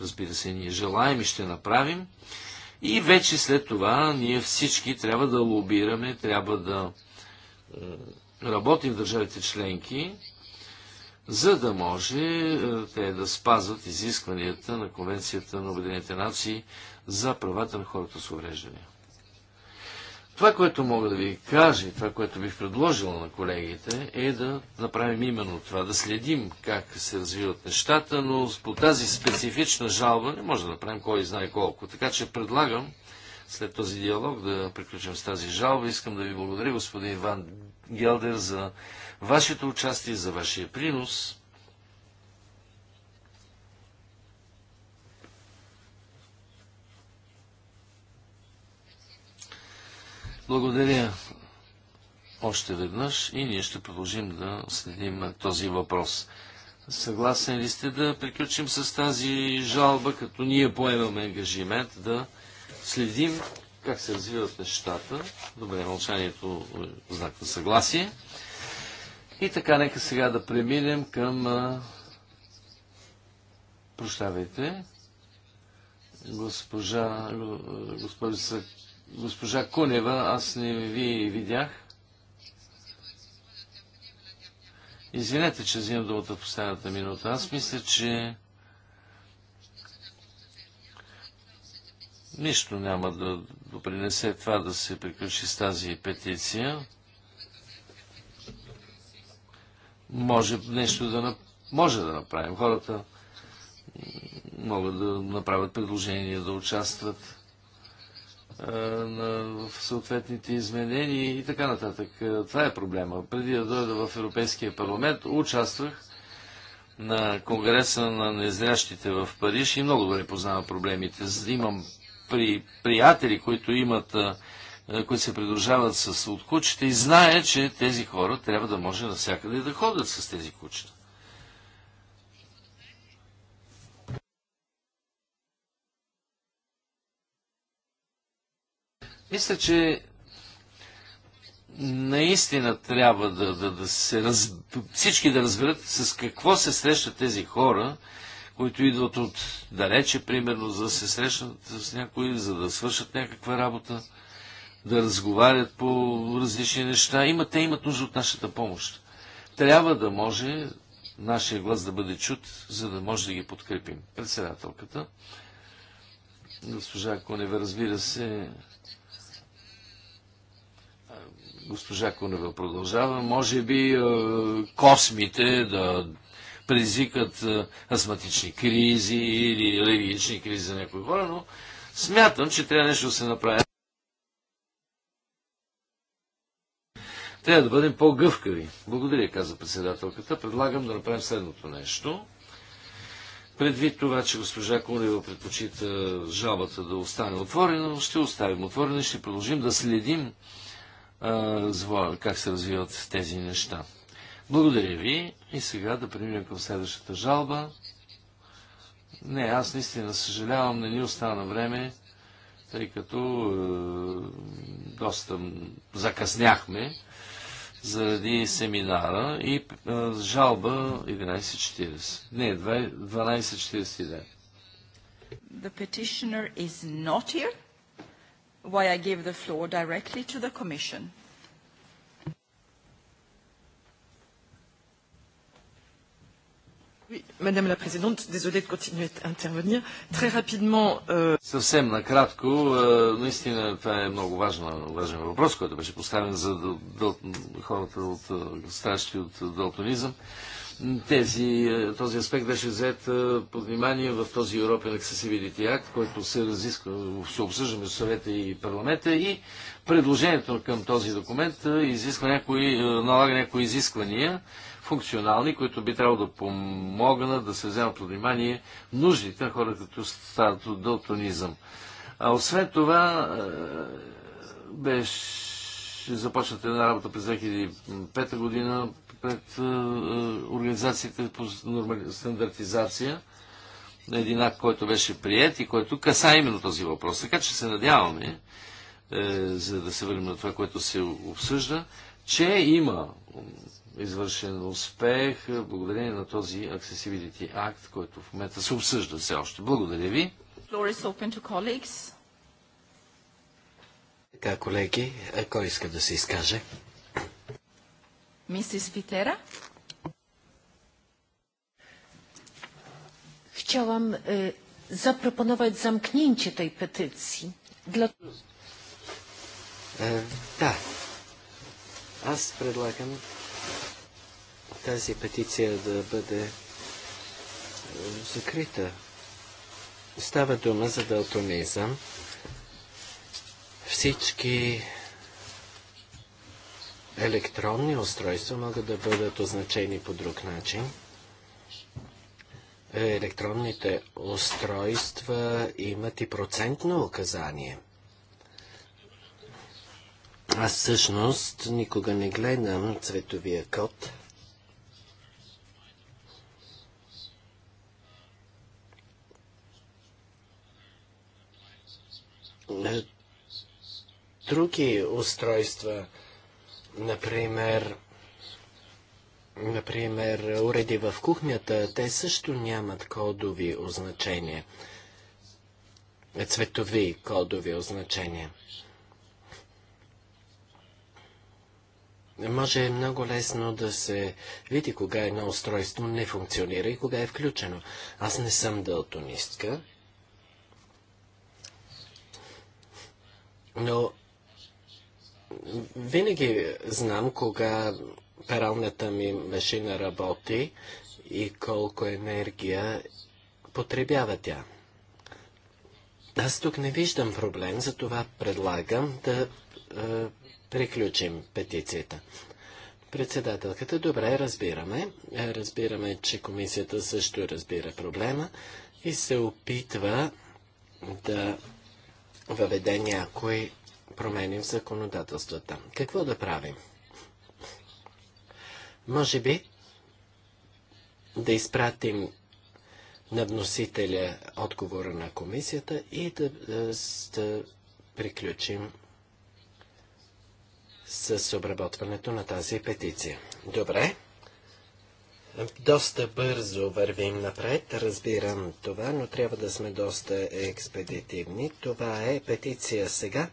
Speaker 3: разбира се, ние желаем и ще направим. И вече след това ние всички трябва да лобираме, трябва да работим в държавите членки, за да може е, те да спазват изискванията на Конвенцията на Обединените нации за правата на хората с увреждания. Това, което мога да ви кажа и това, което бих предложила на колегите, е да направим именно това, да следим как се развиват нещата, но по тази специфична жалба не може да направим кой знае колко. Така че предлагам след този диалог да приключим с тази жалба. Искам да ви благодаря, господин Иван Гелдер, за вашето участие, за вашия принос. Благодаря още веднъж и ние ще продължим да следим този въпрос. Съгласен ли сте да приключим с тази жалба, като ние поемаме ангажимент да следим как се развиват нещата? Добре, мълчанието е знак на съгласие. И така, нека сега да преминем към... Прощавайте. Госпожа, госпожа, госпожа Кунева, аз не ви видях. Извинете, че взимам думата в последната минута. Аз мисля, че нищо няма да допринесе това да се приключи с тази петиция. може нещо да, може да направим. Хората могат да направят предложения да участват в съответните изменения и така нататък. Това е проблема. Преди да дойда в Европейския парламент, участвах на Конгреса на незрящите в Париж и много добре познавам проблемите. Имам при, приятели, които имат а, които се придружават с от кучета и знае, че тези хора трябва да може навсякъде да ходят с тези кучета. Мисля, че наистина трябва да, да, да се раз... всички да разберат с какво се срещат тези хора, които идват от далече, примерно, за да се срещнат с някой, за да свършат някаква работа да разговарят по различни неща. Има, те имат нужда от нашата помощ. Трябва да може нашия глас да бъде чут, за да може да ги подкрепим. Председателката, госпожа Конева, разбира се, госпожа Конева продължава, може би е, космите да предизвикат е, астматични кризи или алергични кризи за някои хора, но смятам, че трябва нещо да се направи. Трябва да бъдем по-гъвкави. Благодаря, каза председателката. Предлагам да направим следното нещо. Предвид това, че госпожа Кунева предпочита жалбата да остане отворена, ще оставим отворена и ще продължим да следим а, как се развиват тези неща. Благодаря ви и сега да преминем към следващата жалба. Не, аз наистина съжалявам, не ни остана време, тъй като е, доста закъсняхме заради семинара и а, жалба 11.40. Не, 12.49.
Speaker 2: The petitioner is not here. Why I gave the floor directly to the Commission. Madame la Présidente, désolée de continuer à intervenir. Très rapidement...
Speaker 3: Euh... Съвсем накратко, е, наистина това е много важна, важен въпрос, който беше поставен за хората от е, стращи от далтонизъм. Тези, е, този аспект беше взет под внимание в този European Accessibility Act, който се разисква, се обсъжда между съвета и парламента и предложението към този документ изисква някои, налага някои изисквания, функционални, които би трябвало да помогнат да се вземат под внимание нуждите на хората, като стават от дълтонизъм. А освен това, е, беше започнат една работа през 2005 година пред е, организацията по стандартизация на един акт, който беше прият и който каса именно този въпрос. Така че се надяваме, е, за да се върнем на това, което се обсъжда, че има извършен успех благодарение на този Accessibility Act, който в момента се обсъжда все още. Благодаря ви. Така, колеги, кой иска да се изкаже?
Speaker 1: Мисис Фитера. Chciałam y, e, zaproponować zamknięcie tej petycji. Dla...
Speaker 2: E, да. Аз предлагам тази петиция да бъде е, закрита. Става дума за далтонизъм. Всички електронни устройства могат да бъдат означени по друг начин. Електронните устройства имат и процентно указание. Аз всъщност никога не гледам цветовия код – други устройства, например, например уреди в кухнята, те също нямат кодови означения, цветови кодови означения. Може много лесно да се види кога едно устройство не функционира и кога е включено. Аз не съм дълтонистка. Но винаги знам кога пералната ми машина работи и колко енергия потребява тя. Аз тук не виждам проблем, затова предлагам да е, приключим петицията. Председателката, добре, разбираме. Разбираме, че комисията също разбира проблема и се опитва да въведе някои промени в законодателствата. Какво да правим? Може би да изпратим на вносителя отговора на комисията и да, да, да приключим с обработването на тази петиция. Добре. Доста бързо вървим напред, разбирам това, но трябва да сме доста експедитивни. Това е петиция сега,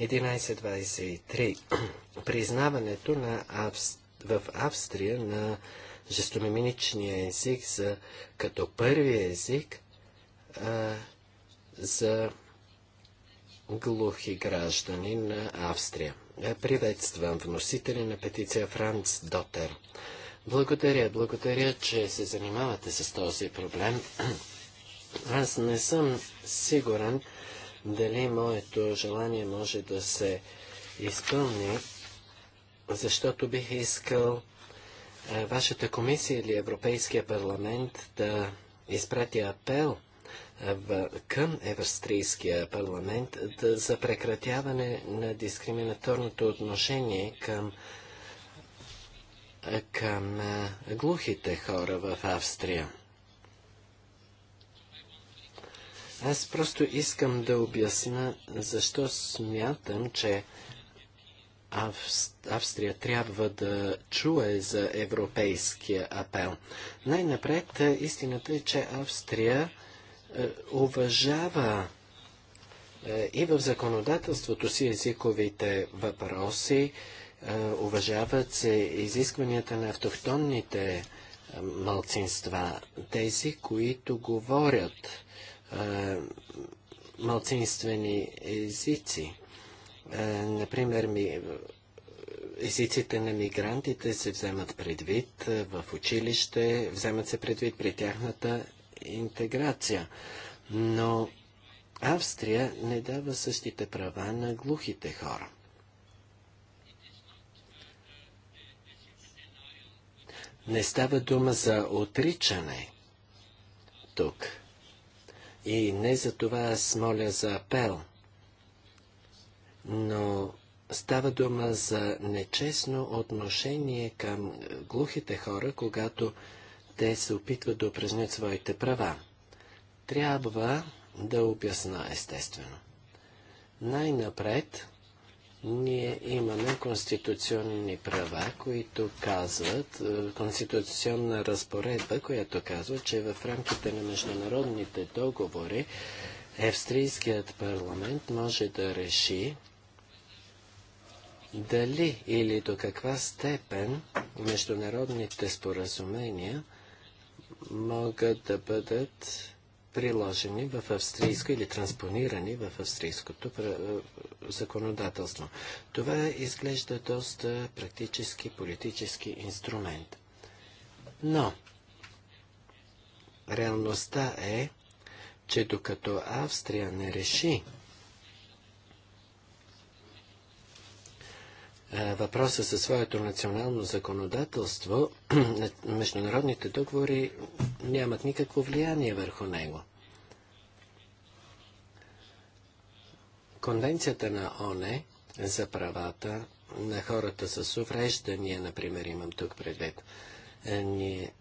Speaker 2: 1123. (clears throat) Признаването на Авст... в Австрия на жестомиминичния език за... като първи език а... за глухи граждани на Австрия. Е, приветствам вносители на петиция Франц Дотер. Благодаря, благодаря, че се занимавате с този проблем. (clears throat) Аз не съм сигурен дали моето желание може да се изпълни, защото бих искал вашата комисия или Европейския парламент да изпрати апел към Еврострийския парламент за прекратяване на дискриминаторното отношение към към глухите хора в Австрия. Аз просто искам да обясна защо смятам, че Австрия трябва да чуе за европейския апел. Най-напред истината е, че Австрия уважава и в законодателството си езиковите въпроси, е, уважават се изискванията на автохтонните е, малцинства, тези, които говорят е, малцинствени езици. например, ми, езиците на мигрантите се вземат предвид в училище, вземат се предвид при тяхната интеграция. Но Австрия не дава същите права на глухите хора. Не става дума за отричане тук. И не за това аз моля за апел. Но става дума за нечестно отношение към глухите хора, когато те се опитват да упражнят своите права. Трябва да обясна, естествено. Най-напред ние имаме конституционни права, които казват, е, конституционна разпоредба, която казва, че в рамките на международните договори Австрийският парламент може да реши дали или до каква степен международните споразумения могат да бъдат приложени в австрийско или транспонирани в австрийското законодателство. Това изглежда доста практически политически инструмент. Но реалността е, че докато Австрия не реши въпроса със своето национално законодателство, (clears throat) международните договори нямат никакво влияние върху него. Конвенцията на ОНЕ за правата на хората с увреждания, например, имам тук предвид. Е, ние,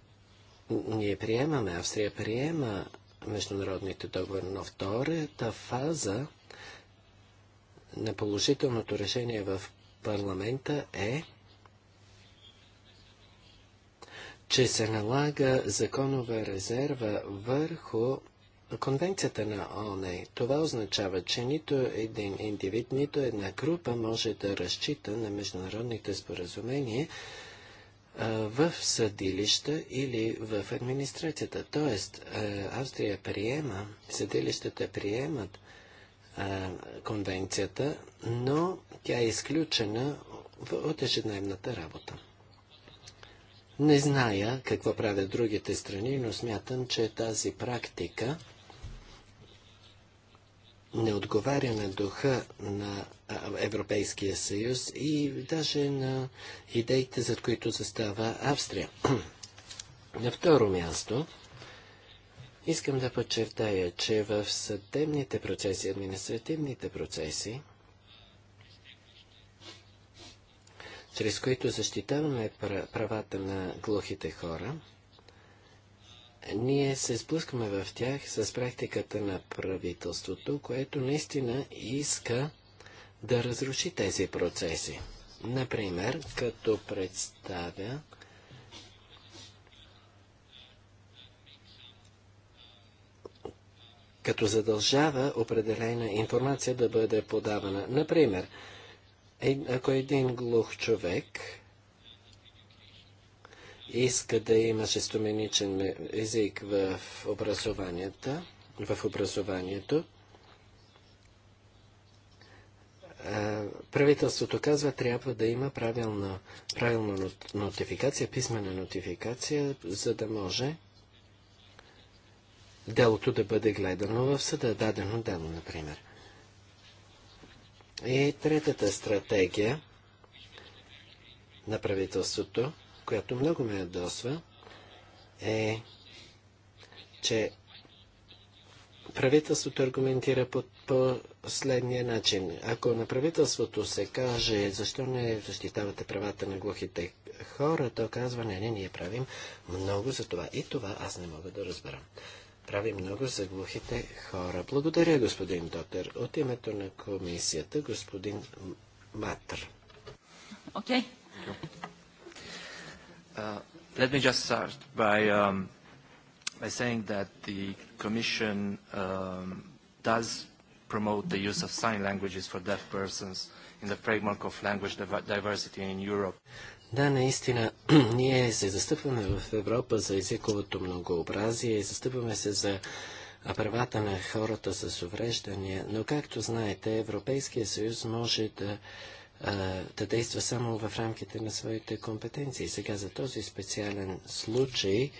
Speaker 2: ние приемаме, Австрия приема международните договори, но втората фаза на положителното решение в парламента е, че се налага законова резерва върху Конвенцията на ООН, това означава, че нито един индивид, нито една група може да разчита на международните споразумения в съдилища или в администрацията. Тоест, Австрия приема, съдилищата приемат конвенцията, но тя е изключена от ежедневната работа. Не зная какво правят другите страни, но смятам, че тази практика не отговаря на духа на Европейския съюз и даже на идеите, за които застава Австрия. (clears throat) На второ място, искам да подчертая, че в съдебните процеси, административните процеси, чрез които защитаваме правата на глухите хора, ние се спускаме в тях с практиката на правителството, което наистина иска да разруши тези процеси. Например, като представя като задължава определена информация да бъде подавана. Например, ако един глух човек иска да има шестоменичен език в образованията, в образованието. Правителството казва, трябва да има правилна, правилна нотификация, писмена нотификация, за да може делото да бъде гледано в съда, дадено дело, например. И третата стратегия на правителството – която много ме ядосва, е, че правителството аргументира по, по следния начин. Ако на правителството се каже, защо не защитавате правата на глухите хора, то казва, не, не, ние правим много за това. И това аз не мога да разбера. Прави много за глухите хора. Благодаря, господин доктор. От името на комисията, господин Матър. Окей. Okay. Uh, let me just start by, um, by saying that the Commission um, does promote the use of sign languages for deaf persons in the framework of language diversity in Europe. Да, наистина, ние се застъпваме в Европа за езиковото многообразие и застъпваме се за правата на хората с увреждания, но както знаете, Европейския съюз може да uh, да действа само в рамките на своите компетенции. Сега за този специален случай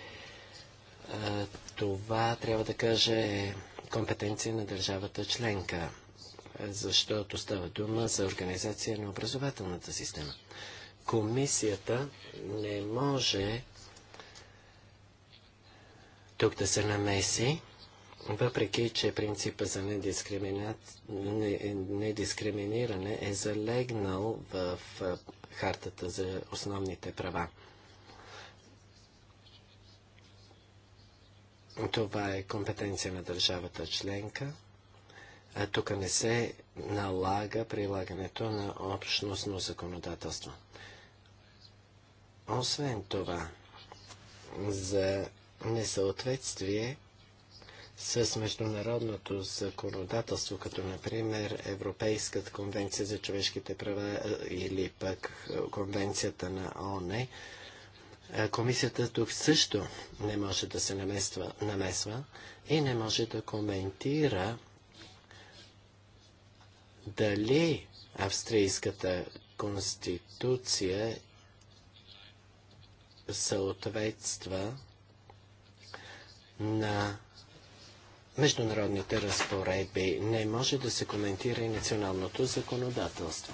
Speaker 2: това трябва да каже компетенция на държавата членка, защото става дума за организация на образователната система. Комисията не може тук да се намеси въпреки че принципа за недискриминиране е залегнал в Хартата за основните права. Това е компетенция на държавата членка. А тук не се налага прилагането на общностно законодателство. Освен това, за несъответствие с международното законодателство, като например Европейската конвенция за човешките права или пък конвенцията на ООН, комисията тук също не може да се намесва, намесва и не може да коментира дали австрийската конституция съответства на международните разпоредби. Не може да се коментира и националното законодателство.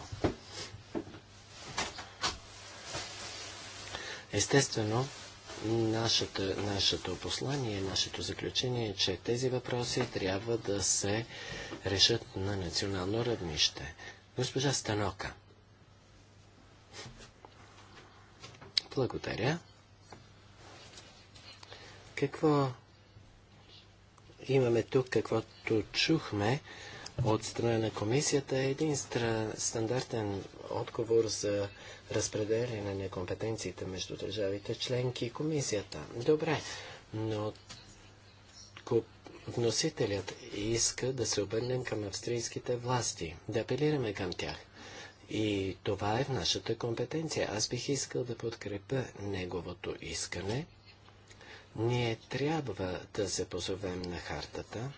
Speaker 2: Естествено, нашата, нашето послание, нашето заключение е, че тези въпроси трябва да се решат на национално равнище. Госпожа Станока. Благодаря. Какво имаме тук, каквото чухме от страна на комисията, е един стандартен отговор за разпределяне на компетенциите между държавите членки и комисията. Добре, но вносителят иска да се обърнем към австрийските власти, да апелираме към тях. И това е в нашата компетенция. Аз бих искал да подкрепя неговото искане – ние трябва да се позовем на хартата,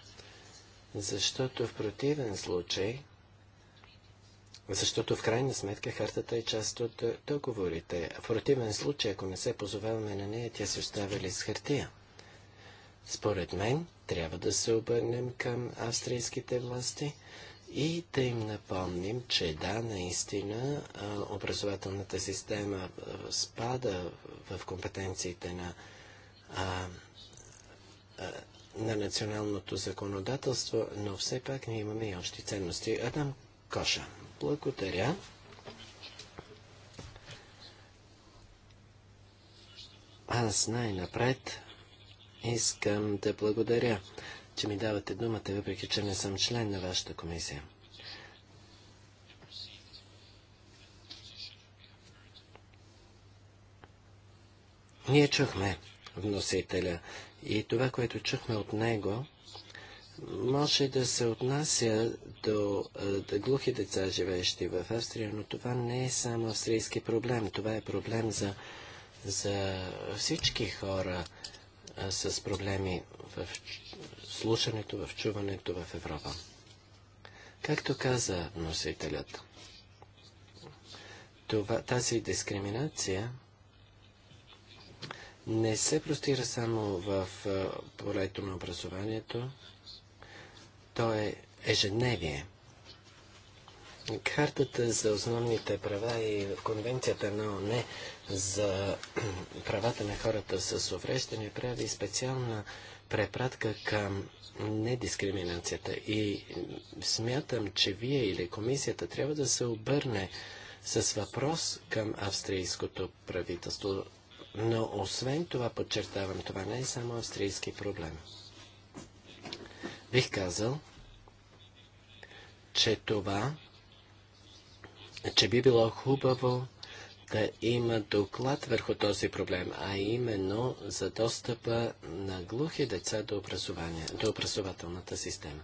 Speaker 2: защото в противен случай, защото в крайна сметка хартата е част от е, договорите. В противен случай, ако не се позоваваме на нея, тя се оставя ли с хартия. Според мен, трябва да се обърнем към австрийските власти и да им напомним, че да, наистина образователната система спада в компетенциите на а, а, на националното законодателство, но все пак ние имаме и още ценности. Адам Коша. Благодаря. Аз най-напред искам да благодаря, че ми давате думата, въпреки че не съм член на вашата комисия. Ние чухме вносителя. И това, което чухме от него, може да се отнася до, да глухи деца, живеещи в Австрия, но това не е само австрийски проблем. Това е проблем за, за всички хора а, с проблеми в слушането, в чуването в Европа. Както каза носителят, това, тази дискриминация не се простира само в полето на образованието, то е ежедневие. Картата за основните права и конвенцията на ООН за (clears throat) правата на хората с увреждане прави специална препратка към недискриминацията. И смятам, че вие или комисията трябва да се обърне с въпрос към австрийското правителство но освен това, подчертавам, това не е само австрийски проблем. Бих казал, че това, че би било хубаво да има доклад върху този проблем, а именно за достъпа на глухи деца до, образование, до образователната система.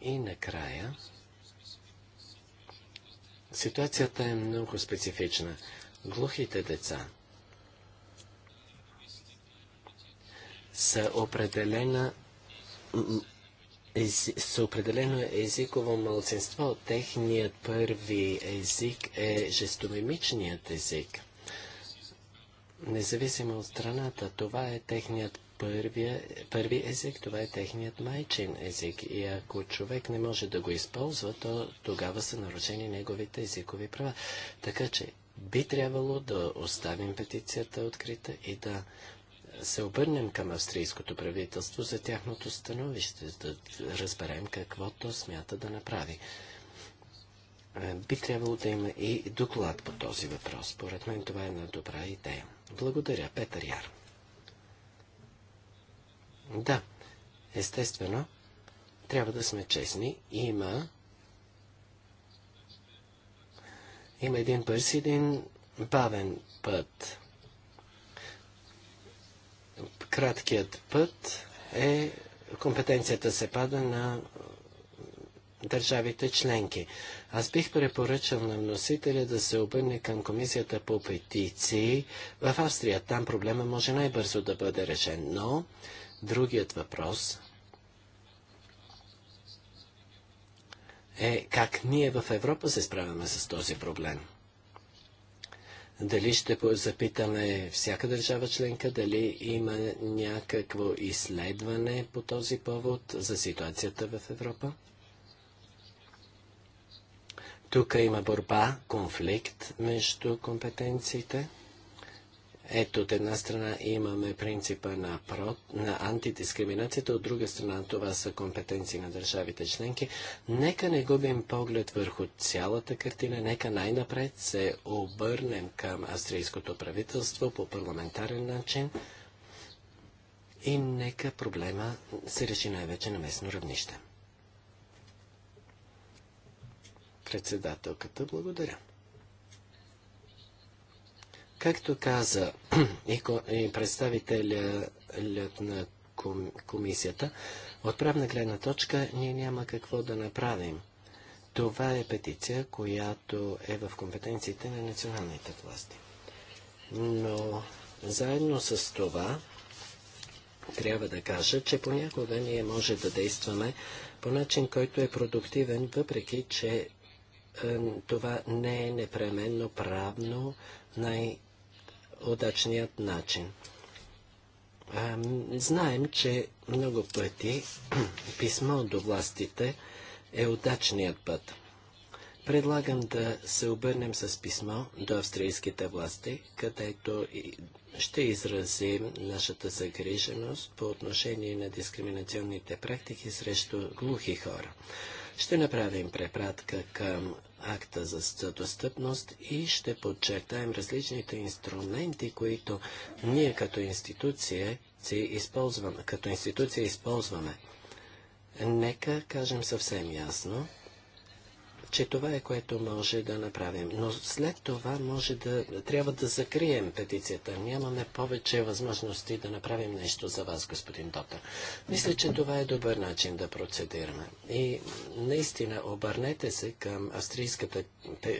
Speaker 2: И накрая, ситуацията е много специфична. Глухите деца – са определена с определено езиково мълцинство. Техният първи език е жестомимичният език. Независимо от страната, това е техният първи, първи език, това е техният майчин език. И ако човек не може да го използва, то тогава са нарушени неговите езикови права. Така че би трябвало да оставим петицията открита и да се обърнем към австрийското правителство за тяхното становище, да разберем какво то смята да направи. Е, би трябвало да има и доклад по този въпрос. Поред мен това е една добра идея. Благодаря, Петър Яр. Да, естествено, трябва да сме честни. Има има един бърз и един бавен път краткият път е компетенцията се пада на държавите членки. Аз бих препоръчал на носителя да се обърне към комисията по петиции в Австрия. Там проблема може най-бързо да бъде решен. Но другият въпрос е как ние в Европа се справяме с този проблем. Дали ще запитаме всяка държава членка, дали има някакво изследване по този повод за ситуацията в Европа? Тук има борба, конфликт между компетенциите – ето, от една страна имаме принципа на, про, на антидискриминацията, от друга страна това са компетенции на държавите членки. Нека не губим поглед върху цялата картина, нека най-напред се обърнем към австрийското правителство по парламентарен начин и нека проблема се реши най-вече на местно равнище. Председателката, благодаря. Както каза (clears throat) и, представителят на комисията, от правна гледна точка ние няма какво да направим. Това е петиция, която е в компетенциите на националните власти. Но заедно с това трябва да кажа, че понякога ние може да действаме по начин, който е продуктивен, въпреки че е, това не е непременно правно най- удачният начин. А, знаем, че много пъти (clears throat) писмо до властите е удачният път. Предлагам да се обърнем с писмо до австрийските власти, където ще изразим нашата загриженост по отношение на дискриминационните практики срещу глухи хора. Ще направим препратка към акта за достъпност и ще подчертаем различните инструменти, които ние като институция си използваме. Като институция използваме. Нека кажем съвсем ясно, че това е което може да направим. Но след това може да, трябва да закрием петицията. Нямаме повече възможности да направим нещо за вас, господин Дота. Мисля, че това е добър начин да процедираме. И наистина обърнете се към Австрийската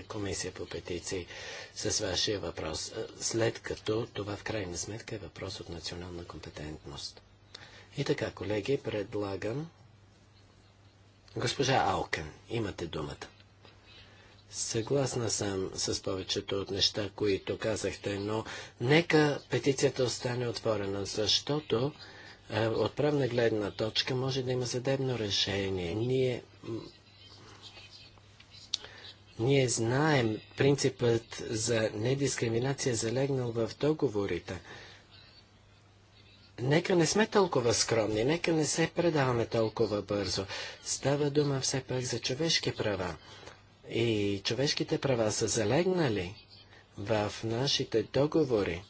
Speaker 2: комисия по петиции с вашия въпрос, след като това в крайна сметка е въпрос от национална компетентност. И така, колеги, предлагам Госпожа Алкен, имате думата. Съгласна съм с повечето от неща, които казахте, но нека петицията остане отворена, защото е, от правна гледна точка може да има съдебно решение. Ние, ние знаем принципът за недискриминация залегнал в договорите. Нека не сме толкова скромни, нека не се предаваме толкова бързо. Става дума все пак за човешки права. И човешките права са залегнали в нашите договори.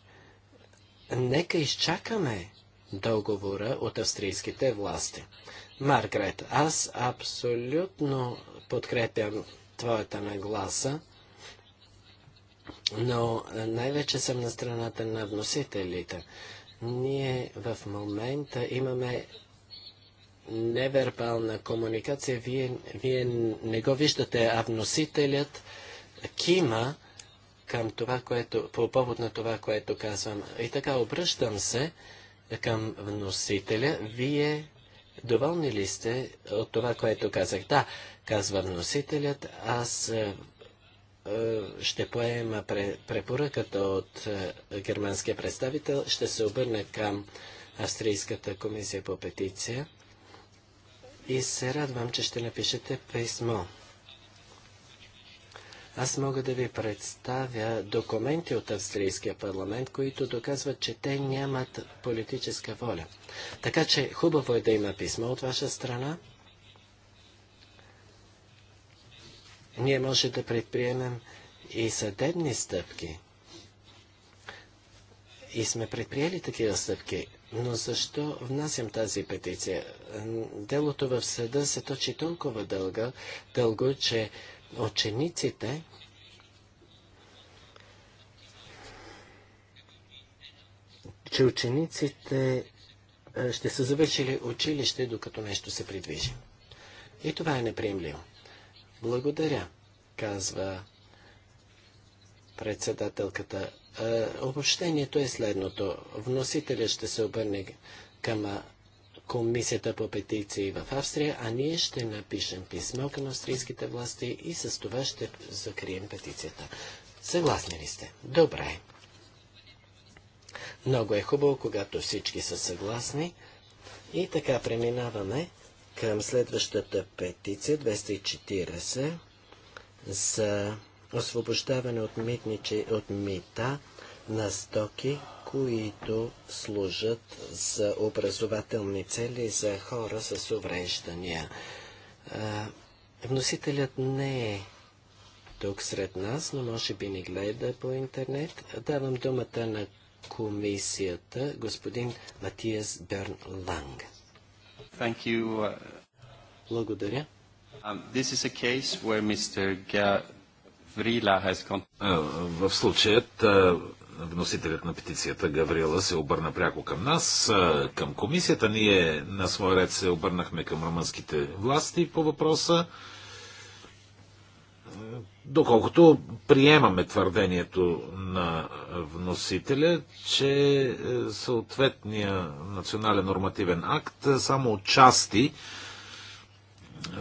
Speaker 2: Нека изчакаме договора от австрийските власти. Маргарет, аз абсолютно подкрепям твоята нагласа, но най-вече съм на страната на вносителите. Ние в момента имаме невербална комуникация, вие, вие не го виждате, а вносителят кима към това, което, по повод на това, което казвам. И така обръщам се към вносителя. Вие доволни ли сте от това, което казах? Да, казва вносителят. Аз е, е, ще поема препоръката от е, германския представител. Ще се обърна към Австрийската комисия по петиция и се радвам, че ще напишете писмо. Аз мога да ви представя документи от австрийския парламент, които доказват, че те нямат политическа воля. Така че хубаво е да има писмо от ваша страна. Ние може да предприемем и съдебни стъпки. И сме предприели такива стъпки. Но защо внасям тази петиция? Делото в съда се точи толкова дълго, дълго че учениците че учениците ще са завършили училище, докато нещо се придвижи. И това е неприемливо. Благодаря, казва председателката. Е, обобщението е следното. Вносителя ще се обърне към Комисията по петиции в Австрия, а ние ще напишем писмо към австрийските власти и с това ще закрием петицията. Съгласни ли сте? Добре. Много е хубаво, когато всички са съгласни. И така преминаваме към следващата петиция 240 за освобождаване от, митниче, от мита на стоки, които служат за образователни цели за хора с увреждания. вносителят не е тук сред нас, но може би ни гледа по интернет. Давам думата на комисията, господин Матиас Берн Ланг. Thank you. Uh, Благодаря.
Speaker 3: Um, this is a case where Mr. Ga в случаят вносителят на петицията
Speaker 1: Гаврила се обърна пряко към нас, към комисията. Ние на свой ред се обърнахме към румънските власти по въпроса. Доколкото приемаме твърдението на вносителя, че е, съответния национален нормативен акт е, само части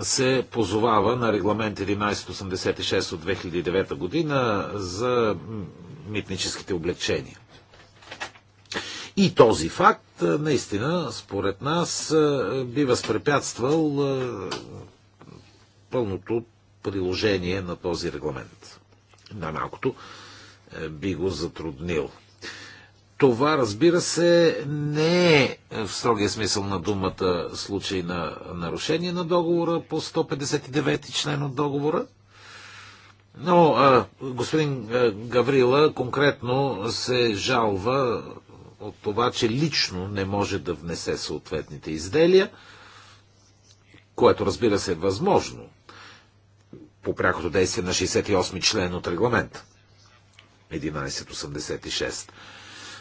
Speaker 1: се позовава на регламент 1186 от 2009 година за митническите облегчения. И този факт, е, наистина, според нас, е, би възпрепятствал е, пълното приложение на този регламент. Най-малкото би го затруднил. Това, разбира се, не е в строгия смисъл на думата случай на нарушение на договора по 159 член от договора. Но а, господин Гаврила конкретно се жалва от това, че лично не може да внесе съответните изделия, което разбира се е възможно по прякото действие на 68 член от регламент 1186.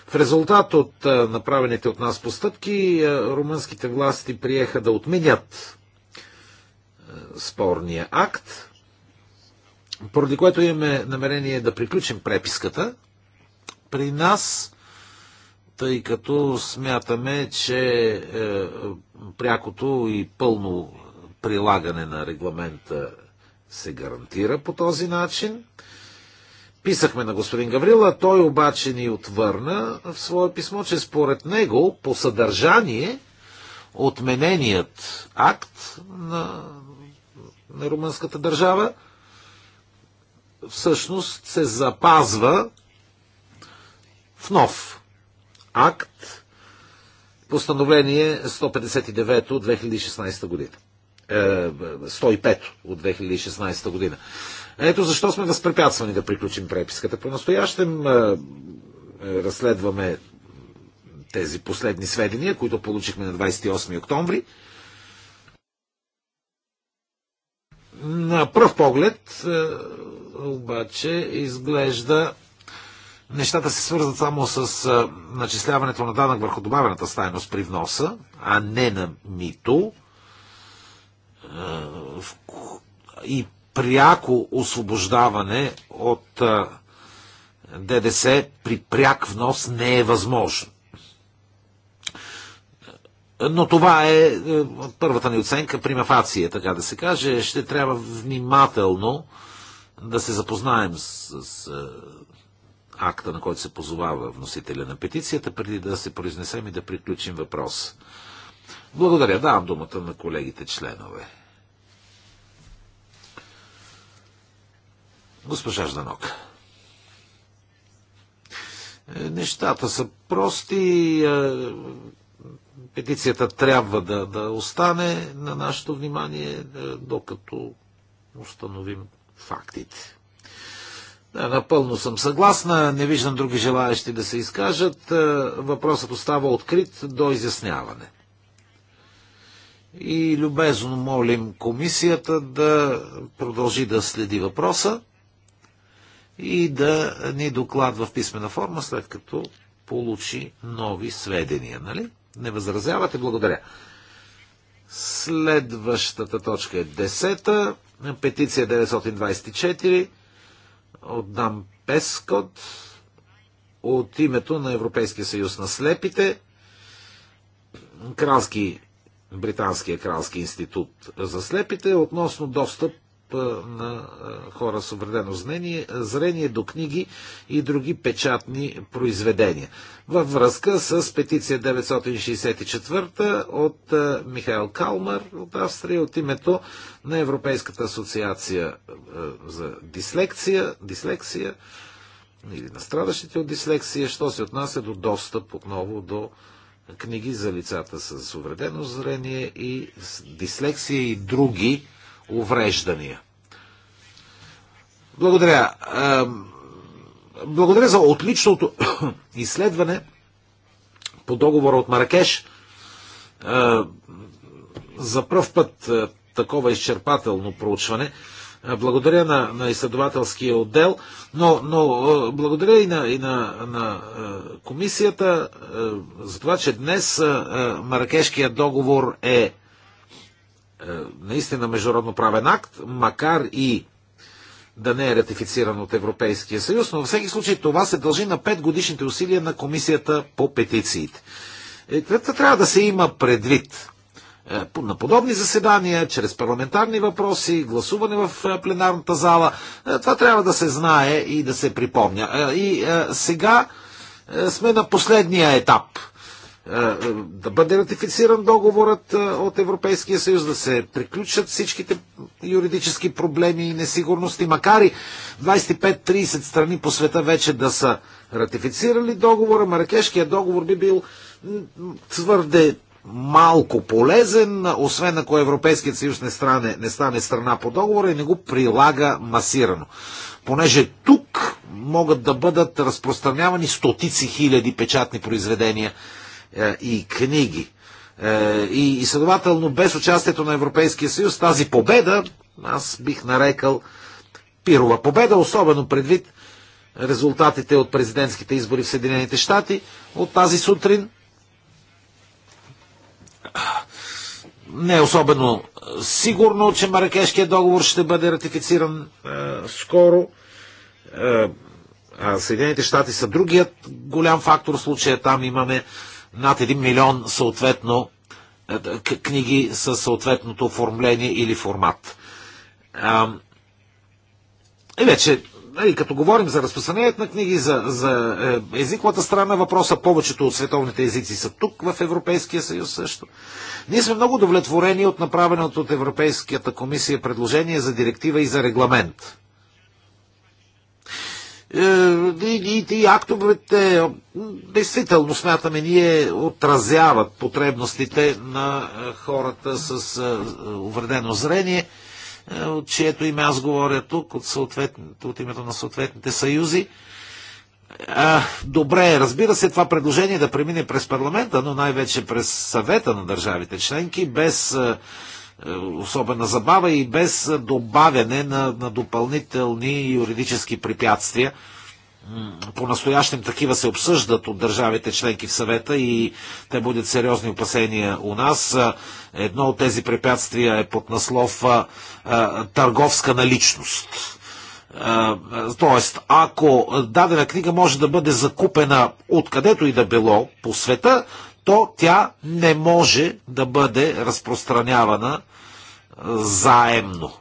Speaker 1: В резултат от е, направените от нас постъпки, е, румънските власти приеха да отменят е, спорния акт, поради което имаме намерение да приключим преписката при нас, тъй като смятаме, че прякото и пълно прилагане на регламента се гарантира по този начин. Писахме на господин Гаврила, той обаче ни отвърна в свое писмо, че според него по съдържание отмененият акт на, на румънската държава всъщност се запазва в нов акт, постановление 159 от 2016 година. 105 е, от 2016 година. Ето защо сме възпрепятствани да приключим преписката. По-настоящем е, е, разследваме тези последни сведения, които получихме на 28 октомври. На пръв поглед е, обаче изглежда нещата се свързват само с начисляването на данък върху добавената стайност при вноса, а не на мито. И пряко освобождаване от ДДС при пряк внос не е възможно. Но това е, е първата ни оценка, примафация, така да се каже. Ще трябва внимателно да се запознаем с, с е, акта, на който се позовава вносителя на петицията, преди да се произнесем и да приключим въпрос. Благодаря. Давам думата на колегите членове. Госпожа Жданок. Е, нещата са прости. Е, петицията трябва да, да остане на нашето внимание, е, докато установим фактите. Да, напълно съм съгласна. Не виждам други желаящи да се изкажат. Въпросът остава открит до изясняване. И любезно молим комисията да продължи да следи въпроса и да ни докладва в писмена форма, след като получи нови сведения. Нали? Не възразявате? Благодаря. Следващата точка е 10-та, петиция 924 от Дам Пескот от името на Европейския съюз на слепите, кралски, британския кралски институт за слепите, относно достъп на хора с увредено зрение, зрение до книги и други печатни произведения. Във връзка с петиция 964 от Михаил Калмар от Австрия от името на Европейската асоциация за дислекция, дислекция или на страдащите от дислексия, що се отнася до достъп отново до книги за лицата с увредено зрение и с дислексия и други увреждания. Благодаря. Благодаря за отличното (coughs) изследване по договора от Маракеш. За първ път такова изчерпателно проучване. Благодаря на, на изследователския отдел, но, но благодаря и на, и на, на комисията за това, че днес Маракешкият договор е е, наистина международно правен акт, макар и да не е ратифициран от Европейския съюз, но във всеки случай това се дължи на 5 годишните усилия на Комисията по петициите. Е, трябва да се има предвид е, на подобни заседания, чрез парламентарни въпроси, гласуване в е, пленарната зала. Това трябва да се знае и да се припомня. И сега сме на последния етап – е, е, да бъде ратифициран договорът е, от Европейския съюз, да се приключат всичките юридически проблеми и несигурности, макар и 25-30 страни по света вече да са ратифицирали договора, Маракешкият договор би бил твърде малко полезен, освен ако Европейският съюз не стране, не стане страна по договора и не го прилага масирано. Понеже тук могат да бъдат разпространявани стотици хиляди печатни произведения е, и книги. Е, и, и следователно, без участието на Европейския съюз, тази победа, аз бих нарекал пирова победа, особено предвид резултатите от президентските избори в Съединените щати от тази сутрин. Не е особено сигурно, че Маракешкият договор ще бъде ратифициран е, скоро. Е, а Съединените щати са другият голям фактор в случая. Там имаме над 1 милион съответно е, книги с съответното оформление или формат. И вече, нали, като говорим за разпространението на книги, за, за е, езиковата страна на въпроса, повечето от световните езици са тук, в Европейския съюз също. Ние сме много удовлетворени от направеното от Европейската комисия предложение за директива и за регламент е, и, и актовете, действително смятаме ние, отразяват потребностите на е, хората с е, увредено зрение, от чието име аз говоря тук, от, от името на съответните съюзи. А, добре, разбира се, това предложение да премине през парламента, но най-вече през съвета на държавите членки, без а, особена забава и без добавяне на, на допълнителни юридически препятствия. По-настоящем такива се обсъждат от държавите членки в съвета и те будят сериозни опасения у нас. Едно от тези препятствия е под наслов търговска наличност. Тоест, ако дадена книга може да бъде закупена откъдето и да било по света, то тя не може да бъде разпространявана заемно.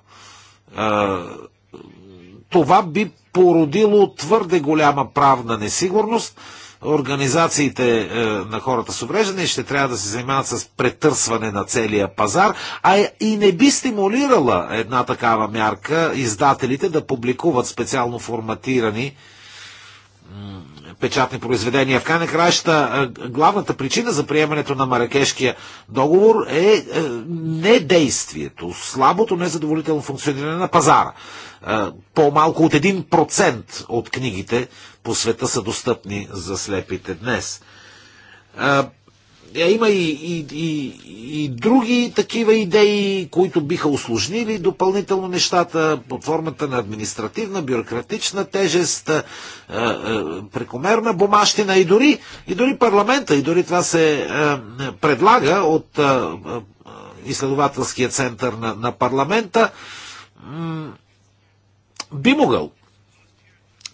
Speaker 1: Това би породило твърде голяма правна несигурност. Организациите е, на хората с увреждане ще трябва да се занимават с претърсване на целия пазар, а и не би стимулирала една такава мярка издателите да публикуват специално форматирани печатни произведения. В крайна краща е, главната причина за приемането на Маракешкия договор е, е недействието, слабото незадоволително функциониране на пазара. Е, по-малко от 1% от книгите по света са достъпни за слепите днес. Е, има и, и, и, и други такива идеи, които биха усложнили допълнително нещата под формата на административна, бюрократична тежест, е, е, прекомерна бумащина и дори, и дори парламента, и дори това се предлага от изследователския център на, на парламента, би могъл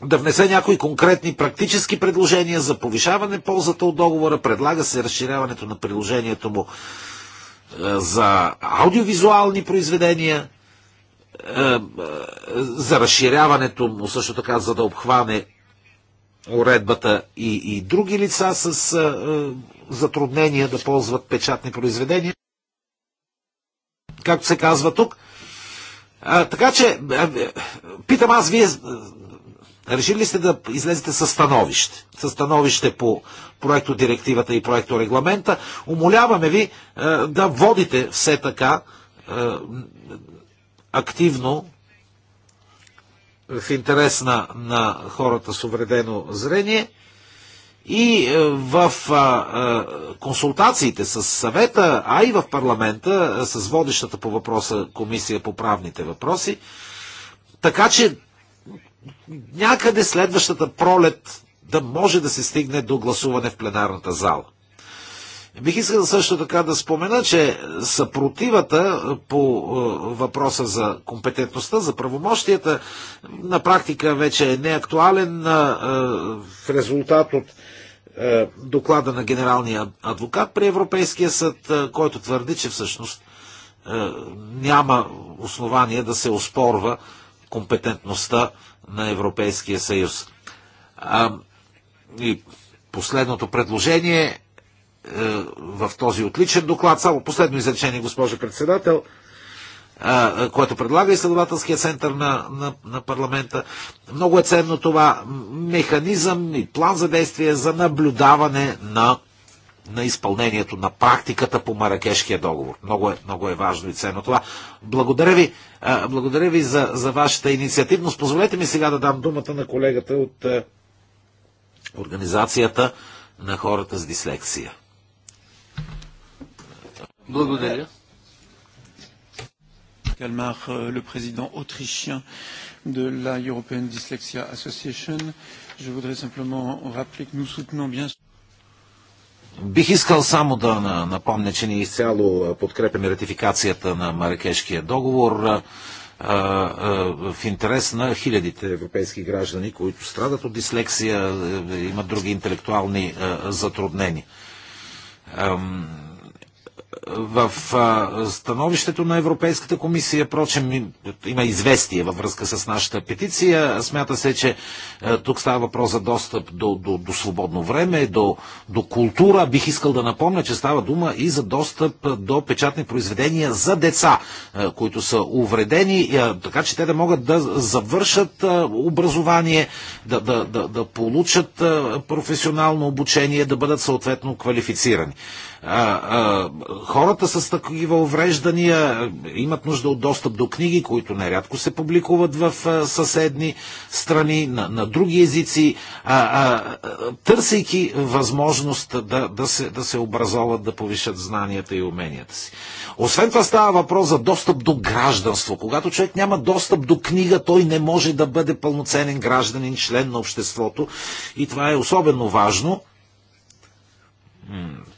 Speaker 1: да внесе някои конкретни практически предложения за повишаване ползата от договора. Предлага се разширяването на приложението му е, за аудиовизуални произведения, е, е, за разширяването му също така, за да обхване уредбата и, и други лица с затруднения да ползват печатни произведения, както се казва тук. А, така че, питам аз, вие Решили сте да излезете със становище. Със становище по проекто директивата и проекто регламента. Умоляваме ви е, да водите все така е, активно в интерес на, на хората с увредено зрение и е, в а, а, консултациите с съвета, а и в парламента, а, с водещата по въпроса комисия по правните въпроси, така че някъде следващата пролет да може да се стигне до гласуване в пленарната зала. Бих искал също така да спомена, че съпротивата по е, въпроса за компетентността, за правомощията, на практика вече е неактуален е, в резултат от е, доклада на генералния адвокат при Европейския съд, който твърди, че всъщност няма основание да се оспорва компетентността на Европейския съюз. А, и последното предложение е, в този отличен доклад, само последно изречение, госпожа председател, е, което предлага изследователския център на, на, на парламента. Много е ценно това механизъм и план за действие за наблюдаване на на изпълнението на практиката по Маракешкия договор. Много е, много е важно и ценно това. Благодаря ви, а, благодаря ви за, за вашата инициативност. Позволете ми сега да дам думата на колегата от а, Организацията на хората с дислексия. Благодаря. Калмар, euh, le président autrichien de la European Dyslexia Association. Je voudrais simplement rappeler que nous soutenons bien sûr. Бих искал само да напомня, че ние изцяло подкрепяме ратификацията на Маракешкия договор в интерес на хилядите европейски граждани, които страдат от дислексия, е, е, имат други интелектуални затруднения в становището на Европейската комисия, прочем, има известие във връзка с нашата петиция. Смята се, че тук става въпрос за достъп до, до, до свободно време, до, до култура. Бих искал да напомня, че става дума и за достъп до печатни произведения за деца, които са увредени, така че те да могат да завършат образование, да, да, да, да получат професионално обучение, да бъдат съответно квалифицирани хората с такива увреждания имат нужда от достъп до книги, които нерядко се публикуват в съседни страни, на, на други езици, търсейки възможност да, да, се, да се образоват, да повишат знанията и уменията си. Освен това става въпрос за достъп до гражданство. Когато човек няма достъп до книга, той не може да бъде пълноценен гражданин, член на обществото. И това е особено важно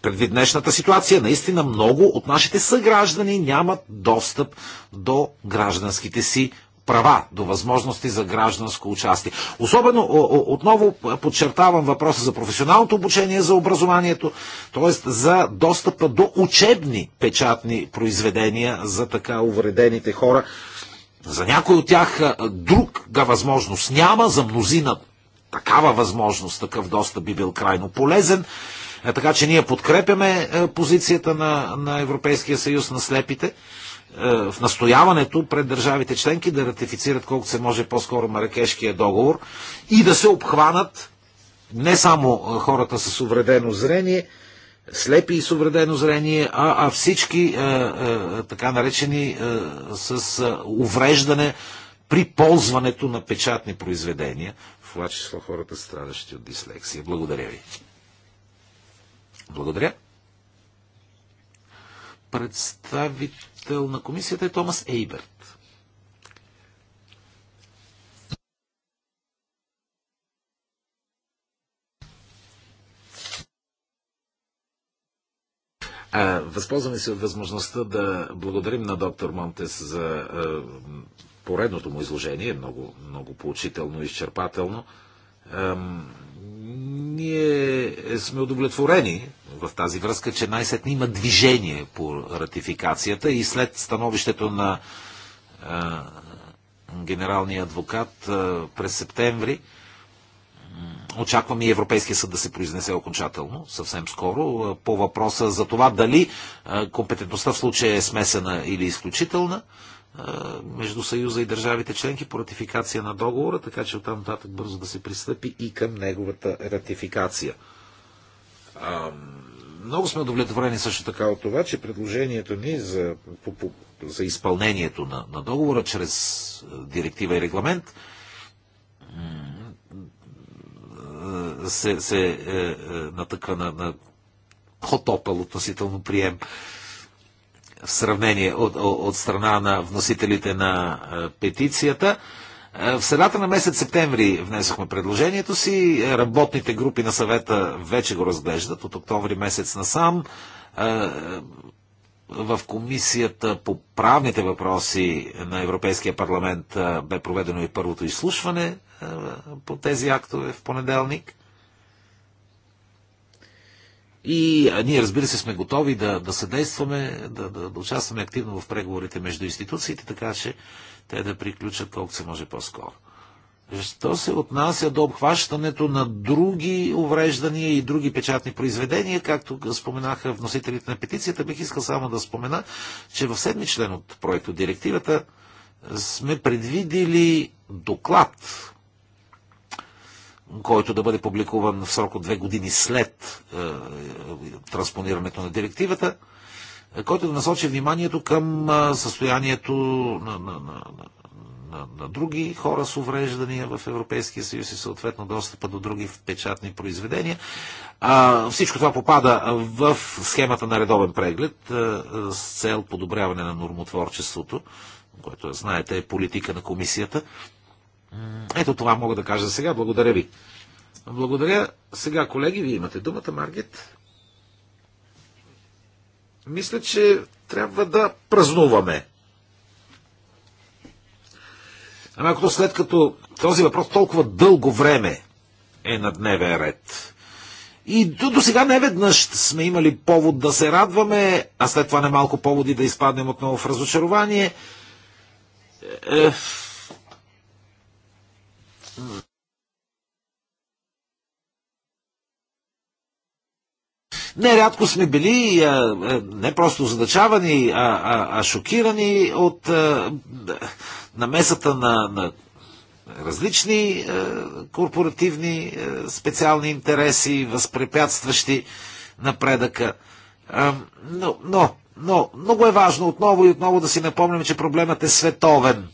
Speaker 1: предвид днешната ситуация, наистина много от нашите съграждани нямат достъп до гражданските си права, до възможности за гражданско участие. Особено, отново подчертавам въпроса за професионалното обучение, за образованието, т.е. за достъпа до учебни печатни произведения за така увредените хора. За някой от тях друга възможност няма, за мнозина такава възможност, такъв достъп би бил крайно полезен. Е, така че ние подкрепяме е, позицията на, на Европейския съюз на слепите е, в настояването пред държавите членки да ратифицират колкото се може по-скоро Маракешкия договор и да се обхванат не само хората с увредено зрение, слепи и с увредено зрение, а, а всички а, а, така наречени а, с увреждане при ползването на печатни произведения, в това число хората страдащи от дислексия. Благодаря ви. Благодаря. Представител на комисията е Томас Ейберт.
Speaker 3: Възползваме се от възможността да благодарим
Speaker 1: на доктор Монтес за поредното му изложение, много, много поучително и изчерпателно. Ние сме удовлетворени в тази връзка, че най-сетне има движение по ратификацията и след становището на а, генералния адвокат а, през септември очакваме и Европейския съд да се произнесе окончателно, съвсем скоро, по въпроса за това дали компетентността в случая е смесена или изключителна между Съюза и държавите членки по ратификация на договора, така че оттам нататък бързо да се пристъпи и към неговата ратификация. Um... Много сме удовлетворени също така от това, че предложението ни за, по, по, за изпълнението на, на договора чрез е, директива и регламент е, се, се е, е, натъква на, на по-топъл относително прием в сравнение от, от, от страна на вносителите на е, петицията. Е, в средата на месец септември внесохме предложението си. Е, работните групи на съвета вече го разглеждат от октомври месец насам. Е, в комисията по правните въпроси на Европейския парламент бе проведено и първото изслушване по тези актове в понеделник. И ние, разбира се, сме готови да, да съдействаме, да, да, да участваме активно в преговорите между институциите, така че те да приключат колкото се може по-скоро. Що се отнася до обхващането на други увреждания и други печатни произведения, както споменаха вносителите на петицията, бих искал само да спомена, че в седми член от проекта директивата сме предвидили доклад, който да бъде публикуван в срок от две години след е, е транспонирането на директивата, който да насочи вниманието към състоянието на, на, на, на, на други хора с увреждания в Европейския съюз и съответно достъпа до други печатни произведения. А, всичко това попада в схемата на редовен преглед с цел подобряване на нормотворчеството, което, знаете, е политика на комисията. Ето това мога да кажа сега. Благодаря ви. Благодаря. Сега, колеги, вие имате думата, Маргет мисля, че трябва да празнуваме. Ами ако след като този въпрос толкова дълго време е на дневен ред, и до, до сега не веднъж сме имали повод да се радваме, а след това немалко поводи да изпаднем отново в разочарование. Е, е, Нерядко сме били а, не просто задачавани, а, а, а шокирани от а, намесата на, на различни а, корпоративни а, специални интереси, възпрепятстващи напредъка. А, но, но, но много е важно отново и отново да си напомним, че проблемът е световен.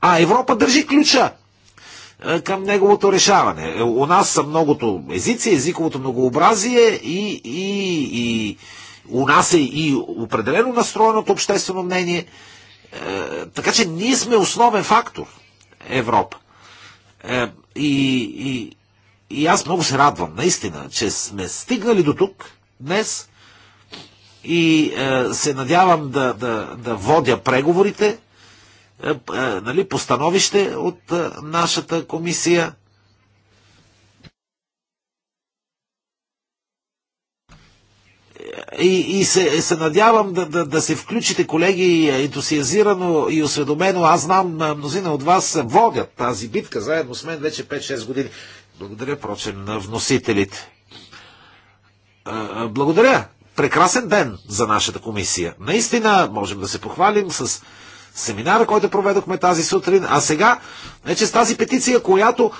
Speaker 1: А Европа държи ключа е, към неговото решаване. Е, у нас са многото езици, езиковото многообразие и, и, и у нас е и определено настроеното обществено мнение. Е, така че ние сме основен фактор Европа. И, и, и аз много се радвам, наистина, че сме стигнали до тук днес и е, се надявам да, да, да водя преговорите е, е, нали, постановище от е, нашата комисия. И, и се, се надявам да, да, да се включите, колеги, ентусиазирано и осведомено. Аз знам, мнозина от вас водят тази битка заедно с мен вече 5-6 години. Благодаря, прочен, на вносителите. Благодаря. Прекрасен ден за нашата комисия. Наистина можем да се похвалим с семинара, който проведохме тази сутрин, а сега вече с тази петиция, която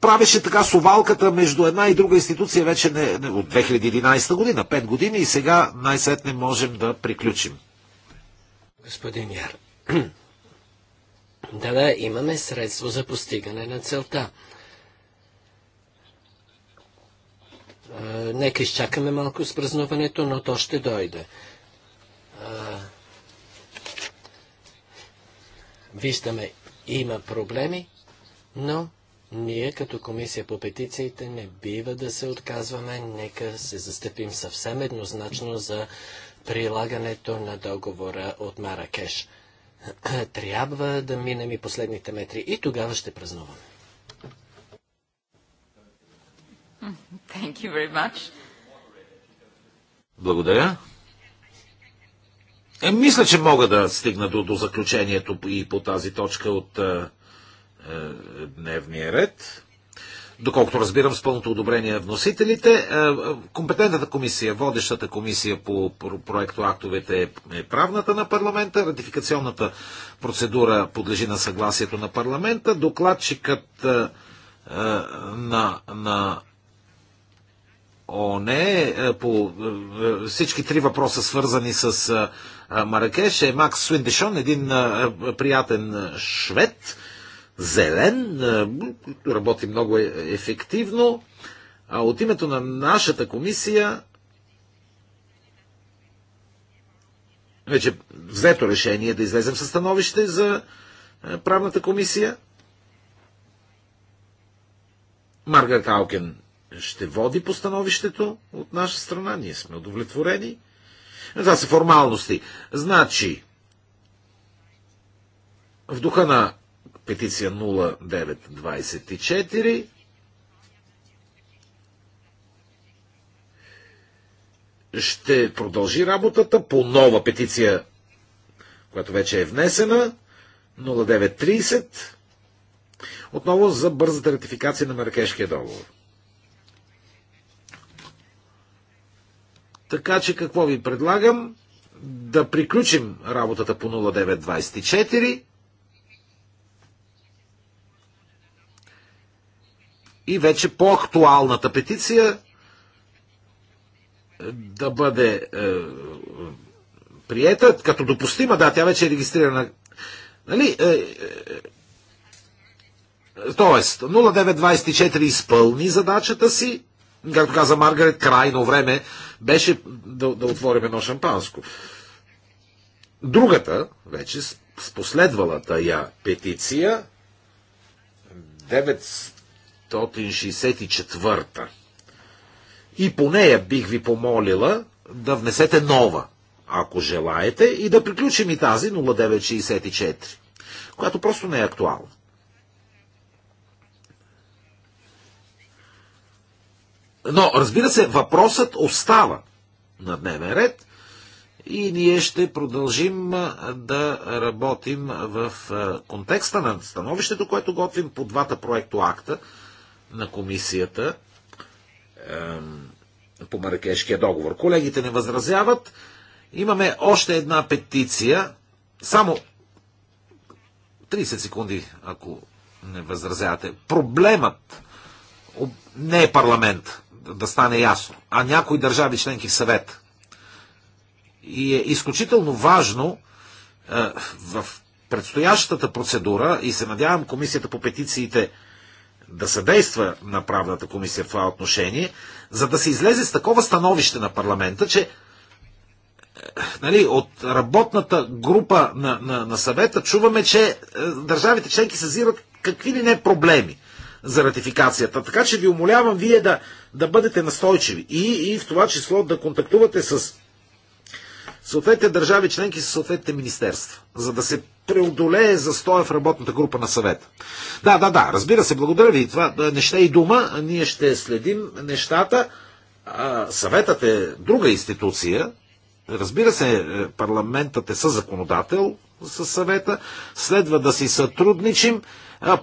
Speaker 1: правеше така совалката между една и друга институция вече не, не, от 2011 година, 5 години и сега най-сетне можем да приключим.
Speaker 2: Господин Яр, (clears throat) да, да, имаме средство за постигане на целта. Е, нека изчакаме малко с празнуването, но то ще дойде. Е, Виждаме, има проблеми, но ние като комисия по петициите не бива да се отказваме, нека се застъпим съвсем еднозначно за прилагането на договора от Маракеш. (clears throat) Трябва да минем и последните метри и тогава ще празнуваме.
Speaker 1: Благодаря. Е, мисля, че мога да стигна до, до заключението и по тази точка от е, е дневния ред. Доколкото разбирам с пълното одобрение вносителите, е, е компетентната комисия, водещата комисия по проекто актовете е правната на парламента, ратификационната процедура подлежи на съгласието на парламента, докладчикът е, е на, на ООН по всички три въпроса, свързани с Маракеш е Макс Свиндешон, един приятен швед, зелен, работи много е, ефективно. А от името на нашата комисия вече взето решение да излезем със становище за правната комисия. Марга Калкен ще води постановището от наша страна. Ние сме удовлетворени. Това са формалности. Значи, в духа на петиция 0924 ще продължи работата по нова петиция, която вече е внесена, 0930, отново за бързата ратификация на маркешкия договор. Така че какво ви предлагам? Да приключим работата по 0924 и вече по-актуалната петиция е, да бъде е, приета като допустима. Да, тя вече е регистрирана. Нали? Е, е, е тоест, 0924 изпълни задачата си, както каза Маргарет, крайно време беше да, да отворим едно шампанско. Другата, вече с последвалата я петиция, 964-та. И по нея бих ви помолила да внесете нова, ако желаете, и да приключим и тази 0964, която просто не е актуална. Но, разбира се, въпросът остава на дневен ред и ние ще продължим да работим в контекста на становището, което готвим по двата проекто акта на комисията по Маракешкия договор. Колегите не възразяват. Имаме още една петиция. Само 30 секунди, ако не възразявате. Проблемът не е парламент да стане ясно, а някои държави членки в съвет. И е изключително важно е, в предстоящата процедура и се надявам комисията по петициите да съдейства на правната комисия в това отношение, за да се излезе с такова становище на парламента, че е, нали, от работната група на, на, на съвета чуваме, че е, държавите членки съзират какви ли не проблеми за ратификацията. Така че ви умолявам вие да, да бъдете настойчиви и, и в това число да контактувате с съответните държави членки с съответните министерства, за да се преодолее застоя в работната група на съвета. Да, да, да, разбира се, благодаря ви. Това не ще е и дума, ние ще следим нещата. Съветът е друга институция. Разбира се, е, парламентът е със законодател, със съвета. Следва да си сътрудничим.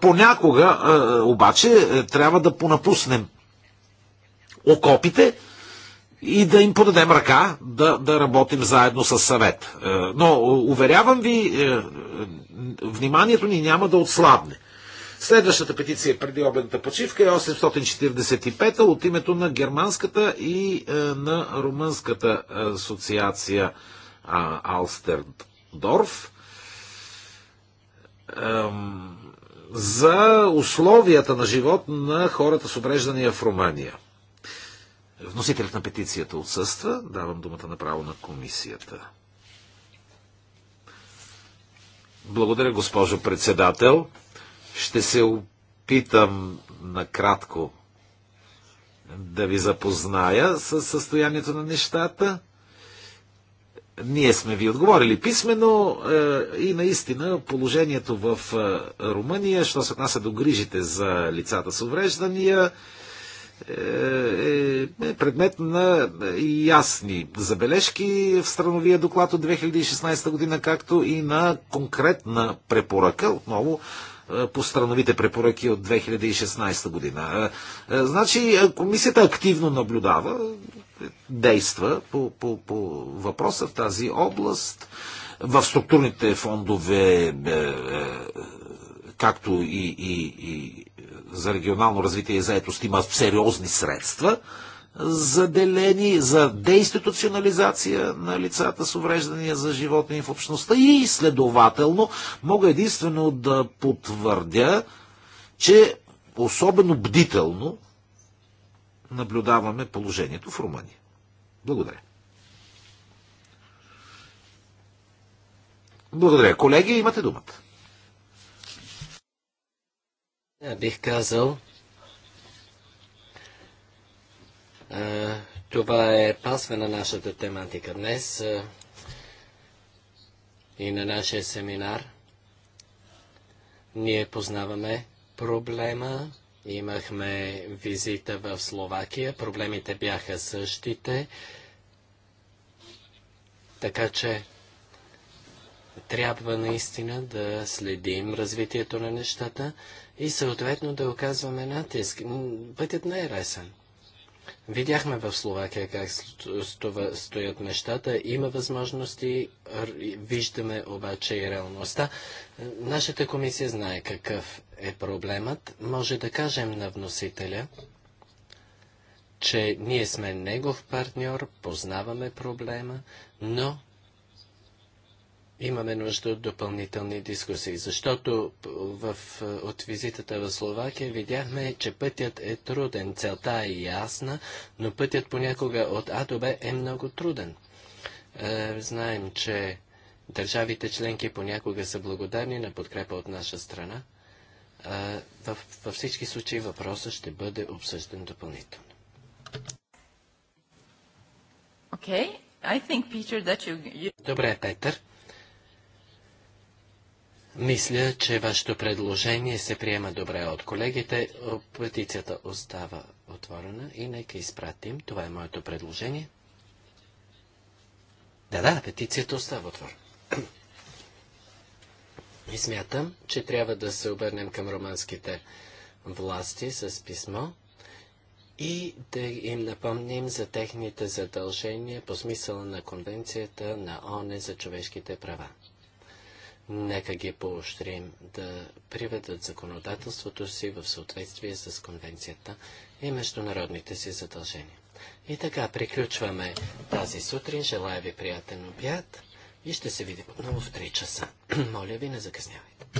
Speaker 1: Понякога обаче е, трябва да понапуснем окопите и да им подадем ръка да, да работим заедно с съвет. Е, но, е, уверявам ви, е, вниманието ни няма да отслабне. Следващата петиция преди обедната почивка е 845 от името на Германската и на Румънската асоциация Алстердорф за условията на живот на хората с обреждания в Румъния. Вносителят на петицията отсъства. Давам думата направо на комисията. Благодаря, госпожо председател. Ще се опитам накратко да ви запозная с състоянието на нещата. Ние сме ви отговорили писменно е, и наистина положението в е, Румъния, що се отнася до грижите за лицата с увреждания, е, е предмет на ясни забележки в страновия доклад от 2016 година, както и на конкретна препоръка, отново е, по страновите препоръки от 2016 година. Е, значи комисията активно наблюдава, действа по, по, по въпроса в тази област. В структурните фондове, както и, и, и за регионално развитие и заетост има сериозни средства, заделени за деинституционализация на лицата с увреждания за живота в общността и следователно мога единствено да потвърдя, че особено бдително наблюдаваме положението в Румъния. Благодаря. Благодаря. Колеги, имате думата. Я е, бих казал, това
Speaker 2: е пасва на нашата тематика днес и на нашия семинар. Ние познаваме проблема. Имахме визита в Словакия. Проблемите бяха същите. Така че трябва наистина да следим развитието на нещата и съответно да оказваме натиск. Пътят не е лесен. Видяхме в Словакия как стоят нещата. Има възможности, виждаме обаче и реалността. Нашата комисия знае какъв е проблемът. Може да кажем на вносителя, че ние сме негов партньор, познаваме проблема, но имаме нужда от допълнителни дискусии, защото в, от визитата в Словакия видяхме, че пътят е труден, целта е ясна, но пътят понякога от А до Б е много труден. Е, знаем, че държавите членки понякога са благодарни на подкрепа от наша страна. Е, във всички случаи въпросът ще бъде обсъждан допълнително. Okay. I think, Peter, that you... Добре, Петър. Мисля, че вашето предложение се приема добре от колегите. Петицията остава отворена и нека изпратим. Това е моето предложение. Да, да, петицията остава отворена. И смятам, че трябва да се обърнем към романските власти с писмо и да им напомним за техните задължения по смисъла на Конвенцията на ОНЕ за човешките права. Нека ги поощрим да приведат законодателството си в съответствие с конвенцията и международните си задължения. И така, приключваме тази сутрин. Желая ви приятен обяд и ще се видим отново в 3 часа.
Speaker 3: (clears throat) Моля ви, не закъснявайте.